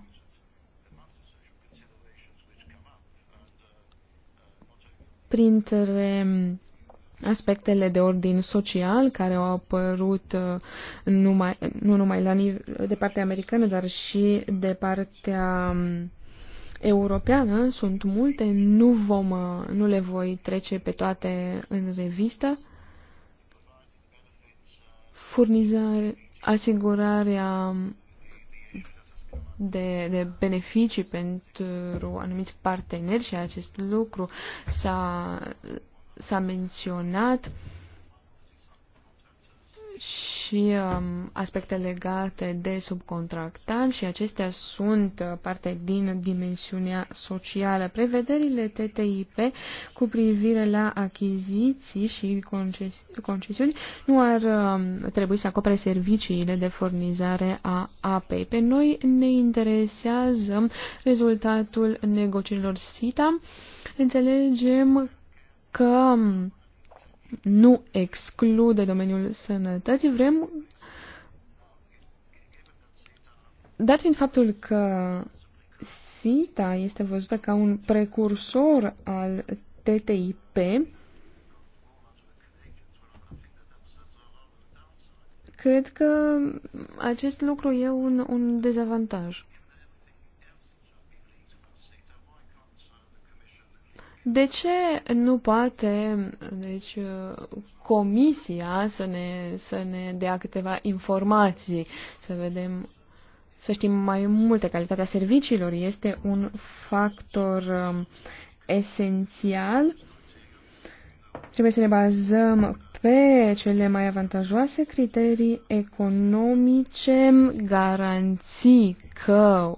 Printre aspectele de ordin social care au apărut uh, numai, nu numai la nivel, de partea americană, dar și de partea um, europeană sunt multe, nu, vom, uh, nu le voi trece pe toate în revistă furnizare, asigurarea de, de beneficii pentru anumiți parteneri și acest lucru s-a, s-a menționat și um, aspecte legate de subcontractanți și acestea sunt uh, parte din dimensiunea socială. Prevederile TTIP cu privire la achiziții și concesiuni nu ar um, trebui să acopere serviciile de furnizare a apei. Pe noi ne interesează rezultatul negocierilor SITA. Înțelegem că um, nu exclude domeniul sănătății, vrem, dat fiind faptul că SITA este văzută ca un precursor al TTIP, cred că acest lucru e un, un dezavantaj. De ce nu poate deci, comisia să ne, să ne dea câteva informații, să vedem, să știm mai multe? Calitatea serviciilor este un factor um, esențial. Trebuie să ne bazăm pe cele mai avantajoase criterii economice, garanții că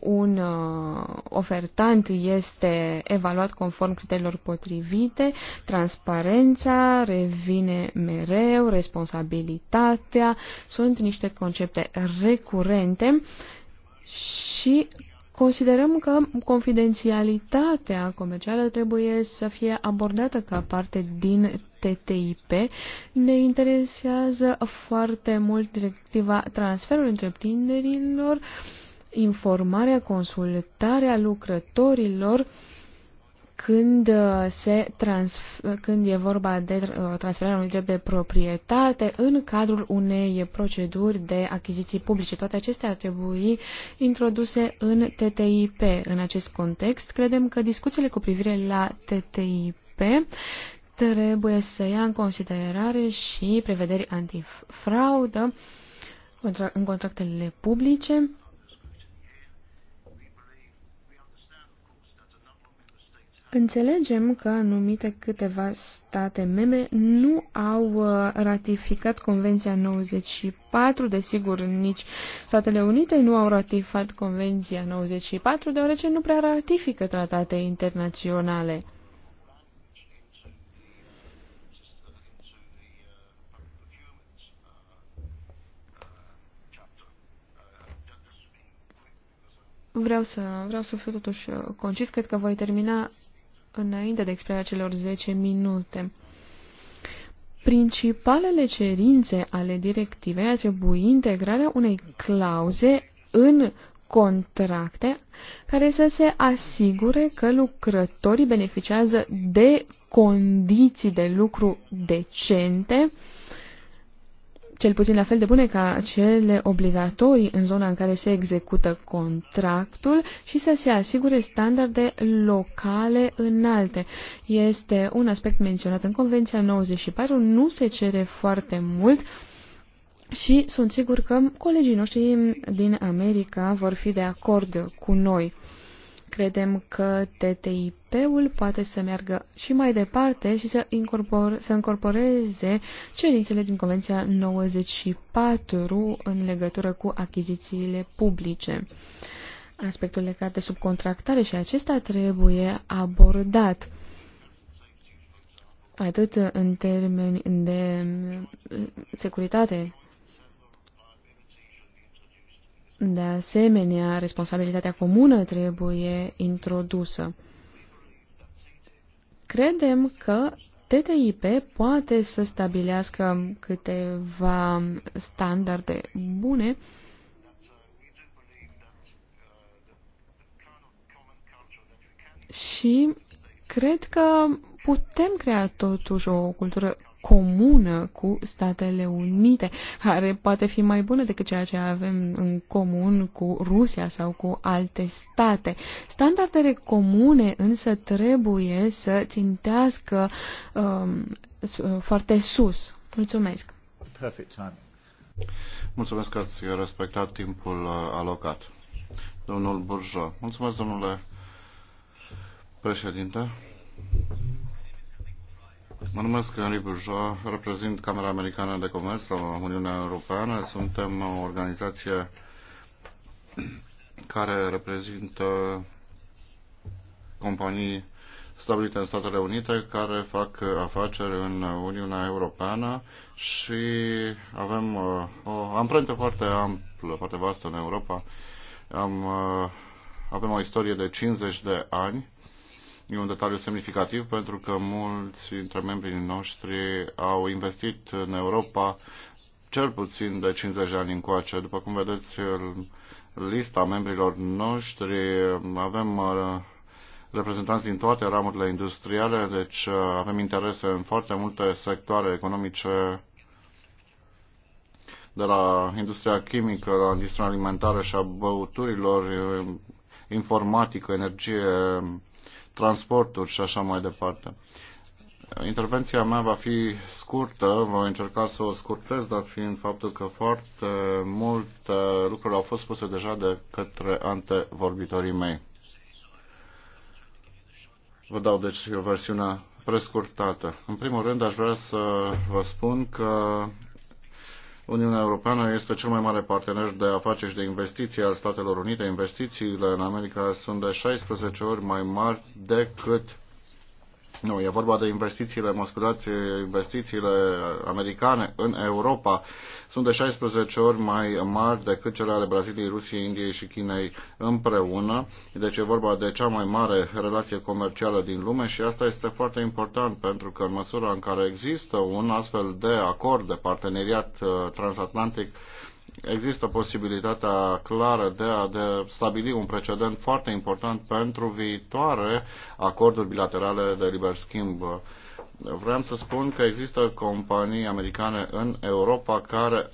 un uh, ofertant este evaluat conform criteriilor potrivite, transparența revine mereu, responsabilitatea, sunt niște concepte recurente și Considerăm că confidențialitatea comercială trebuie să fie abordată ca parte din TTIP. Ne interesează foarte mult directiva transferului întreprinderilor uh, informarea, consultarea lucrătorilor când, uh, se transf- când e vorba de uh, transferarea unui drept de proprietate în cadrul unei proceduri de achiziții publice. Toate acestea ar trebui introduse în TTIP. În acest context, credem că discuțiile cu privire la TTIP trebuie să ia în considerare și prevederi antifraudă în contractele publice, Înțelegem că anumite câteva state membre nu au uh, ratificat Convenția 94, desigur nici Statele Unite nu au ratificat Convenția 94, deoarece nu prea ratifică tratate internaționale. Vreau să, vreau să fiu totuși uh, concis, cred că voi termina înainte de expirarea celor 10 minute. Principalele cerințe ale directivei ar trebui integrarea unei clauze în contracte care să se asigure că lucrătorii beneficiază de condiții de lucru decente, cel puțin la fel de bune ca cele obligatorii în zona în care se execută contractul și să se asigure standarde locale înalte. Este un aspect menționat în Convenția 94, nu se cere foarte mult și sunt sigur că colegii noștri din America vor fi de acord cu noi. Credem că TTIP-ul poate să meargă și mai departe și să, incorpor, să incorporeze cerințele din Convenția 94 în legătură cu achizițiile publice. Aspectul legat de subcontractare și acesta trebuie abordat atât în termeni de uh, securitate de asemenea, responsabilitatea comună trebuie introdusă. Credem că TTIP poate să stabilească câteva standarde bune și cred că putem crea totuși o cultură comună cu Statele Unite, care poate fi mai bună decât ceea ce avem în comun cu Rusia sau cu alte state. Standardele comune însă trebuie să țintească um, uh, foarte sus. Mulțumesc! Perfect time. Mulțumesc că ați respectat timpul uh, alocat. Domnul Burjo. Mulțumesc, domnule președinte. Mă numesc Henri Bourgeois, reprezint Camera Americană de Comerț la Uniunea Europeană. Suntem o organizație care reprezintă companii stabilite în Statele Unite care fac afaceri în Uniunea Europeană și avem uh, o amprentă foarte amplă, foarte vastă în Europa. Am, uh, avem o istorie de 50 de ani E un detaliu semnificativ pentru că mulți dintre membrii noștri au investit în Europa cel puțin de 50 de ani încoace. După cum vedeți, lista membrilor noștri avem uh, reprezentanți din toate ramurile industriale, deci uh, avem interese în foarte multe sectoare economice, de la industria chimică, la industria alimentară și a băuturilor, uh, informatică, energie, transporturi și așa mai departe. Intervenția mea va fi scurtă, voi încerca să o scurtez, dar fiind faptul că foarte multe lucruri au fost spuse deja de către antevorbitorii mei. Vă dau deci o versiune prescurtată. În primul rând aș vrea să vă spun că Uniunea Europeană este cel mai mare partener de afaceri și de investiții al Statelor Unite. Investițiile în America sunt de 16 ori mai mari decât nu, e vorba de investițiile scuzați, investițiile americane în Europa sunt de 16 ori mai mari decât cele ale Braziliei, Rusiei, Indiei și Chinei împreună. Deci e vorba de cea mai mare relație comercială din lume și asta este foarte important pentru că în măsura în care există un astfel de acord de parteneriat uh, transatlantic, există posibilitatea clară de a de stabili un precedent foarte important pentru viitoare acorduri bilaterale de liber schimb. Vreau să spun că există companii americane în Europa care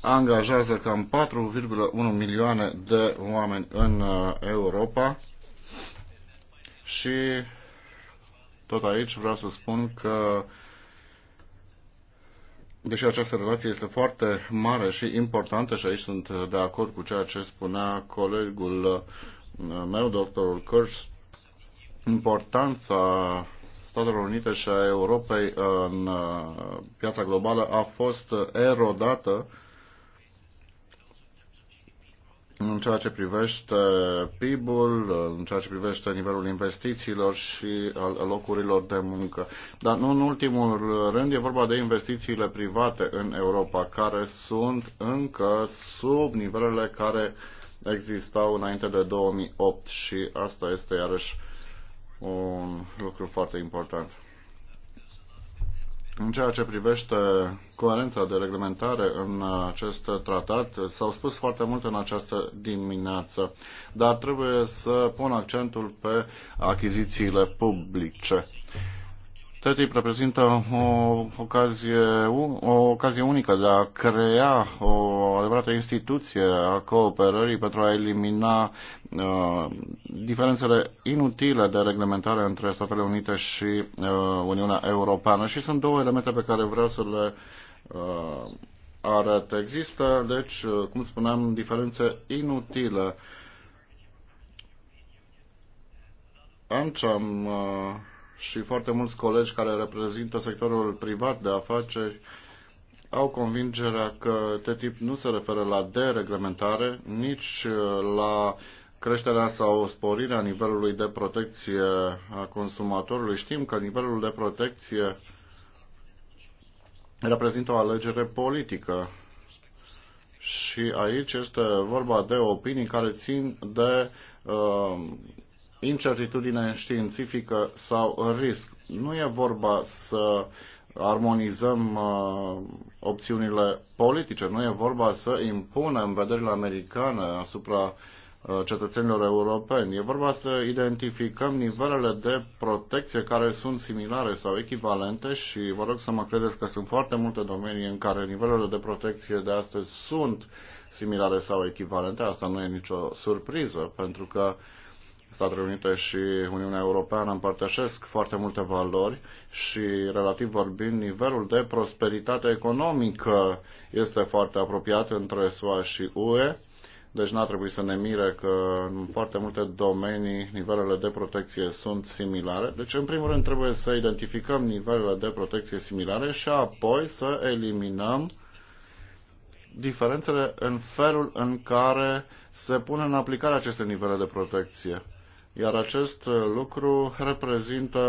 angajează cam 4,1 milioane de oameni în uh, Europa și tot aici vreau să spun că uh, Deși această relație este foarte mare și importantă și aici sunt de acord cu ceea ce spunea colegul uh, meu, doctorul Kirsch, importanța Statelor Unite și a Europei în uh, piața globală a fost erodată în ceea ce privește PIB-ul, în ceea ce privește nivelul investițiilor și al locurilor de muncă. Dar nu în ultimul rând e vorba de investițiile private în Europa, care sunt încă sub nivelele care existau înainte de 2008 și asta este iarăși un lucru foarte important. În ceea ce privește coerența de reglementare în acest tratat, s-au spus foarte mult în această dimineață, dar trebuie să pun accentul pe achizițiile publice. TTIP reprezintă o ocazie, o ocazie unică de a crea o adevărată instituție a cooperării pentru a elimina uh, diferențele inutile de reglementare între Statele Unite și uh, Uniunea Europeană. Și sunt două elemente pe care vreau să le uh, arăt. Există, deci, uh, cum spuneam, diferențe inutile. Am ce am... Uh, și foarte mulți colegi care reprezintă sectorul privat de afaceri au convingerea că TTIP nu se referă la dereglementare, nici uh, la creșterea sau sporirea nivelului de protecție a consumatorului. Știm că nivelul de protecție reprezintă o alegere politică și aici este vorba de opinii care țin de uh, incertitudine științifică sau risc. Nu e vorba să armonizăm uh, opțiunile politice, nu e vorba să impunem vederile americane asupra uh, cetățenilor europeni. E vorba să identificăm nivelele de protecție care sunt similare sau echivalente și vă rog să mă credeți că sunt foarte multe domenii în care nivelele de protecție de astăzi sunt similare sau echivalente. Asta nu e nicio surpriză, pentru că uh, Statele Unite și Uniunea Europeană împărtășesc foarte multe valori și, relativ vorbind, nivelul de prosperitate economică este foarte apropiat între SUA și UE, deci n-ar trebui să ne mire că în foarte multe domenii nivelele de protecție sunt similare. Deci, în primul rând, trebuie să identificăm nivelele de protecție similare și apoi să eliminăm diferențele în felul în care se pun în aplicare aceste nivele de protecție iar acest uh, lucru reprezintă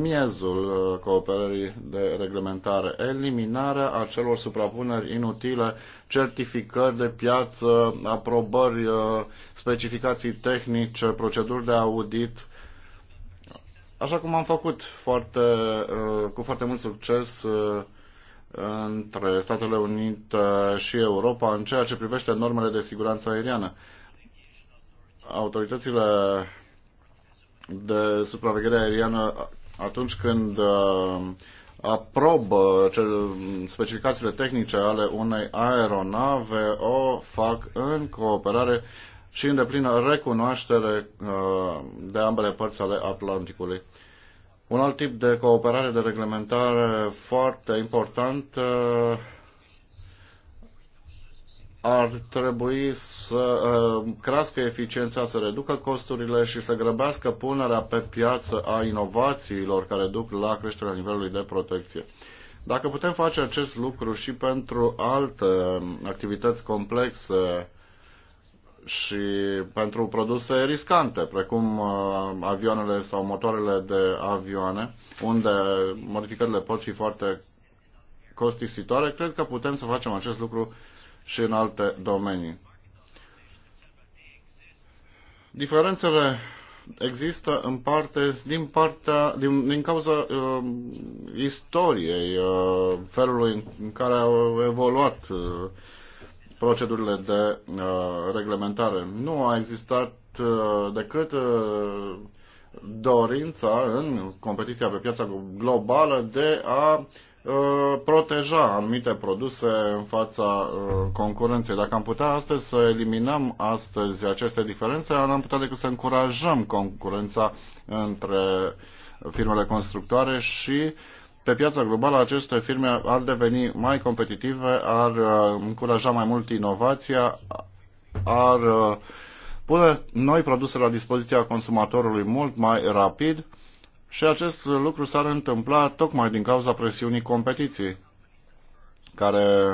miezul uh, cooperării de reglementare, eliminarea acelor suprapuneri inutile, certificări de piață, aprobări, uh, specificații tehnice, proceduri de audit, așa cum am făcut foarte, cu foarte mult succes între Statele Unite și Europa în ceea ce privește normele de siguranță aeriană autoritățile de supraveghere aeriană atunci când uh, aprobă specificațiile tehnice ale unei aeronave, o fac în cooperare și în deplină recunoaștere uh, de ambele părți ale Atlanticului. Un alt tip de cooperare de reglementare foarte important uh, ar trebui să uh, crească eficiența, să reducă costurile și să grăbească punerea pe piață a inovațiilor care duc la creșterea nivelului de protecție. Dacă putem face acest lucru și pentru alte activități complexe și pentru produse riscante, precum uh, avioanele sau motoarele de avioane, unde modificările pot fi foarte costisitoare, cred că putem să facem acest lucru și în alte domenii. Diferențele există în parte din, partea, din, din cauza uh, istoriei, uh, felului în care au evoluat uh, procedurile de uh, reglementare. Nu a existat uh, decât uh, dorința în competiția pe piața globală de a Uh, proteja anumite produse în fața uh, concurenței. Dacă am putea astăzi să eliminăm astăzi aceste diferențe, n-am putea decât să încurajăm concurența între firmele constructoare și pe piața globală aceste firme ar deveni mai competitive, ar uh, încuraja mai mult inovația, ar pune noi produse la dispoziția consumatorului mult mai rapid și acest lucru s-ar întâmpla tocmai din cauza presiunii competiției, care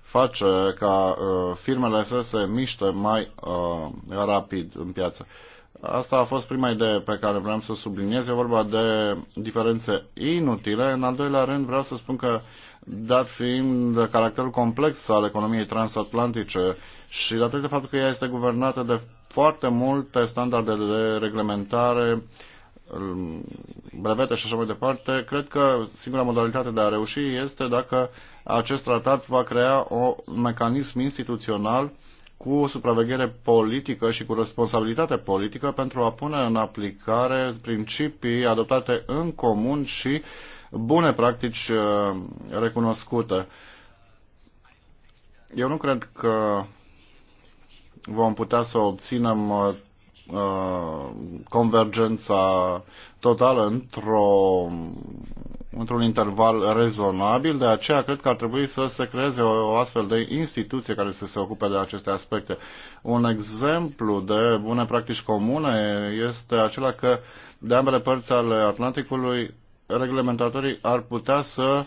face ca uh, firmele să se miște mai uh, rapid în piață. Asta a fost prima idee pe care vreau să o subliniez. E vorba de diferențe inutile. În al doilea rând vreau să spun că dat fiind caracterul complex al economiei transatlantice și datorită faptul că ea este guvernată de foarte multe standarde de reglementare, um, brevete și așa mai departe, cred că singura modalitate de a reuși este dacă acest tratat va crea un mecanism instituțional cu supraveghere politică și cu responsabilitate politică pentru a pune în aplicare principii adoptate în comun și bune practici uh, recunoscute. Eu nu cred că vom putea să obținem uh, uh, convergența totală într-o, într-un interval rezonabil, de aceea cred că ar trebui să se creeze o, o astfel de instituție care să se ocupe de aceste aspecte. Un exemplu de bune practici comune este acela că de ambele părți ale Atlanticului reglementatorii ar putea să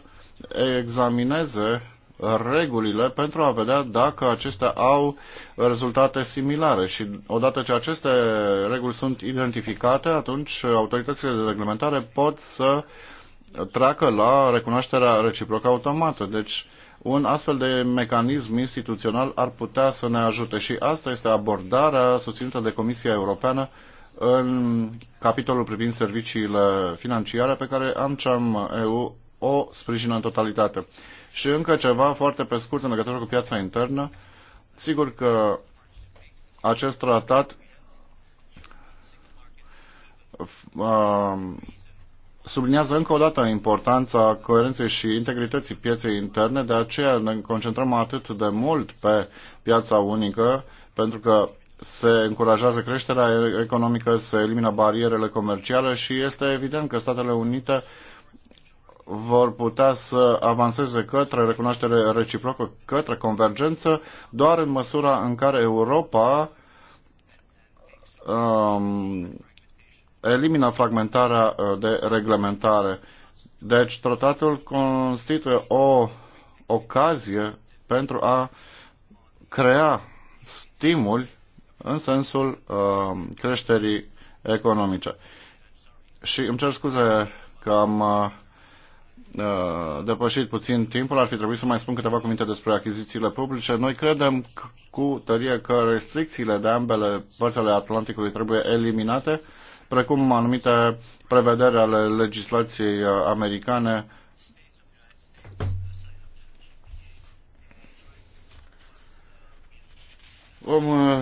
examineze regulile pentru a vedea dacă acestea au rezultate similare și odată ce aceste reguli sunt identificate, atunci autoritățile de reglementare pot să treacă la recunoașterea reciprocă automată. Deci un astfel de mecanism instituțional ar putea să ne ajute și asta este abordarea susținută de Comisia Europeană în capitolul privind serviciile financiare pe care am ceam EU o sprijină în totalitate. Și încă ceva foarte pe scurt în legătură cu piața internă. Sigur că acest tratat uh, subliniază încă o dată importanța coerenței și integrității pieței interne, de aceea ne concentrăm atât de mult pe piața unică, pentru că se încurajează creșterea economică, se elimină barierele comerciale și este evident că Statele Unite vor putea să avanseze către recunoaștere reciprocă, către convergență, doar în măsura în care Europa um, elimină fragmentarea uh, de reglementare. Deci tratatul constituie o ocazie pentru a crea stimuli în sensul uh, creșterii economice. Și îmi cer scuze că am uh, Uh, depășit puțin timpul, ar fi trebuit să mai spun câteva cuvinte despre achizițiile publice. Noi credem cu tărie că restricțiile de ambele părți ale Atlanticului trebuie eliminate, precum anumite prevederi ale legislației uh, americane Vom uh,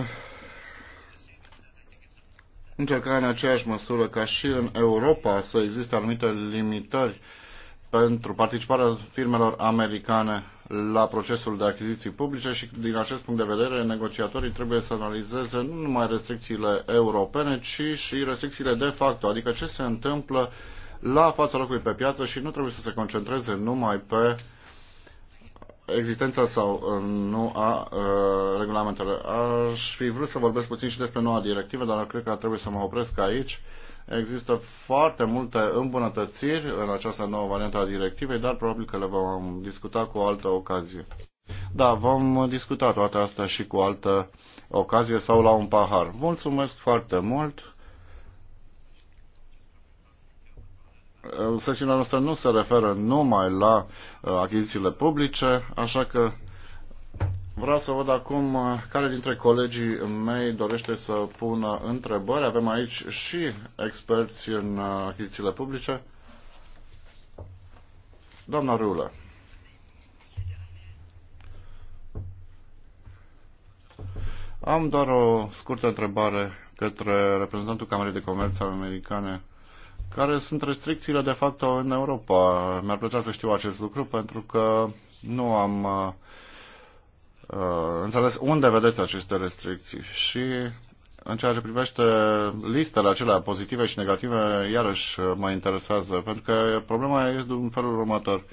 încerca în aceeași măsură ca și în Europa să existe anumite limitări uh, pentru participarea firmelor americane la procesul de achiziții publice și din acest punct de vedere negociatorii trebuie să analizeze nu numai restricțiile europene, ci și restricțiile de facto, adică ce se întâmplă la fața locului pe piață și nu trebuie să se concentreze numai pe existența sau uh, nu a a uh, regulamentelor. Aș fi vrut să vorbesc puțin și despre noua directivă, dar cred că trebuie să mă opresc aici. Există foarte multe îmbunătățiri în această nouă variantă a directivei, dar probabil că le vom discuta cu o altă ocazie. Da, vom discuta toate astea și cu altă ocazie sau la un pahar. Mulțumesc foarte mult! Sesiunea noastră nu se referă numai la uh, achizițiile publice, așa că Vreau să văd acum uh, care dintre colegii mei dorește să pună întrebări. Avem aici și experți în uh, achizițiile publice. Doamna Rulă. Am doar o scurtă întrebare către reprezentantul Camerei de Comerț Americane. Care sunt restricțiile de facto în Europa? Mi-ar plăcea să știu acest lucru pentru că nu am uh, Uh, înțeles unde vedeți aceste restricții și în ceea ce privește listele acelea pozitive și negative, iarăși mă interesează, pentru că problema este în felul următor.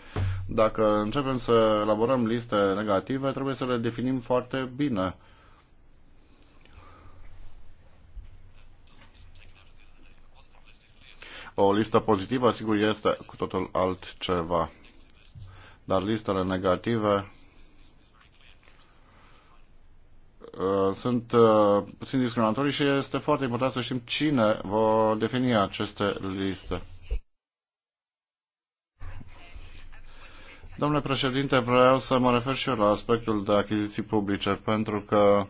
Dacă începem să elaborăm liste negative, trebuie să le definim foarte bine. O listă pozitivă, sigur, este cu totul altceva. Dar listele negative Uh, sunt uh, puțin discriminatorii și este foarte important să știm cine va defini aceste liste. Domnule președinte, vreau să mă refer și eu la aspectul de achiziții publice, pentru că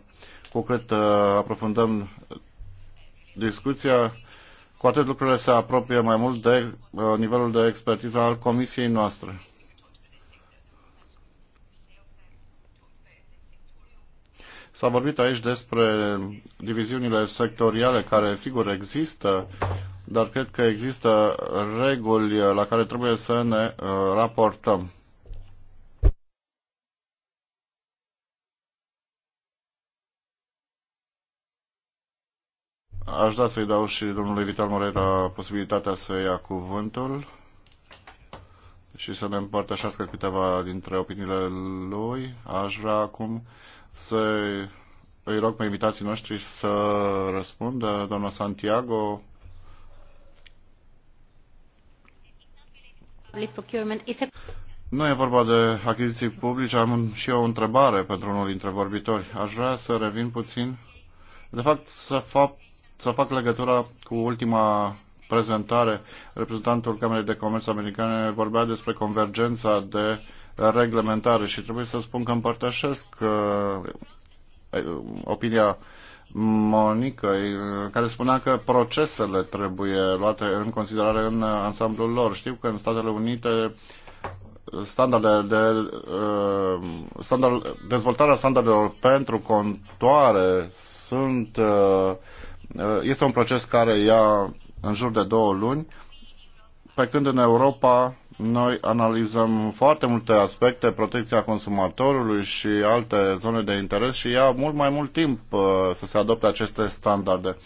cu cât uh, aprofundăm discuția, cu atât lucrurile se apropie mai mult de nivelul de expertiză al comisiei noastre. S-a vorbit aici despre diviziunile sectoriale care sigur există, dar cred că există reguli la care trebuie să ne uh, raportăm. Aș da să-i dau și domnului Vital Moreta posibilitatea să ia cuvântul și să ne împărtășească câteva dintre opiniile lui. Aș vrea acum să îi rog pe invitații noștri să răspundă. Doamna Santiago. Nu e vorba de achiziții publice, am și eu o întrebare pentru unul dintre vorbitori. Aș vrea să revin puțin, de fapt să fac, să fac legătura cu ultima prezentare. Reprezentantul Camerei de Comerț Americane vorbea despre convergența de uh, reglementare și trebuie să spun că împărtășesc uh, opinia Monica, uh, care spunea că procesele trebuie luate în considerare în ansamblul lor. Știu că în Statele Unite standardele de uh, standard, dezvoltarea standardelor pentru contoare sunt este un proces care ia în jur de două luni, pe când în Europa noi analizăm foarte multe aspecte, protecția consumatorului și alte zone de interes și ia mult mai mult timp uh, să se adopte aceste standarde.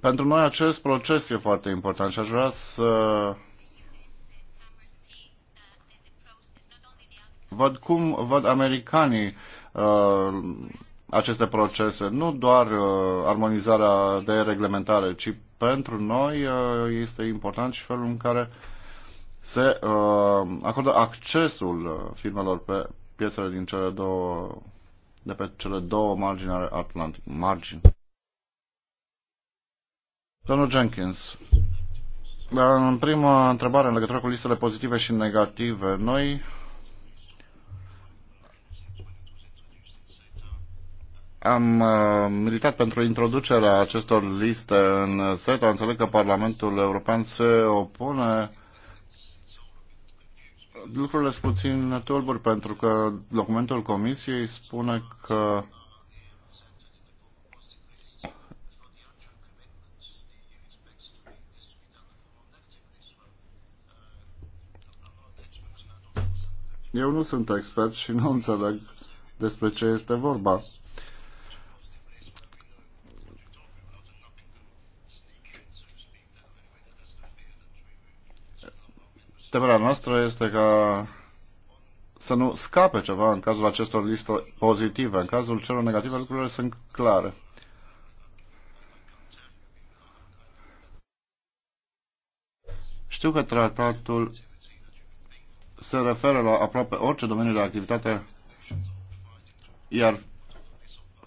Pentru noi acest proces e foarte important și aș vrea să văd cum văd americanii uh, aceste procese, nu doar uh, armonizarea de reglementare, ci pentru noi uh, este important și felul în care se uh, acordă accesul uh, firmelor pe piețele din cele două, de pe cele două margini ale Atlantic. Margini. Domnul Jenkins, în prima întrebare, în legătură cu listele pozitive și negative, noi Am uh, militat pentru introducerea acestor liste în SETA. Înțeleg că Parlamentul European se opune lucrurile sunt puțin tulburi pentru că documentul Comisiei spune că Eu nu sunt expert și nu înțeleg despre ce este vorba. Temerea noastră este ca să nu scape ceva în cazul acestor liste pozitive. În cazul celor negative, lucrurile sunt clare. Știu că tratatul se referă la aproape orice domeniu de activitate, iar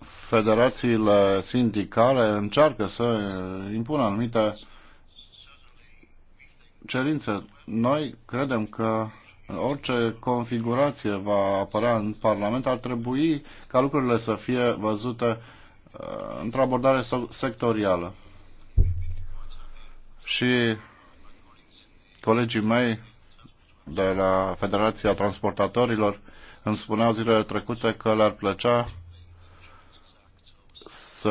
federațiile sindicale încearcă să impună anumite cerințe noi credem că orice configurație va apărea în Parlament ar trebui ca lucrurile să fie văzute uh, într-o abordare sectorială. Și colegii mei de la Federația Transportatorilor îmi spuneau zilele trecute că le-ar plăcea să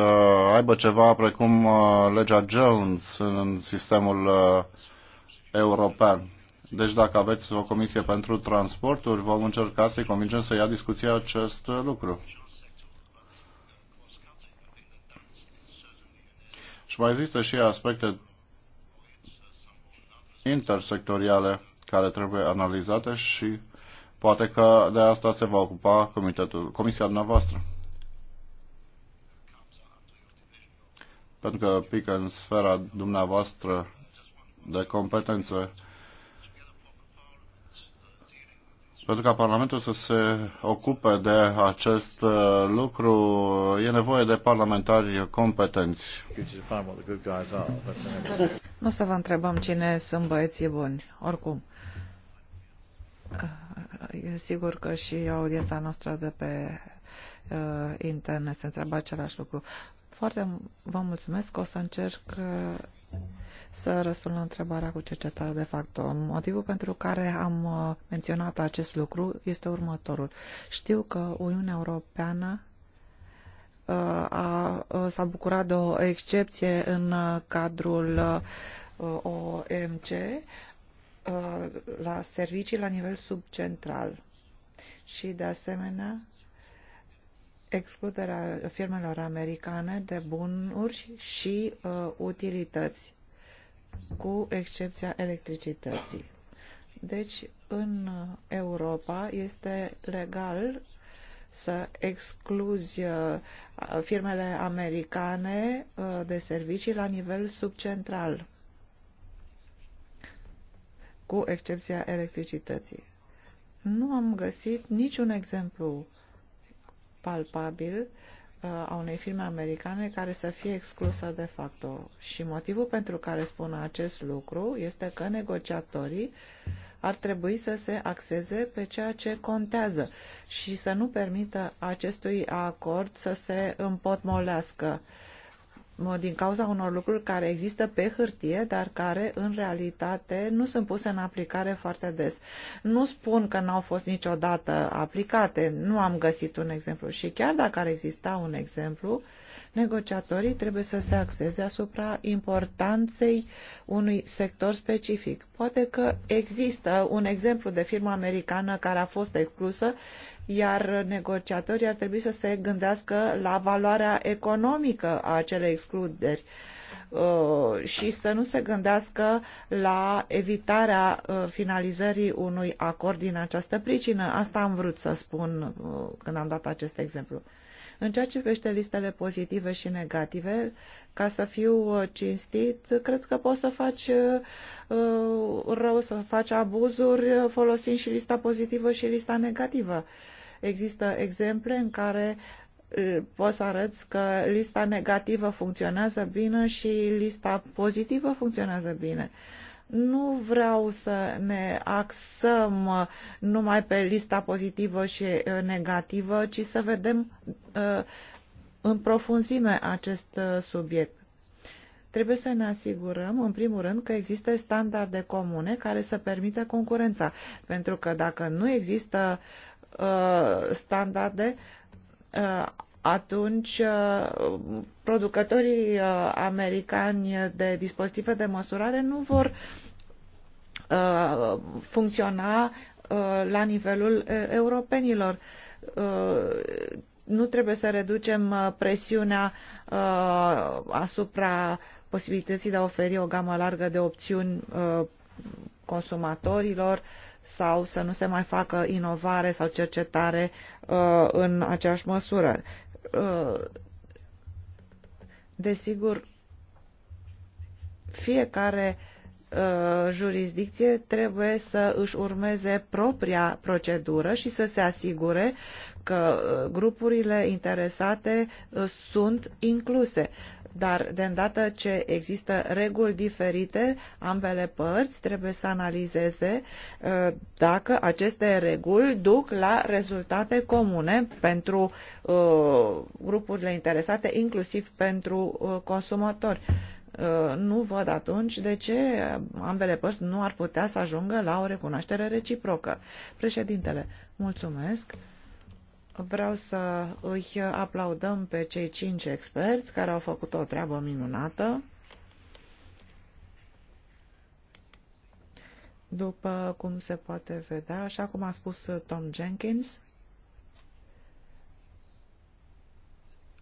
aibă ceva precum uh, legea Jones în sistemul uh, european. Deci dacă aveți o comisie pentru transporturi, vom încerca să-i convingem să ia discuția acest lucru. Și mai există și aspecte intersectoriale care trebuie analizate și poate că de asta se va ocupa comitetul, comisia dumneavoastră. Pentru că pică în sfera dumneavoastră de competențe pentru ca Parlamentul să se ocupe de acest uh, lucru, e nevoie de parlamentari competenți. Nu să vă întrebăm cine sunt băieții buni, oricum. Uh, e sigur că și audiența noastră de pe uh, internet se întreabă același lucru. Foarte vă mulțumesc, o să încerc uh, să răspund la întrebarea cu cercetare de facto. Motivul pentru care am uh, menționat acest lucru este următorul. Știu că Uniunea Europeană uh, uh, s-a bucurat de o excepție în cadrul OMC la servicii la nivel subcentral și, de asemenea, excluderea firmelor americane de bunuri și uh, utilități cu excepția electricității. Deci, în Europa este legal să excluzi uh, firmele americane uh, de servicii la nivel subcentral, cu excepția electricității. Nu am găsit niciun exemplu palpabil a unei firme americane care să fie exclusă de facto. Și motivul pentru care spun acest lucru este că negociatorii ar trebui să se axeze pe ceea ce contează și să nu permită acestui acord să se împotmolească. Uh, din cauza unor lucruri care există pe hârtie, dar care în realitate nu sunt puse în aplicare foarte des. Nu spun că n-au fost niciodată aplicate, nu am găsit un exemplu și chiar dacă ar exista un exemplu, negociatorii trebuie să se axeze asupra importanței unui sector specific. Poate că există un exemplu de firmă americană care a fost exclusă iar negociatorii ar trebui să se gândească la valoarea economică a acelei excluderi uh, și să nu se gândească la evitarea uh, finalizării unui acord din această pricină. Asta am vrut să spun uh, când am dat acest exemplu. În ceea ce privește listele pozitive și negative, ca să fiu cinstit, cred că poți să faci rău, să faci abuzuri folosind și lista pozitivă și lista negativă. Există exemple în care poți să arăți că lista negativă funcționează bine și lista pozitivă funcționează bine. Nu vreau să ne axăm numai pe lista pozitivă și negativă, ci să vedem în profunzime acest subiect. Trebuie să ne asigurăm, în primul rând, că există standarde comune care să permită concurența, pentru că dacă nu există uh, Uh, standarde, uh, atunci uh, producătorii americani de dispozitive de măsurare nu vor funcționa la nivelul europenilor. Nu trebuie să reducem presiunea asupra posibilității de a oferi o gamă largă de opțiuni consumatorilor uh, sau să nu se mai facă inovare sau cercetare uh, în aceeași măsură. Uh, desigur, fiecare uh, jurisdicție trebuie să își urmeze propria procedură și să se asigure că uh, grupurile interesate uh, sunt incluse. Uh, dar de îndată ce există reguli diferite, ambele părți trebuie să analizeze uh, dacă aceste reguli duc la rezultate comune pentru uh, grupurile interesate, inclusiv pentru uh, consumatori nu văd atunci de ce ambele părți nu ar putea să ajungă la o recunoaștere reciprocă. Președintele, mulțumesc. Vreau să îi aplaudăm pe cei cinci experți care au făcut o treabă minunată. După cum se poate vedea, așa cum a spus Tom Jenkins,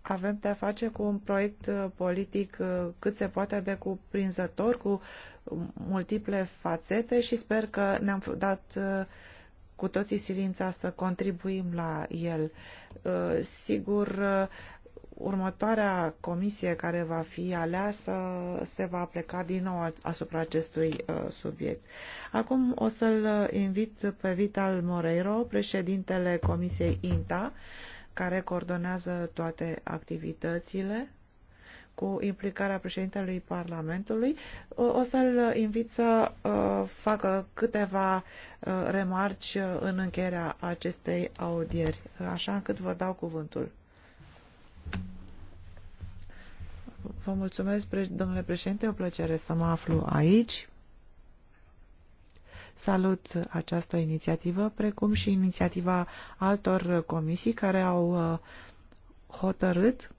avem de-a face cu un proiect politic cât se poate de cuprinzător, cu multiple fațete și sper că ne-am dat uh, cu toții silința să contribuim la el. Uh, sigur, uh, următoarea comisie care va fi aleasă se va pleca din nou asupra acestui uh, subiect. Acum o să-l invit pe Vital Moreiro, președintele Comisiei INTA, care coordonează toate activitățile cu implicarea președintelui Parlamentului. O să-l invit să uh, facă câteva uh, remarci în încheierea acestei audieri, așa încât vă dau cuvântul. Vă mulțumesc, domnule președinte, o plăcere să mă aflu aici. Salut această inițiativă, precum și inițiativa altor comisii care au uh, hotărât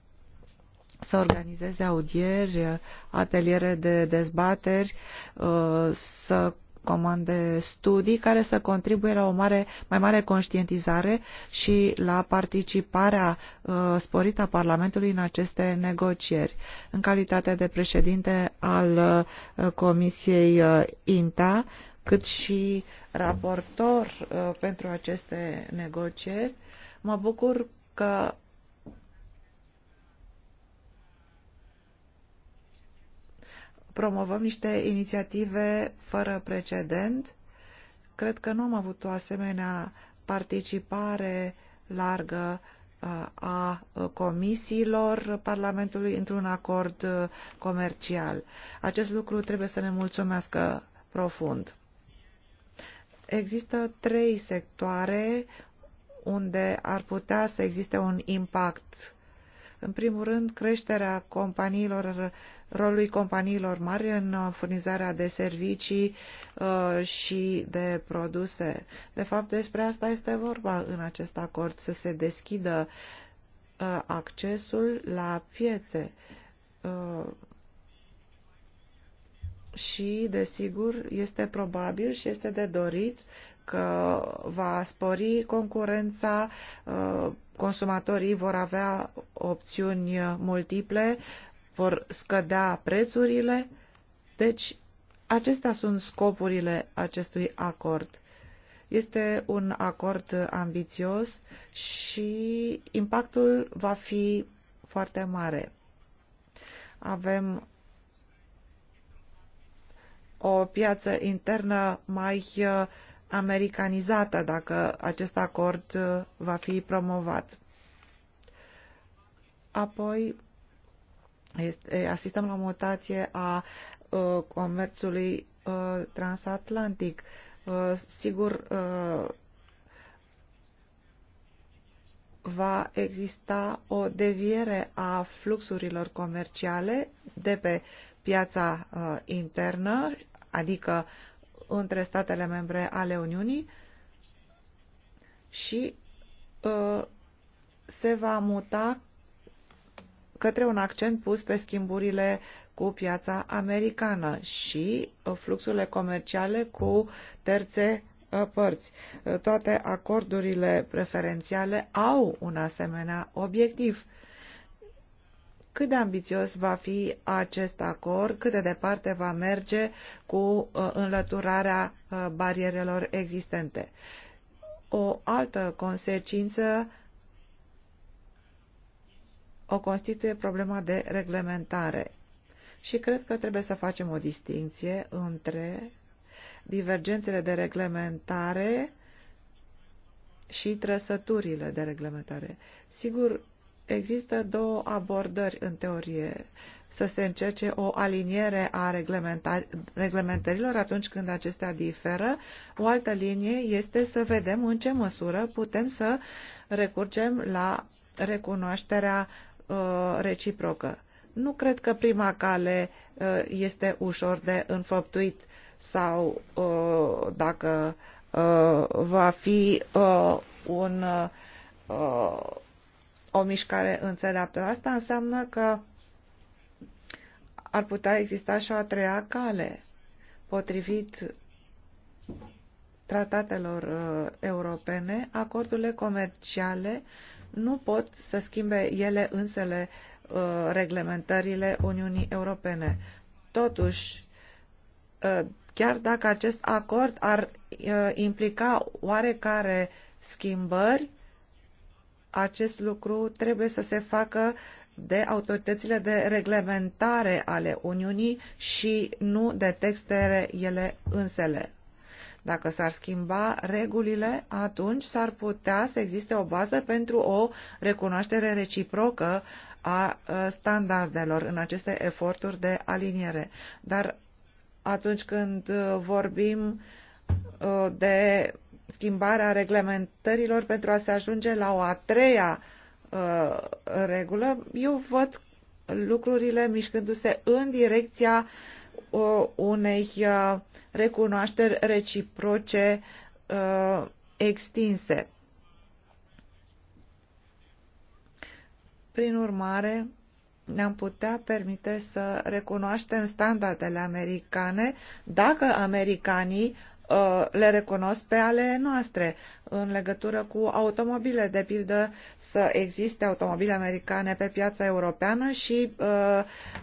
să organizeze audieri, ateliere de dezbateri, uh, să comande studii care să contribuie la o mare, mai mare conștientizare și la participarea uh, sporită a Parlamentului în aceste negocieri. În calitate de președinte al uh, Comisiei uh, INTA, cât și raportor uh, pentru aceste negocieri, mă bucur că promovăm niște inițiative fără precedent. Cred că nu am avut o asemenea participare largă uh, a uh, comisiilor Parlamentului într-un acord uh, comercial. Acest lucru trebuie să ne mulțumească profund. Există trei sectoare unde ar putea să existe un impact. În primul rând, creșterea companiilor rolului companiilor mari în uh, furnizarea de servicii uh, și de produse. De fapt, despre asta este vorba în acest acord, să se deschidă uh, accesul la piețe și, desigur, este probabil și este de dorit că va spori concurența, consumatorii vor avea opțiuni multiple, vor scădea prețurile. Deci, acestea sunt scopurile acestui acord. Este un acord ambițios și impactul va fi foarte mare. Avem o piață internă mai uh, americanizată dacă acest acord uh, va fi promovat. Apoi, este, asistăm la mutație a uh, comerțului uh, transatlantic. Uh, sigur, uh, va exista o deviere a fluxurilor comerciale de pe piața uh, internă, adică între statele membre ale Uniunii și uh, se va muta către un accent pus pe schimburile cu piața americană și uh, fluxurile comerciale cu terțe uh, părți. Uh, toate acordurile preferențiale au un asemenea obiectiv. Cât de ambițios va fi acest acord, cât de departe va merge cu înlăturarea barierelor existente. O altă consecință o constituie problema de reglementare. Și cred că trebuie să facem o distinție între divergențele de reglementare și trăsăturile de reglementare. Sigur, există două abordări în teorie. Să se încerce o aliniere a reglementărilor atunci când acestea diferă. O altă linie este să vedem în ce măsură putem să recurgem la recunoașterea Uh, reciprocă. Nu cred că prima cale uh, este ușor de înfăptuit sau uh, dacă va fi un, o mișcare înțeleaptă. Asta înseamnă că ar putea exista și o a treia cale potrivit tratatelor europene, acordurile comerciale uh, nu pot să schimbe ele însele uh, reglementările Uniunii Europene. Totuși, uh, chiar dacă acest acord ar uh, implica oarecare schimbări, acest lucru trebuie să se facă de autoritățile de reglementare ale Uniunii și nu de textele ele însele. Dacă s-ar schimba regulile, atunci s-ar putea să existe o bază pentru o recunoaștere reciprocă a ă, standardelor în aceste eforturi de aliniere. Dar atunci când ă, vorbim ă, de schimbarea reglementărilor pentru a se ajunge la o a treia regulă, eu văd lucrurile mișcându-se în direcția Uh, unei uh, recunoașteri reciproce uh, extinse. Prin urmare, ne-am putea permite să recunoaștem standardele americane dacă americanii Uh, le recunosc pe ale noastre în legătură cu automobile, de pildă să existe automobile americane pe piața europeană și uh,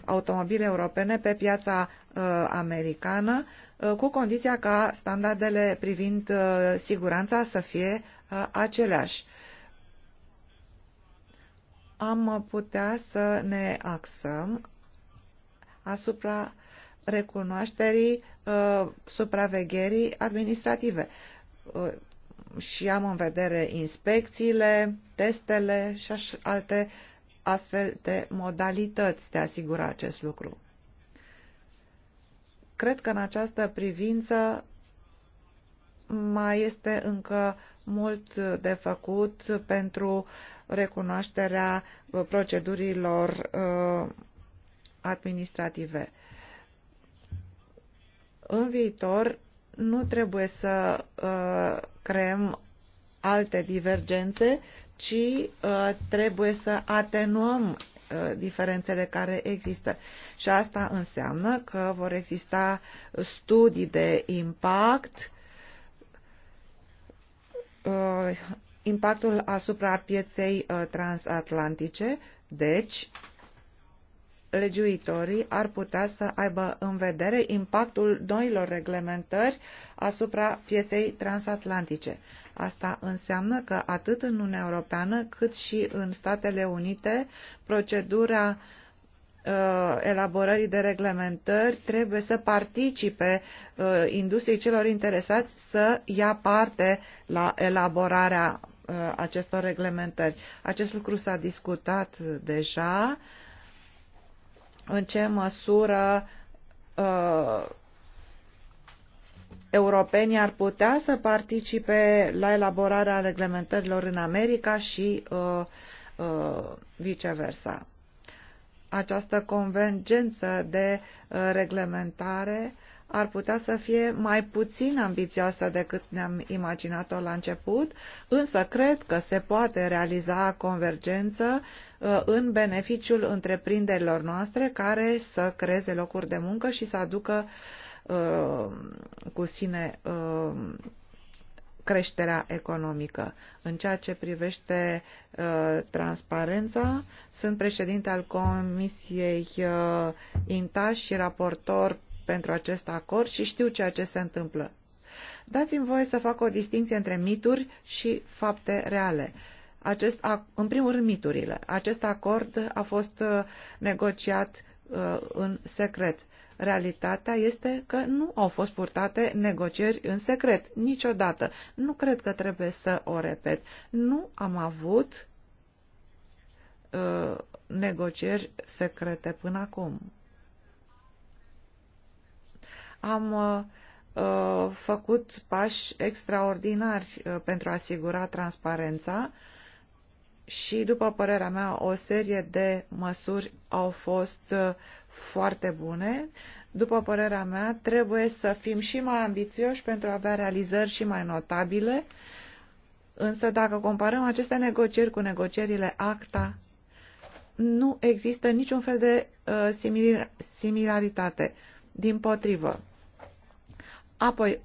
automobile europene pe piața uh, americană, uh, cu condiția ca standardele privind uh, siguranța să fie uh, aceleași. Am putea să ne axăm asupra recunoașterii Uh, supravegherii administrative. Uh, și am în vedere inspecțiile, testele și alte astfel de modalități de a asigura acest lucru. Cred că în această privință mai este încă mult de făcut pentru recunoașterea procedurilor uh, administrative. În viitor nu trebuie să uh, creăm alte divergențe, ci uh, trebuie să atenuăm uh, diferențele care există. Și asta înseamnă că vor exista studii de impact, uh, impactul asupra pieței uh, transatlantice, deci legiuitorii ar putea să aibă în vedere impactul noilor reglementări asupra pieței transatlantice. Asta înseamnă că atât în Uniunea Europeană cât și în Statele Unite procedura uh, elaborării de reglementări trebuie să participe uh, industriei celor interesați să ia parte la elaborarea uh, acestor reglementări. Acest lucru s-a discutat deja uh, în ce măsură uh, europenii ar putea să participe la elaborarea reglementărilor în America și uh, uh, viceversa. Această convergență de uh, reglementare uh, ar putea să fie mai puțin ambițioasă decât ne-am imaginat-o la început, însă cred că se poate realiza convergență uh, în beneficiul întreprinderilor noastre care să creeze locuri de muncă și să aducă uh, cu sine uh, creșterea economică. În ceea ce privește uh, transparența, sunt președinte al Comisiei uh, INTA și raportor pentru acest acord și știu ceea ce se întâmplă. Dați-mi voie să fac o distinție între mituri și fapte reale. Acest, în primul rând, miturile. Acest acord a fost uh, negociat uh, în secret. Realitatea este că nu au fost purtate negocieri în secret, niciodată. Nu cred că trebuie să o repet. Nu am avut uh, negocieri secrete până acum. Am uh, uh, făcut pași extraordinari uh, pentru a asigura transparența și, după părerea mea, o serie de măsuri au fost foarte bune. După părerea mea, trebuie să fim și mai ambițioși pentru a avea realizări și mai notabile, însă dacă comparăm aceste negocieri cu negocierile ACTA, nu există niciun fel de uh, similaritate. Din potrivă, Apoi,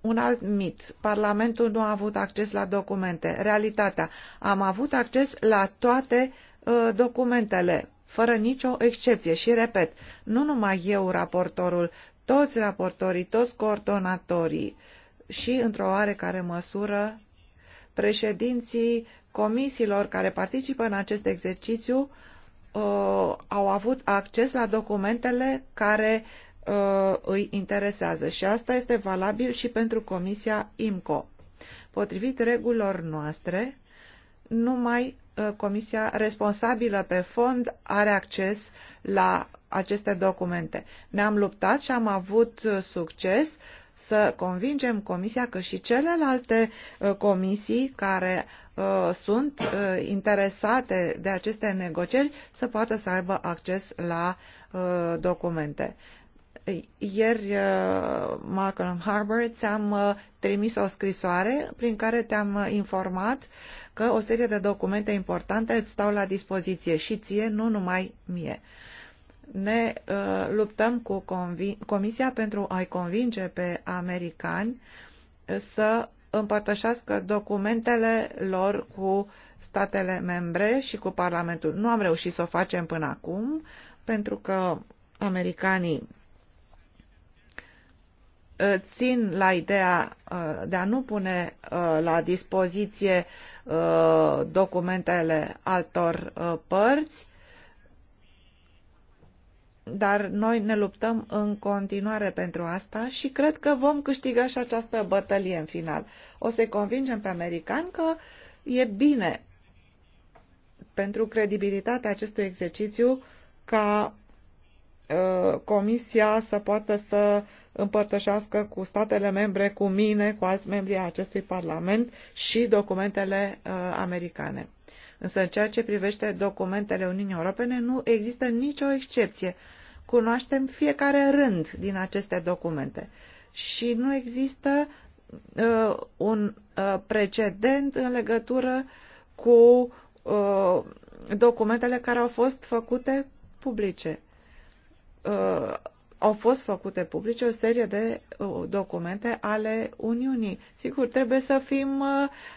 un alt mit. Parlamentul nu a avut acces la documente. Realitatea. Am avut acces la toate uh, documentele, fără nicio excepție. Și repet, nu numai eu, raportorul, toți raportorii, toți coordonatorii și, într-o oarecare măsură, președinții comisiilor care participă în acest exercițiu uh, au avut acces la documentele care uh, îi interesează și asta este valabil și pentru Comisia IMCO. Potrivit regulilor noastre, numai uh, Comisia responsabilă pe fond are acces la aceste documente. Ne-am luptat și am avut uh, succes să convingem Comisia că și celelalte uh, comisii care uh, sunt interesate de aceste negocieri să poată să aibă acces la documente. Ieri, uh, Malcolm Harbour, ți-am uh, trimis o scrisoare prin care te-am uh, informat că o serie de documente importante îți stau la dispoziție și ție, nu numai mie. Ne uh, luptăm cu Comisia pentru a-i convinge pe americani să împărtășească documentele lor cu statele membre și cu Parlamentul. Nu am reușit să o facem până acum, pentru că americanii Uh, țin la ideea uh, de a nu pune uh, la dispoziție documentele altor părți, dar noi ne luptăm în continuare pentru asta și cred că vom câștiga și această bătălie în final. O să-i convingem pe americani că e bine pentru credibilitatea acestui exercițiu ca uh, Comisia să poată să împărtășească cu statele membre, cu mine, cu alți membri ai acestui Parlament și documentele uh, americane. Însă în ceea ce privește documentele Uniunii Europene nu există nicio excepție. Cunoaștem fiecare rând din aceste documente și nu există uh, un uh, precedent în legătură cu uh, documentele care au fost făcute publice. Uh, au fost făcute publice o serie de uh, documente ale Uniunii. Sigur, trebuie să fim uh,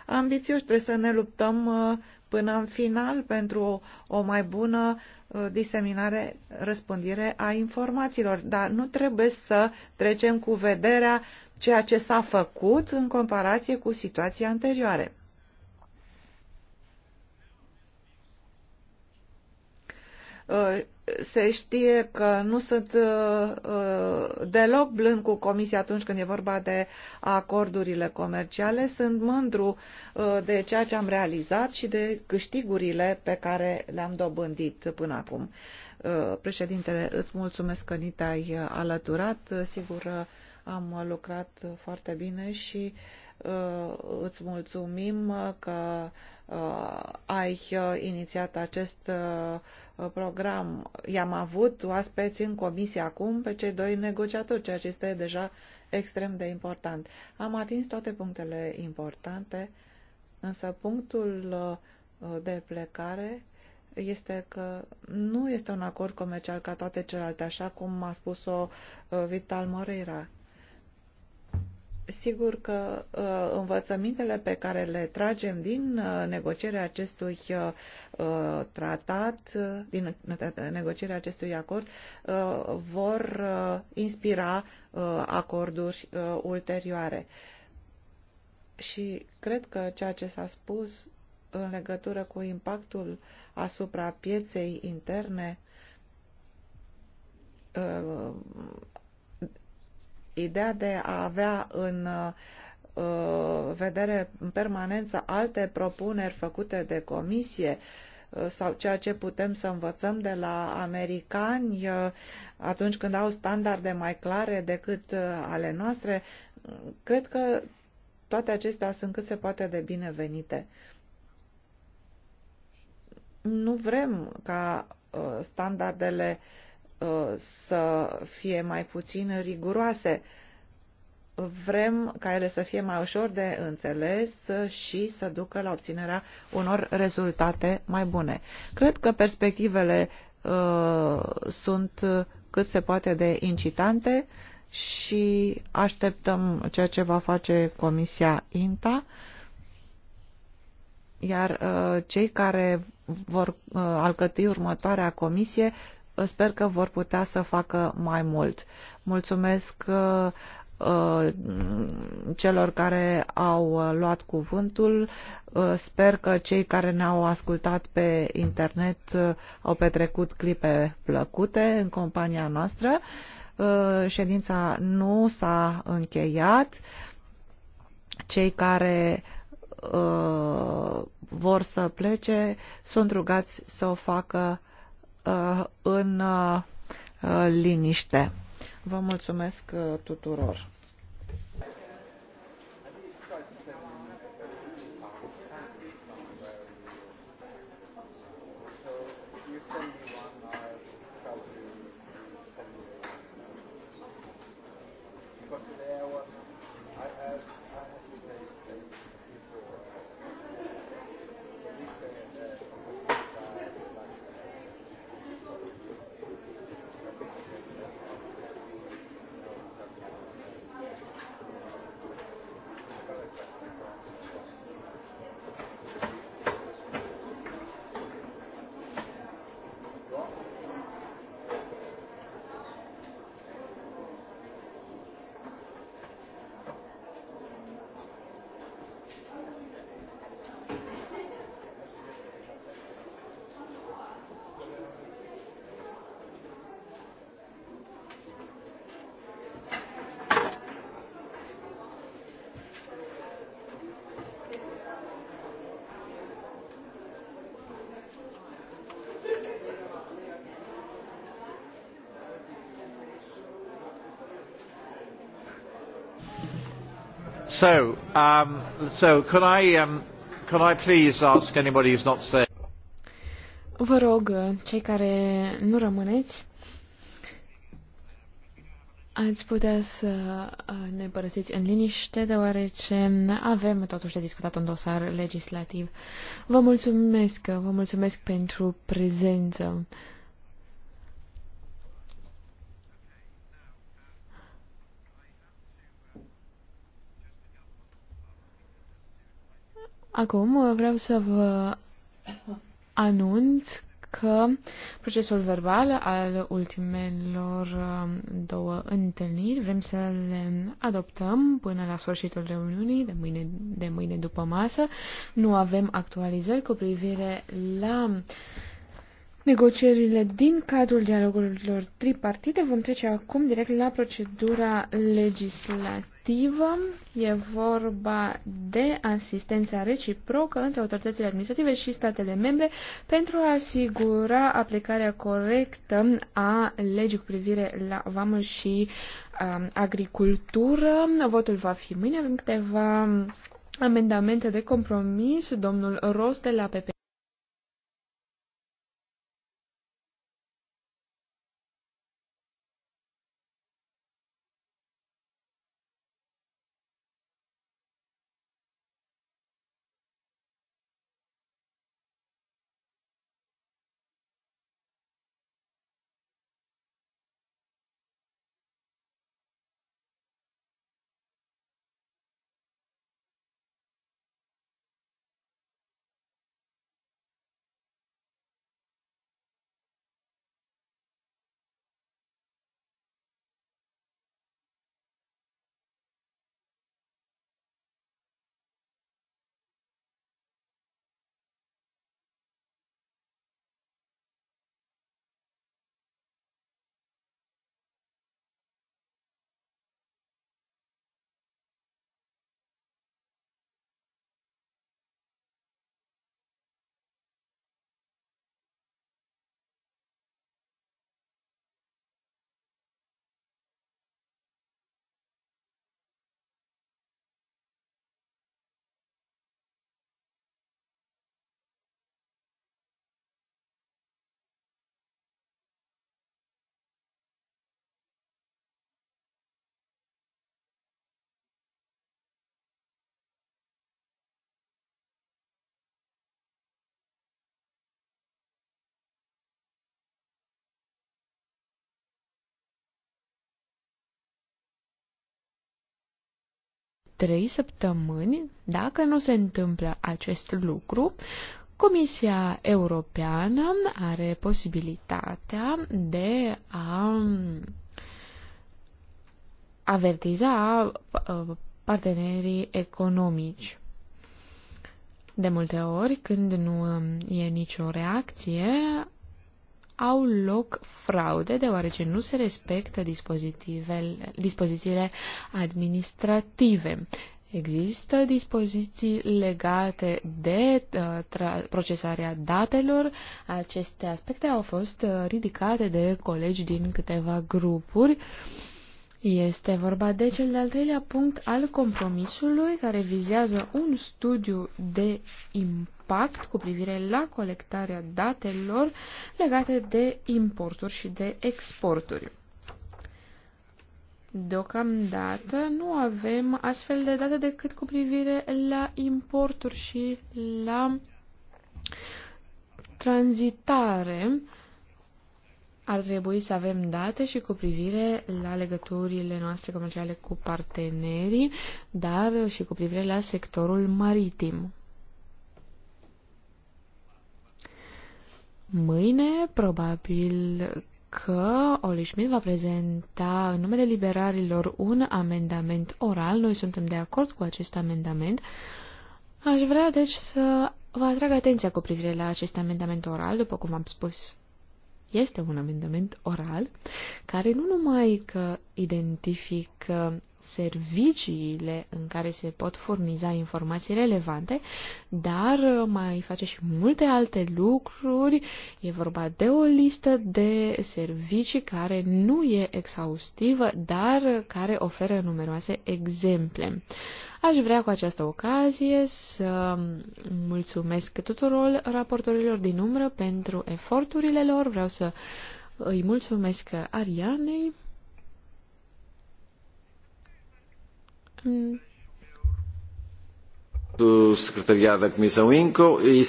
ambițioși, trebuie să ne luptăm uh, până în final pentru o, o mai bună diseminare, răspândire a informațiilor, dar nu trebuie să trecem cu vederea ceea ce s-a făcut în comparație cu situații anterioare. Uh, se știe că nu sunt uh, uh, deloc blând cu Comisia atunci când e vorba de acordurile comerciale. Sunt mândru de ceea ce am realizat și de câștigurile pe care le-am dobândit până acum. Președintele, îți mulțumesc că ni te-ai alăturat. Sigur, am lucrat foarte bine și Uh, îți mulțumim că uh, ai uh, inițiat acest program. I-am avut oaspeți în comisie acum pe cei doi negociatori, ceea ce este deja extrem de important. Am atins toate punctele importante, însă punctul de plecare este că nu este un acord comercial ca toate celelalte, așa cum a spus-o Vital Moreira. Sigur că uh, învățămintele pe care le tragem din uh, negocierea acestui uh, uh tratat, uh, din uh, negocierea acestui acord, uh, vor uh, inspira uh, acorduri uh, ulterioare. Și cred că ceea ce s-a spus în legătură cu impactul asupra pieței interne uh, Ideea de a avea în uh, vedere în permanență alte propuneri făcute de comisie uh, sau ceea ce putem să învățăm de la americani uh, atunci când au standarde mai clare decât ale noastre, cred că toate acestea sunt cât se poate de binevenite. Nu vrem ca standardele uh, Uh, să fie mai puțin riguroase. Vrem ca ele să fie mai ușor de înțeles și să ducă la obținerea unor rezultate mai bune. Cred că perspectivele uh, sunt cât se poate de incitante și așteptăm ceea ce va face Comisia INTA, iar uh, cei care vor alcătui următoarea comisie sper că vor putea să facă mai mult. Mulțumesc uh, uh, celor care au luat cuvântul. Uh, sper că cei care ne-au ascultat pe internet au petrecut clipe plăcute în compania noastră. Ședința nu s-a încheiat. Cei care vor să plece sunt rugați să o facă Uh, în uh, uh, liniște. Vă mulțumesc tuturor! So, um, so I, um, I please ask anybody who's not staying? Vă rog, uh, cei care nu rămâneți, ați putea să uh, ne părăsiți în liniște, deoarece avem totuși de discutat un dosar legislativ. Vă mulțumesc, vă mulțumesc pentru prezență. Acum uh, vreau să vă anunț că procesul verbal al ultimelor um, două întâlniri vrem să le adoptăm până la sfârșitul reuniunii de mâine, de mâine după masă. Nu avem actualizări cu privire la uh, negocierile din cadrul dialogurilor tripartite. Vom trece acum direct la procedura legislativă. E vorba de asistența reciprocă între autoritățile administrative și statele membre pentru a asigura aplicarea corectă a legii cu privire la vamă și um, agricultură. Votul va fi mâine. Avem câteva amendamente de compromis. Domnul Ros la PP. trei săptămâni, dacă nu se întâmplă acest lucru, Comisia Europeană are posibilitatea de a um, avertiza uh, partenerii economici. De multe ori, când nu um, e nicio reacție, au loc fraude deoarece nu se respectă dispozițiile administrative. Există dispoziții legate de uh, procesarea datelor. Aceste aspecte au fost uh, ridicate de colegi din câteva grupuri. Uh, este vorba de cel de-al treilea punct al compromisului care vizează un studiu de impact cu privire la colectarea datelor legate de importuri și de exporturi. Deocamdată nu avem astfel de date decât cu privire la importuri și la tranzitare uh, ar trebui să avem date și cu privire la legăturile noastre comerciale cu partenerii, dar și cu privire la sectorul maritim. Mâine, probabil că Oli Schmidt va prezenta în numele liberarilor un amendament oral. Noi suntem de acord cu acest amendament. Aș vrea, deci, să vă atrag atenția cu privire la acest amendament oral, după cum am spus este un amendament oral care nu numai că identifică serviciile în care se pot furniza informații relevante, dar mai face și multe alte lucruri. E vorba de o listă de servicii care nu e exhaustivă, dar care oferă numeroase exemple. Aș vrea cu această ocazie să mulțumesc tuturor raportorilor din umbră pentru eforturile lor. Vreau să îi mulțumesc Arianei. do Secretariado da Comissão INCO e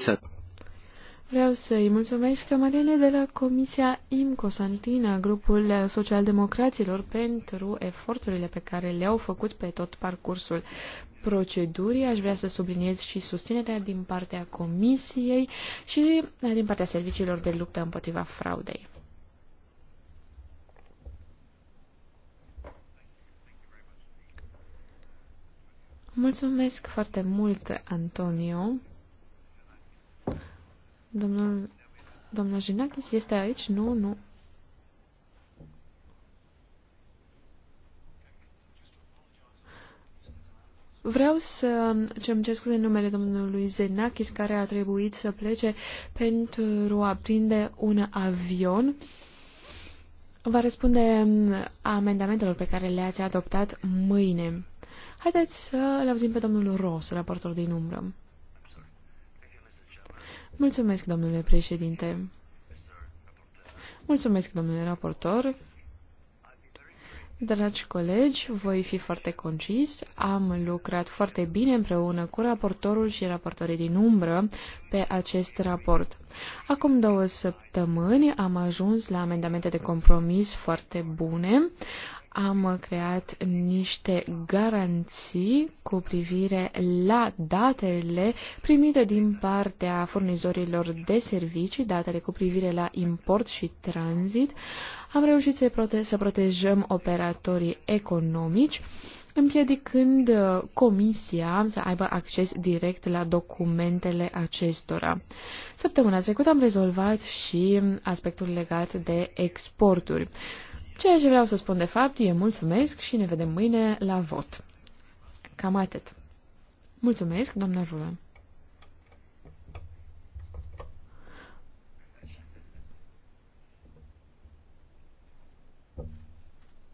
Vreau să-i mulțumesc Marene de la Comisia IMCO-Santina, grupul socialdemocraților, pentru eforturile pe care le-au făcut pe tot parcursul procedurii. Aș vrea să subliniez și susținerea din partea Comisiei și din partea serviciilor de luptă împotriva fraudei. Mulțumesc foarte mult, Antonio. Domnul, domnul Jinakis este aici? Nu, nu. Vreau să ce-mi cer scuze numele domnului Zenakis, care a trebuit să plece pentru a prinde un avion. Va răspunde amendamentelor pe care le-ați adoptat mâine. Haideți să le auzim pe domnul Ros, raportor din umbră. Mulțumesc, domnule președinte. Mulțumesc, domnule raportor. Dragi colegi, voi fi foarte concis. Am lucrat foarte bine împreună cu raportorul și raportorii din umbră pe acest raport. Acum două săptămâni am ajuns la amendamente de compromis foarte bune am creat niște garanții cu privire la datele primite din partea furnizorilor de servicii, datele cu privire la import și tranzit. Am reușit să, prote- să protejăm operatorii economici împiedicând uh, comisia să aibă acces direct la documentele acestora. Săptămâna trecută am rezolvat și um, aspectul legat de exporturi. Ceea ce vreau să spun de fapt e mulțumesc și ne vedem mâine la vot. Cam atât. Mulțumesc, doamna Rulă.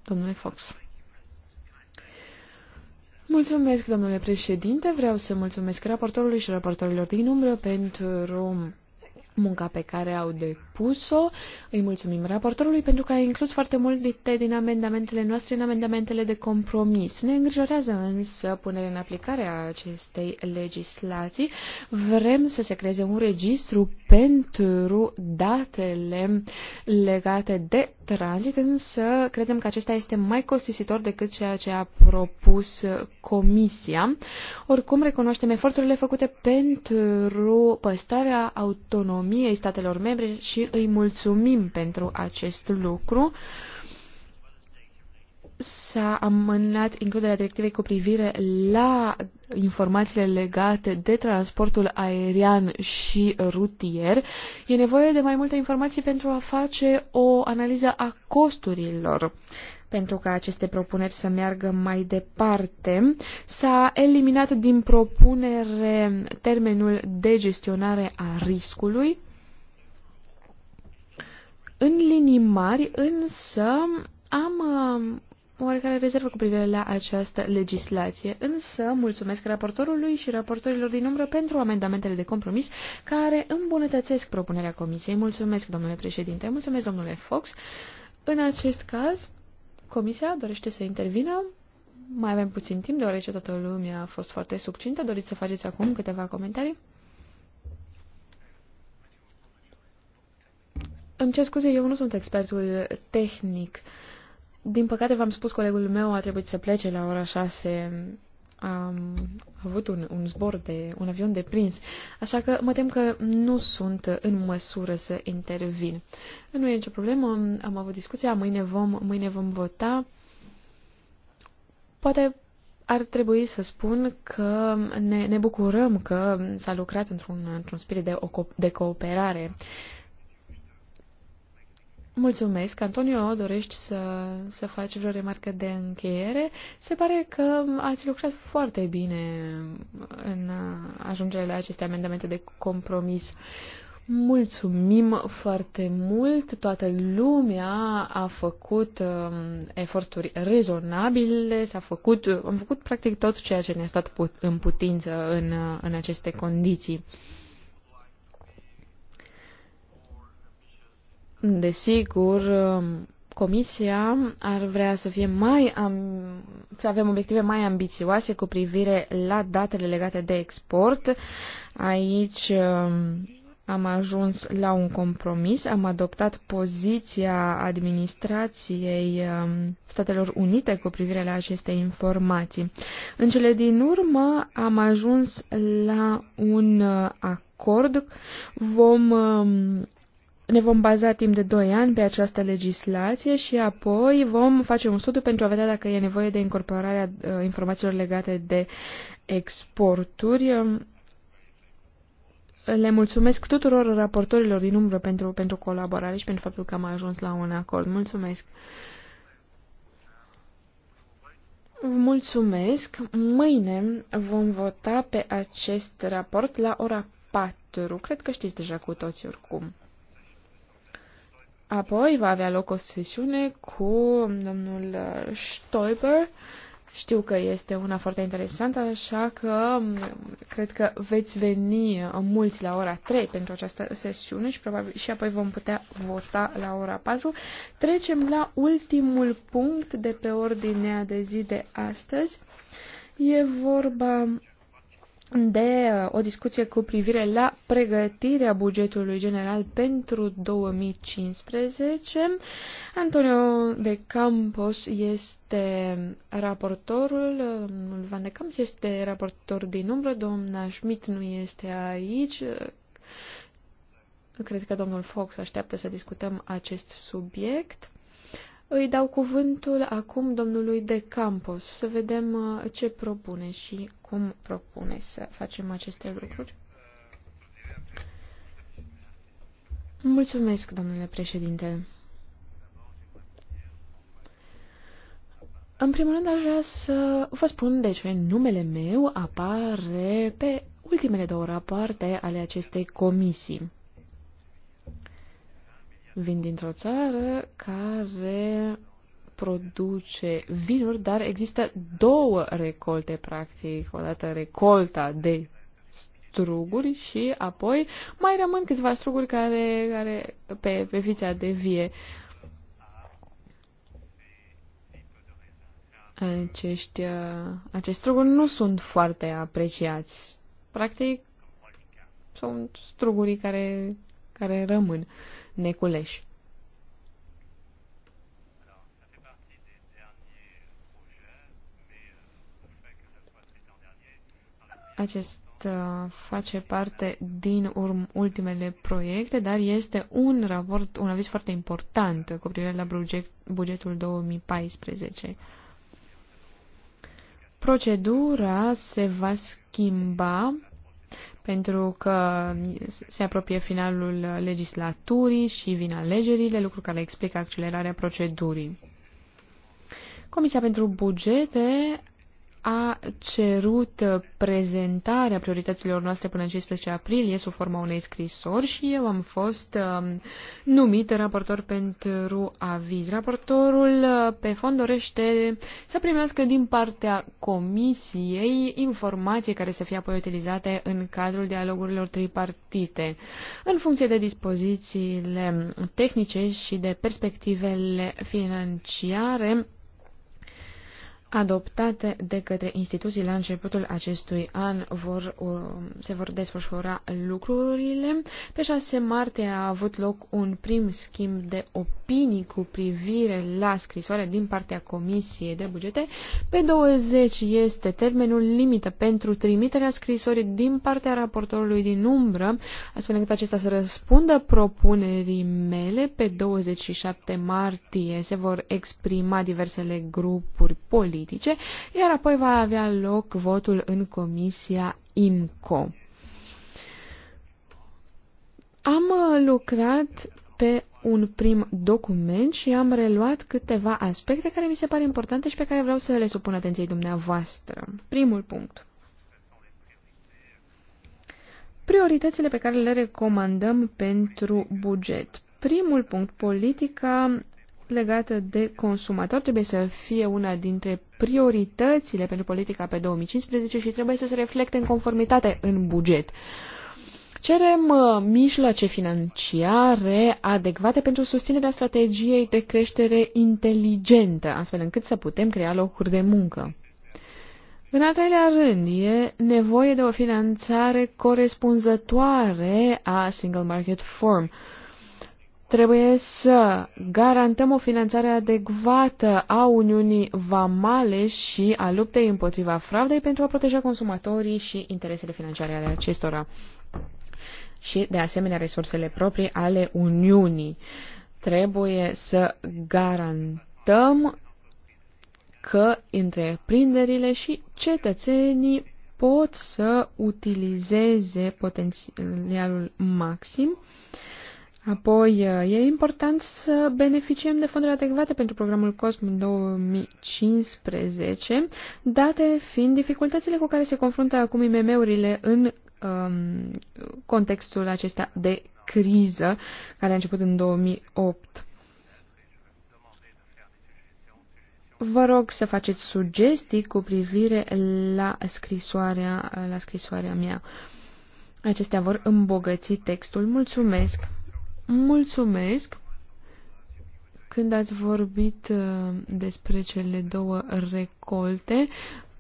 Domnule Fox. Mulțumesc, domnule președinte. Vreau să mulțumesc raportorului și raportorilor din umbră pentru munca pe care au depus propus-o. Îi mulțumim raportorului pentru că a inclus foarte multe din amendamentele noastre în amendamentele de compromis. Ne îngrijorează însă punerea în aplicare a acestei legislații. Vrem să se creeze un registru pentru datele legate de tranzit, însă credem că acesta este mai costisitor decât ceea ce a propus Comisia. Oricum, recunoaștem eforturile făcute pentru păstrarea autonomiei statelor membre și și îi mulțumim pentru acest lucru. S-a amânat includerea directivei cu privire la informațiile legate de transportul aerian și rutier. E nevoie de mai multe informații pentru a face o analiză a costurilor pentru ca aceste propuneri să meargă mai departe. S-a eliminat din propunere termenul de gestionare a riscului. În linii mari, însă, am uh, oarecare rezervă cu privire la această legislație, însă mulțumesc raportorului și raportorilor din umbră pentru amendamentele de compromis care îmbunătățesc propunerea comisiei. Mulțumesc, domnule președinte, mulțumesc, domnule Fox. În acest caz, comisia dorește să intervină. Mai avem puțin timp, deoarece toată lumea a fost foarte succintă. Doriți să faceți acum câteva comentarii? Îmi cer scuze, eu nu sunt expertul tehnic. Din păcate, v-am spus, colegul meu a trebuit să plece la ora 6. Am avut un, un zbor de un avion de prins, așa că mă tem că nu sunt în măsură să intervin. Nu e nicio problemă, am avut discuția, mâine vom, mâine vom vota. Poate ar trebui să spun că ne, ne bucurăm că s-a lucrat într-un într, -un, spirit de, de cooperare Mulțumesc. Antonio, dorești să, să faci vreo remarcă de încheiere? Se pare că ați lucrat foarte bine în ajungerea la aceste amendamente de compromis. Mulțumim foarte mult. Toată lumea a făcut uh, eforturi rezonabile, s-a făcut, am făcut practic tot ceea ce ne-a stat put, în putință în, în aceste condiții. Desigur, um, Comisia ar vrea să fie mai am, să avem obiective mai ambițioase cu privire la datele legate de export. Aici um, am ajuns la un compromis, am adoptat poziția administrației um, Statelor Unite cu privire la aceste informații. În cele din urmă am ajuns la un uh, acord. Vom ne vom baza timp de 2 ani pe această legislație și apoi vom face un studiu pentru a vedea dacă e nevoie de incorporarea uh, informațiilor legate de exporturi. Um, le mulțumesc tuturor raportorilor din umbră pentru, pentru colaborare și pentru faptul că am ajuns la un acord. Mulțumesc! Mulțumesc! Mâine vom vota pe acest raport la ora 4. Cred că știți deja cu toți oricum. Apoi va avea loc o sesiune cu domnul uh, Stolper. Știu că este una foarte interesantă, așa că um, cred că veți veni uh, mulți la ora 3 pentru această sesiune și, probabil, și apoi vom putea vota la ora 4. Trecem la ultimul punct de pe ordinea de zi de astăzi. E vorba de uh, o discuție cu privire la pregătirea bugetului general pentru 2015. Antonio de Campos este raportorul, Van de Campos este raportor din umbră, doamna Schmidt nu este aici. Cred că domnul Fox așteaptă să discutăm acest subiect. Îi dau cuvântul acum domnului De Campos să vedem uh, ce propune și cum propune să facem aceste lucruri. Mulțumesc, domnule președinte. În primul rând, aș vrea să vă spun de ce numele meu apare pe ultimele două rapoarte ale acestei comisii. Vin dintr-o țară care produce vinuri, dar există două recolte, practic. Odată recolta de struguri și apoi mai rămân câțiva struguri care, care pe, pe vița de vie. Acești, uh, acești struguri nu sunt foarte apreciați. Practic, sunt strugurii care, care rămân. Uh, Neculeș. Acest uh, face parte din ultimele proiecte, dar este un raport, un aviz foarte important cu privire la buget, bugetul 2014. Procedura se va schimba pentru că se apropie finalul legislaturii și vin alegerile, lucru care explică accelerarea procedurii. Comisia pentru bugete a cerut prezentarea priorităților noastre până în 15 aprilie sub forma unei scrisori și eu am fost um, numit raportor pentru aviz. Raportorul uh, pe fond dorește să primească din partea comisiei informații care să fie apoi utilizate în cadrul dialogurilor tripartite, în funcție de dispozițiile tehnice și de perspectivele financiare adoptate de către instituții la începutul acestui an vor, se vor desfășura lucrurile. Pe 6 martie a avut loc un prim schimb de opinii cu privire la scrisoare din partea Comisiei de Bugete. Pe 20 este termenul limită pentru trimiterea scrisorii din partea raportorului din umbră, astfel încât acesta să răspundă propunerii mele. Pe 27 martie se vor exprima diversele grupuri politice politice, iar apoi va avea loc votul în Comisia IMCO. Am uh, lucrat pe un prim document și am reluat câteva aspecte care mi se pare importante și pe care vreau să le supun atenției dumneavoastră. Primul punct. Prioritățile pe care le recomandăm pentru buget. Primul punct, politica legată de consumator trebuie să fie una dintre prioritățile pentru politica pe 2015 și trebuie să se reflecte în conformitate în buget. Cerem uh, mijloace financiare adecvate pentru susținerea strategiei de creștere inteligentă, astfel încât să putem crea locuri de muncă. În al treilea rând, e nevoie de o finanțare corespunzătoare a Single Market Form, Trebuie să garantăm o finanțare adecvată a Uniunii Vamale și a luptei împotriva fraudei pentru a proteja consumatorii și interesele financiare ale acestora și, de asemenea, resursele proprii ale Uniunii. Trebuie să garantăm că întreprinderile și cetățenii pot să utilizeze potențialul maxim uh, Apoi, e important să beneficiem de fonduri adecvate pentru programul COSM 2015, date fiind dificultățile cu care se confruntă acum IMM-urile în um, contextul acesta de criză care a început în 2008. Vă rog să faceți sugestii cu privire la scrisoarea, la scrisoarea mea. Acestea vor îmbogăți textul. Mulțumesc! Mulțumesc! Când ați vorbit uh, despre cele două recolte,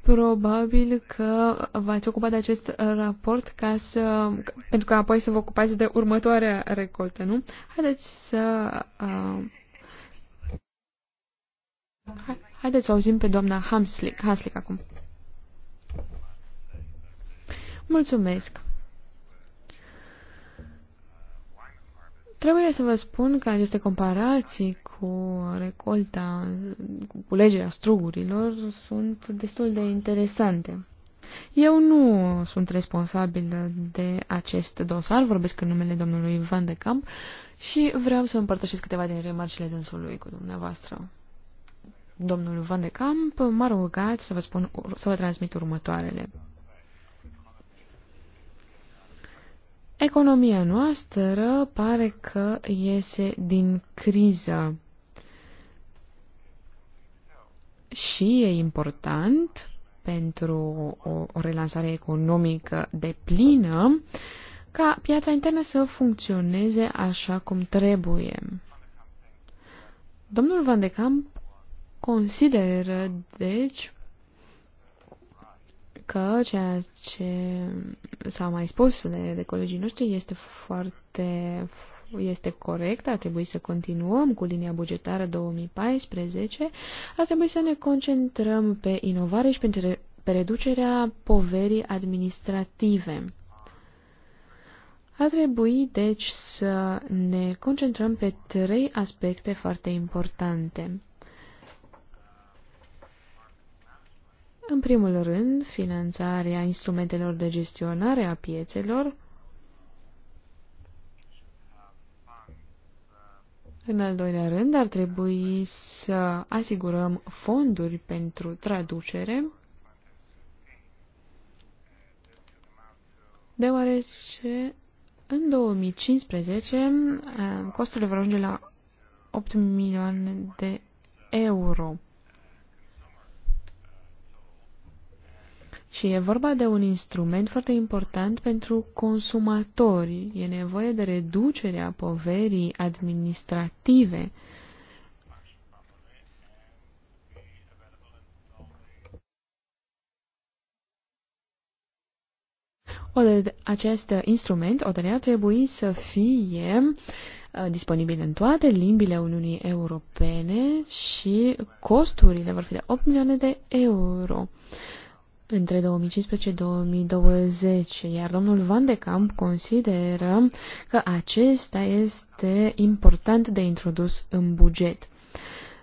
probabil că v-ați ocupat de acest raport ca să, pentru că apoi să vă ocupați de următoarea recoltă, nu? Haideți să... Uh, haideți să auzim pe doamna Hamslick, Hamslik acum. Mulțumesc! Trebuie să vă spun că aceste comparații cu recolta, cu culegerea strugurilor sunt destul de interesante. Eu nu sunt responsabil de acest dosar, vorbesc în numele domnului Van de Camp și vreau să împărtășesc câteva din remarcile dânsului cu dumneavoastră. Domnul Van de Camp m-a rugat să vă, spun, să vă transmit următoarele. Economia noastră pare că iese din criză. Și e important pentru o, relansare economică de plină ca piața internă să funcționeze așa cum trebuie. Domnul Van de Camp consideră, deci, că ceea ce s-a mai spus de, de colegii noștri este foarte este corect, ar trebui să continuăm cu linia bugetară 2014, ar trebui să ne concentrăm pe inovare și pe, reducerea poverii administrative. Ar trebui, deci, să ne concentrăm pe trei aspecte foarte importante. În primul rând, finanțarea instrumentelor de gestionare a piețelor. În al doilea rând, ar trebui să asigurăm fonduri pentru traducere, deoarece în 2015 eh, costurile vor ajunge la 8 milioane de euro. Și e vorba de un instrument foarte important pentru consumatori. E nevoie de reducerea poverii administrative. Odată acest instrument, odată ar trebui să fie uh, disponibil în toate limbile Uniunii Europene și costurile vor fi de 8 milioane de euro între 2015-2020, iar domnul Van de Camp consideră că acesta este important de introdus în buget.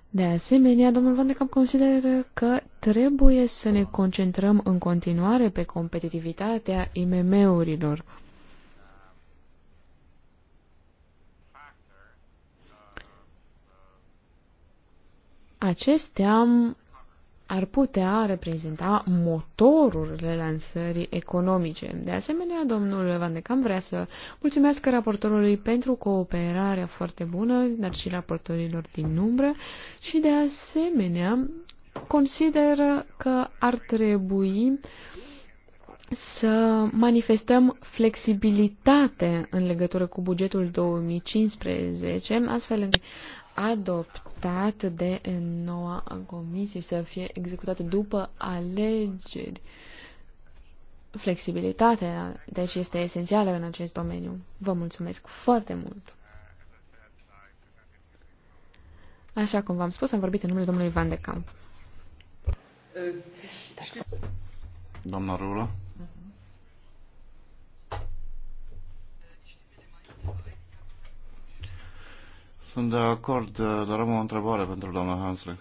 De asemenea, domnul Van de Camp consideră că trebuie să ne concentrăm în continuare pe competitivitatea IMM-urilor. Acestea ar putea reprezenta motorul relansării economice. De asemenea, domnul Van de Cam vrea să mulțumesc raportorului pentru cooperarea foarte bună, dar și raportorilor din umbră și, de asemenea, consider că ar trebui să manifestăm flexibilitate în legătură cu bugetul 2015, astfel încât adoptat de noua comisie să fie executat după alegeri. Flexibilitatea, deci, este esențială în acest domeniu. Vă mulțumesc foarte mult! Așa cum v-am spus, am vorbit în numele domnului Van de Camp. Doamna Rula? Sunt de acord, uh, dar am o întrebare pentru doamna Hanslick.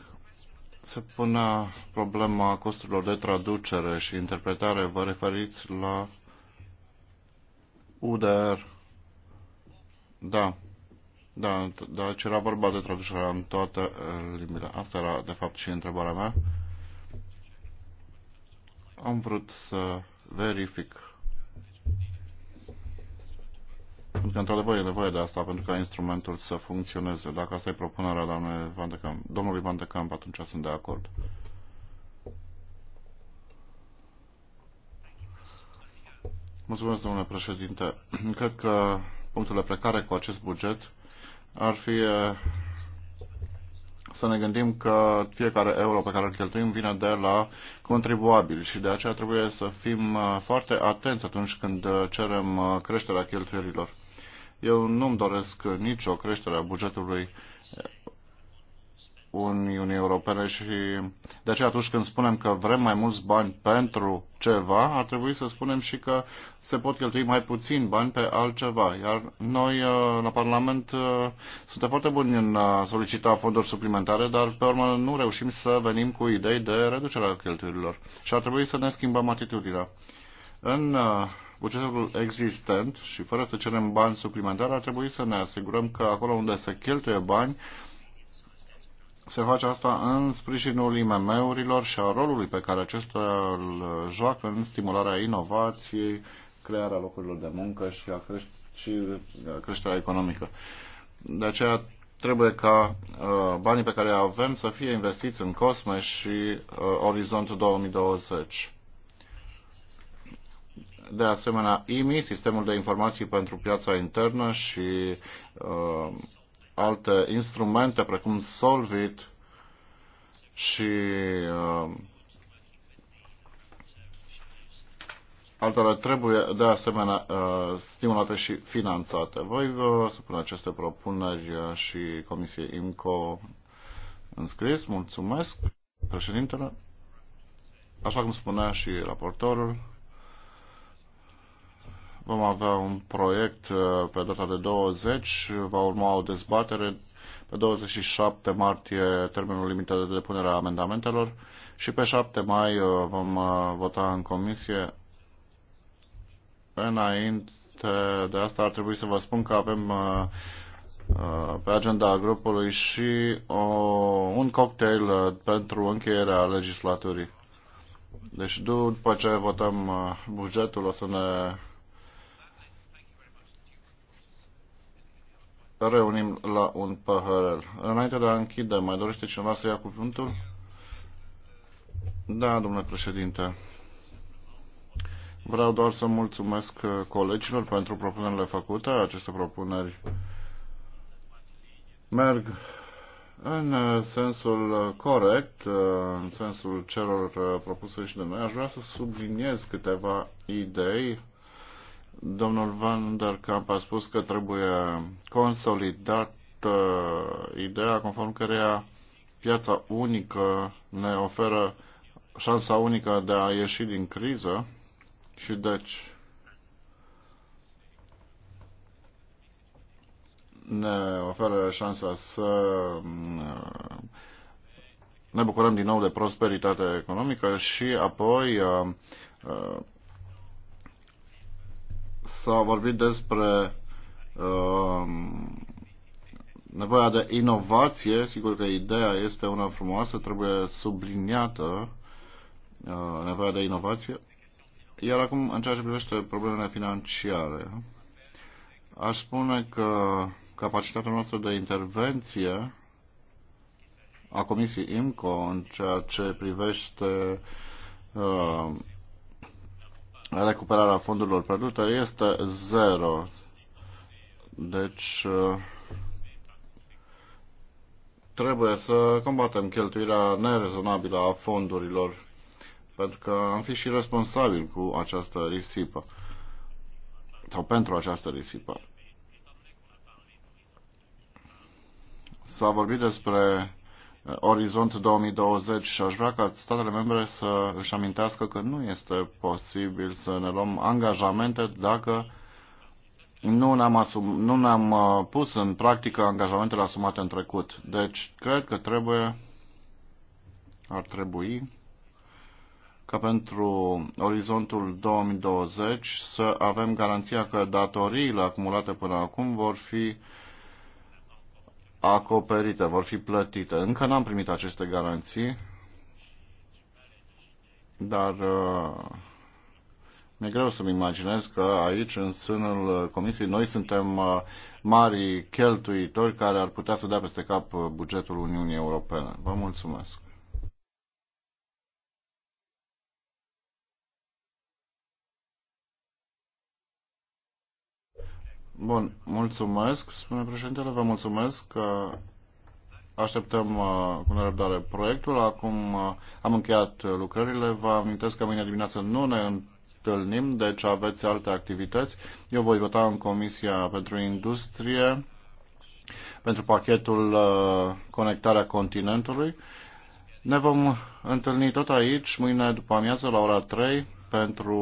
Se pune problema costurilor de traducere și interpretare. Vă referiți la UDR? Da. Da, dar ce deci era vorba de traducerea în toate uh, limbile. Asta era, de fapt, și întrebarea mea. Am vrut să verific Pentru că, într-adevăr, e nevoie de asta pentru ca instrumentul să funcționeze. Dacă asta e propunerea doamnei Van de Camp, domnului Van de Camp, atunci sunt de acord. Mulțumesc, domnule președinte. [CLEARS THROAT] Cred că punctul de plecare cu acest buget ar fi să ne gândim că fiecare euro pe care îl cheltuim vine de la contribuabil și de aceea trebuie să fim foarte atenți atunci când cerem creșterea cheltuielilor. Eu nu-mi doresc nicio creștere a bugetului Uniunii Europene și de aceea atunci când spunem că vrem mai mulți bani pentru ceva, ar trebui să spunem și că se pot cheltui mai puțin bani pe altceva. Iar noi uh, la Parlament uh, suntem foarte buni în a solicita fonduri suplimentare, dar pe urmă nu reușim să venim cu idei de reducere a cheltuielilor. Și ar trebui să ne schimbăm atitudinea. În uh, bugetul existent și fără să cerem bani suplimentari, ar trebui să ne asigurăm că acolo unde se cheltuie bani, se face asta în sprijinul IMM-urilor și a rolului pe care acestea îl joacă în stimularea inovației, crearea locurilor de muncă și a crește, și a uh, creșterea economică. De aceea trebuie ca uh, banii pe care avem să fie investiți în Cosme și uh, Orizont 2020 de asemenea IMI, Sistemul de Informații pentru Piața Internă și uh, alte instrumente precum Solvit și uh, altele trebuie de asemenea uh, stimulate și finanțate. Voi vă supun aceste propuneri uh, și Comisiei IMCO în scris. Mulțumesc, președintele. Așa cum spunea și raportorul, Vom avea un proiect uh, pe data de 20, va urma o dezbatere pe 27 martie termenul limită de depunere a amendamentelor și pe 7 mai uh, vom uh, vota în comisie. Înainte de asta ar trebui să vă spun că avem pe agenda grupului și o, un cocktail pentru încheierea legislaturii. Deci după ce votăm bugetul o să ne reunim la un paharel. Înainte de a închide, mai dorește cineva să ia cuvântul? Da, domnule președinte. Vreau doar să mulțumesc uh, colegilor pentru propunerile făcute. Aceste propuneri merg în uh, sensul uh, corect, în sensul celor propuse și de noi. Aș vrea să subliniez câteva idei Domnul Van der Kamp a spus că trebuie consolidat ideea conform căreia piața unică ne oferă șansa unică de a ieși din criză și deci ne oferă șansa să ne bucurăm din nou de prosperitate economică și apoi uh, uh, S-a vorbit despre uh, nevoia de inovație. Sigur că ideea este una frumoasă, trebuie subliniată uh, nevoia de inovație. Iar acum, în ceea ce privește problemele financiare, aș spune că capacitatea noastră de intervenție a Comisiei IMCO în ceea ce privește uh, recuperarea fondurilor pierdute este zero. Deci uh, trebuie să combatem cheltuirea nerezonabilă a fondurilor, pentru că am fi și responsabil cu această risipă sau pentru această risipă. S-a vorbit despre Orizont 2020 și aș vrea ca statele membre să își amintească că nu este posibil să ne luăm angajamente dacă nu ne-am, asum, nu ne-am uh, pus în practică angajamentele asumate în trecut. Deci, cred că trebuie, ar trebui, ca pentru orizontul 2020 să avem garanția că datoriile acumulate până acum vor fi uh, acoperite, vor fi plătite. Încă n-am primit aceste garanții, dar uh, mi-e greu să-mi imaginez că aici, în sânul Comisiei, noi suntem uh, mari cheltuitori care ar putea să dea peste cap uh, bugetul Uniunii Europene. Vă mulțumesc. Bun, mulțumesc, spune președintele, vă mulțumesc că așteptăm uh, cu nerăbdare proiectul. Acum uh, am încheiat uh, lucrările. Vă amintesc că mâine dimineață nu ne întâlnim, deci aveți alte activități. Eu voi vota în Comisia pentru Industrie pentru pachetul Conectarea Continentului. Ne vom întâlni tot aici, mâine după amiază, la ora 3, pentru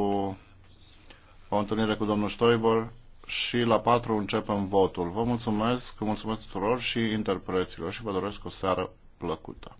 o întâlnire cu domnul Stoiber și la 4 începem votul. Vă mulțumesc, mulțumesc tuturor și interpreților și vă doresc o seară plăcută.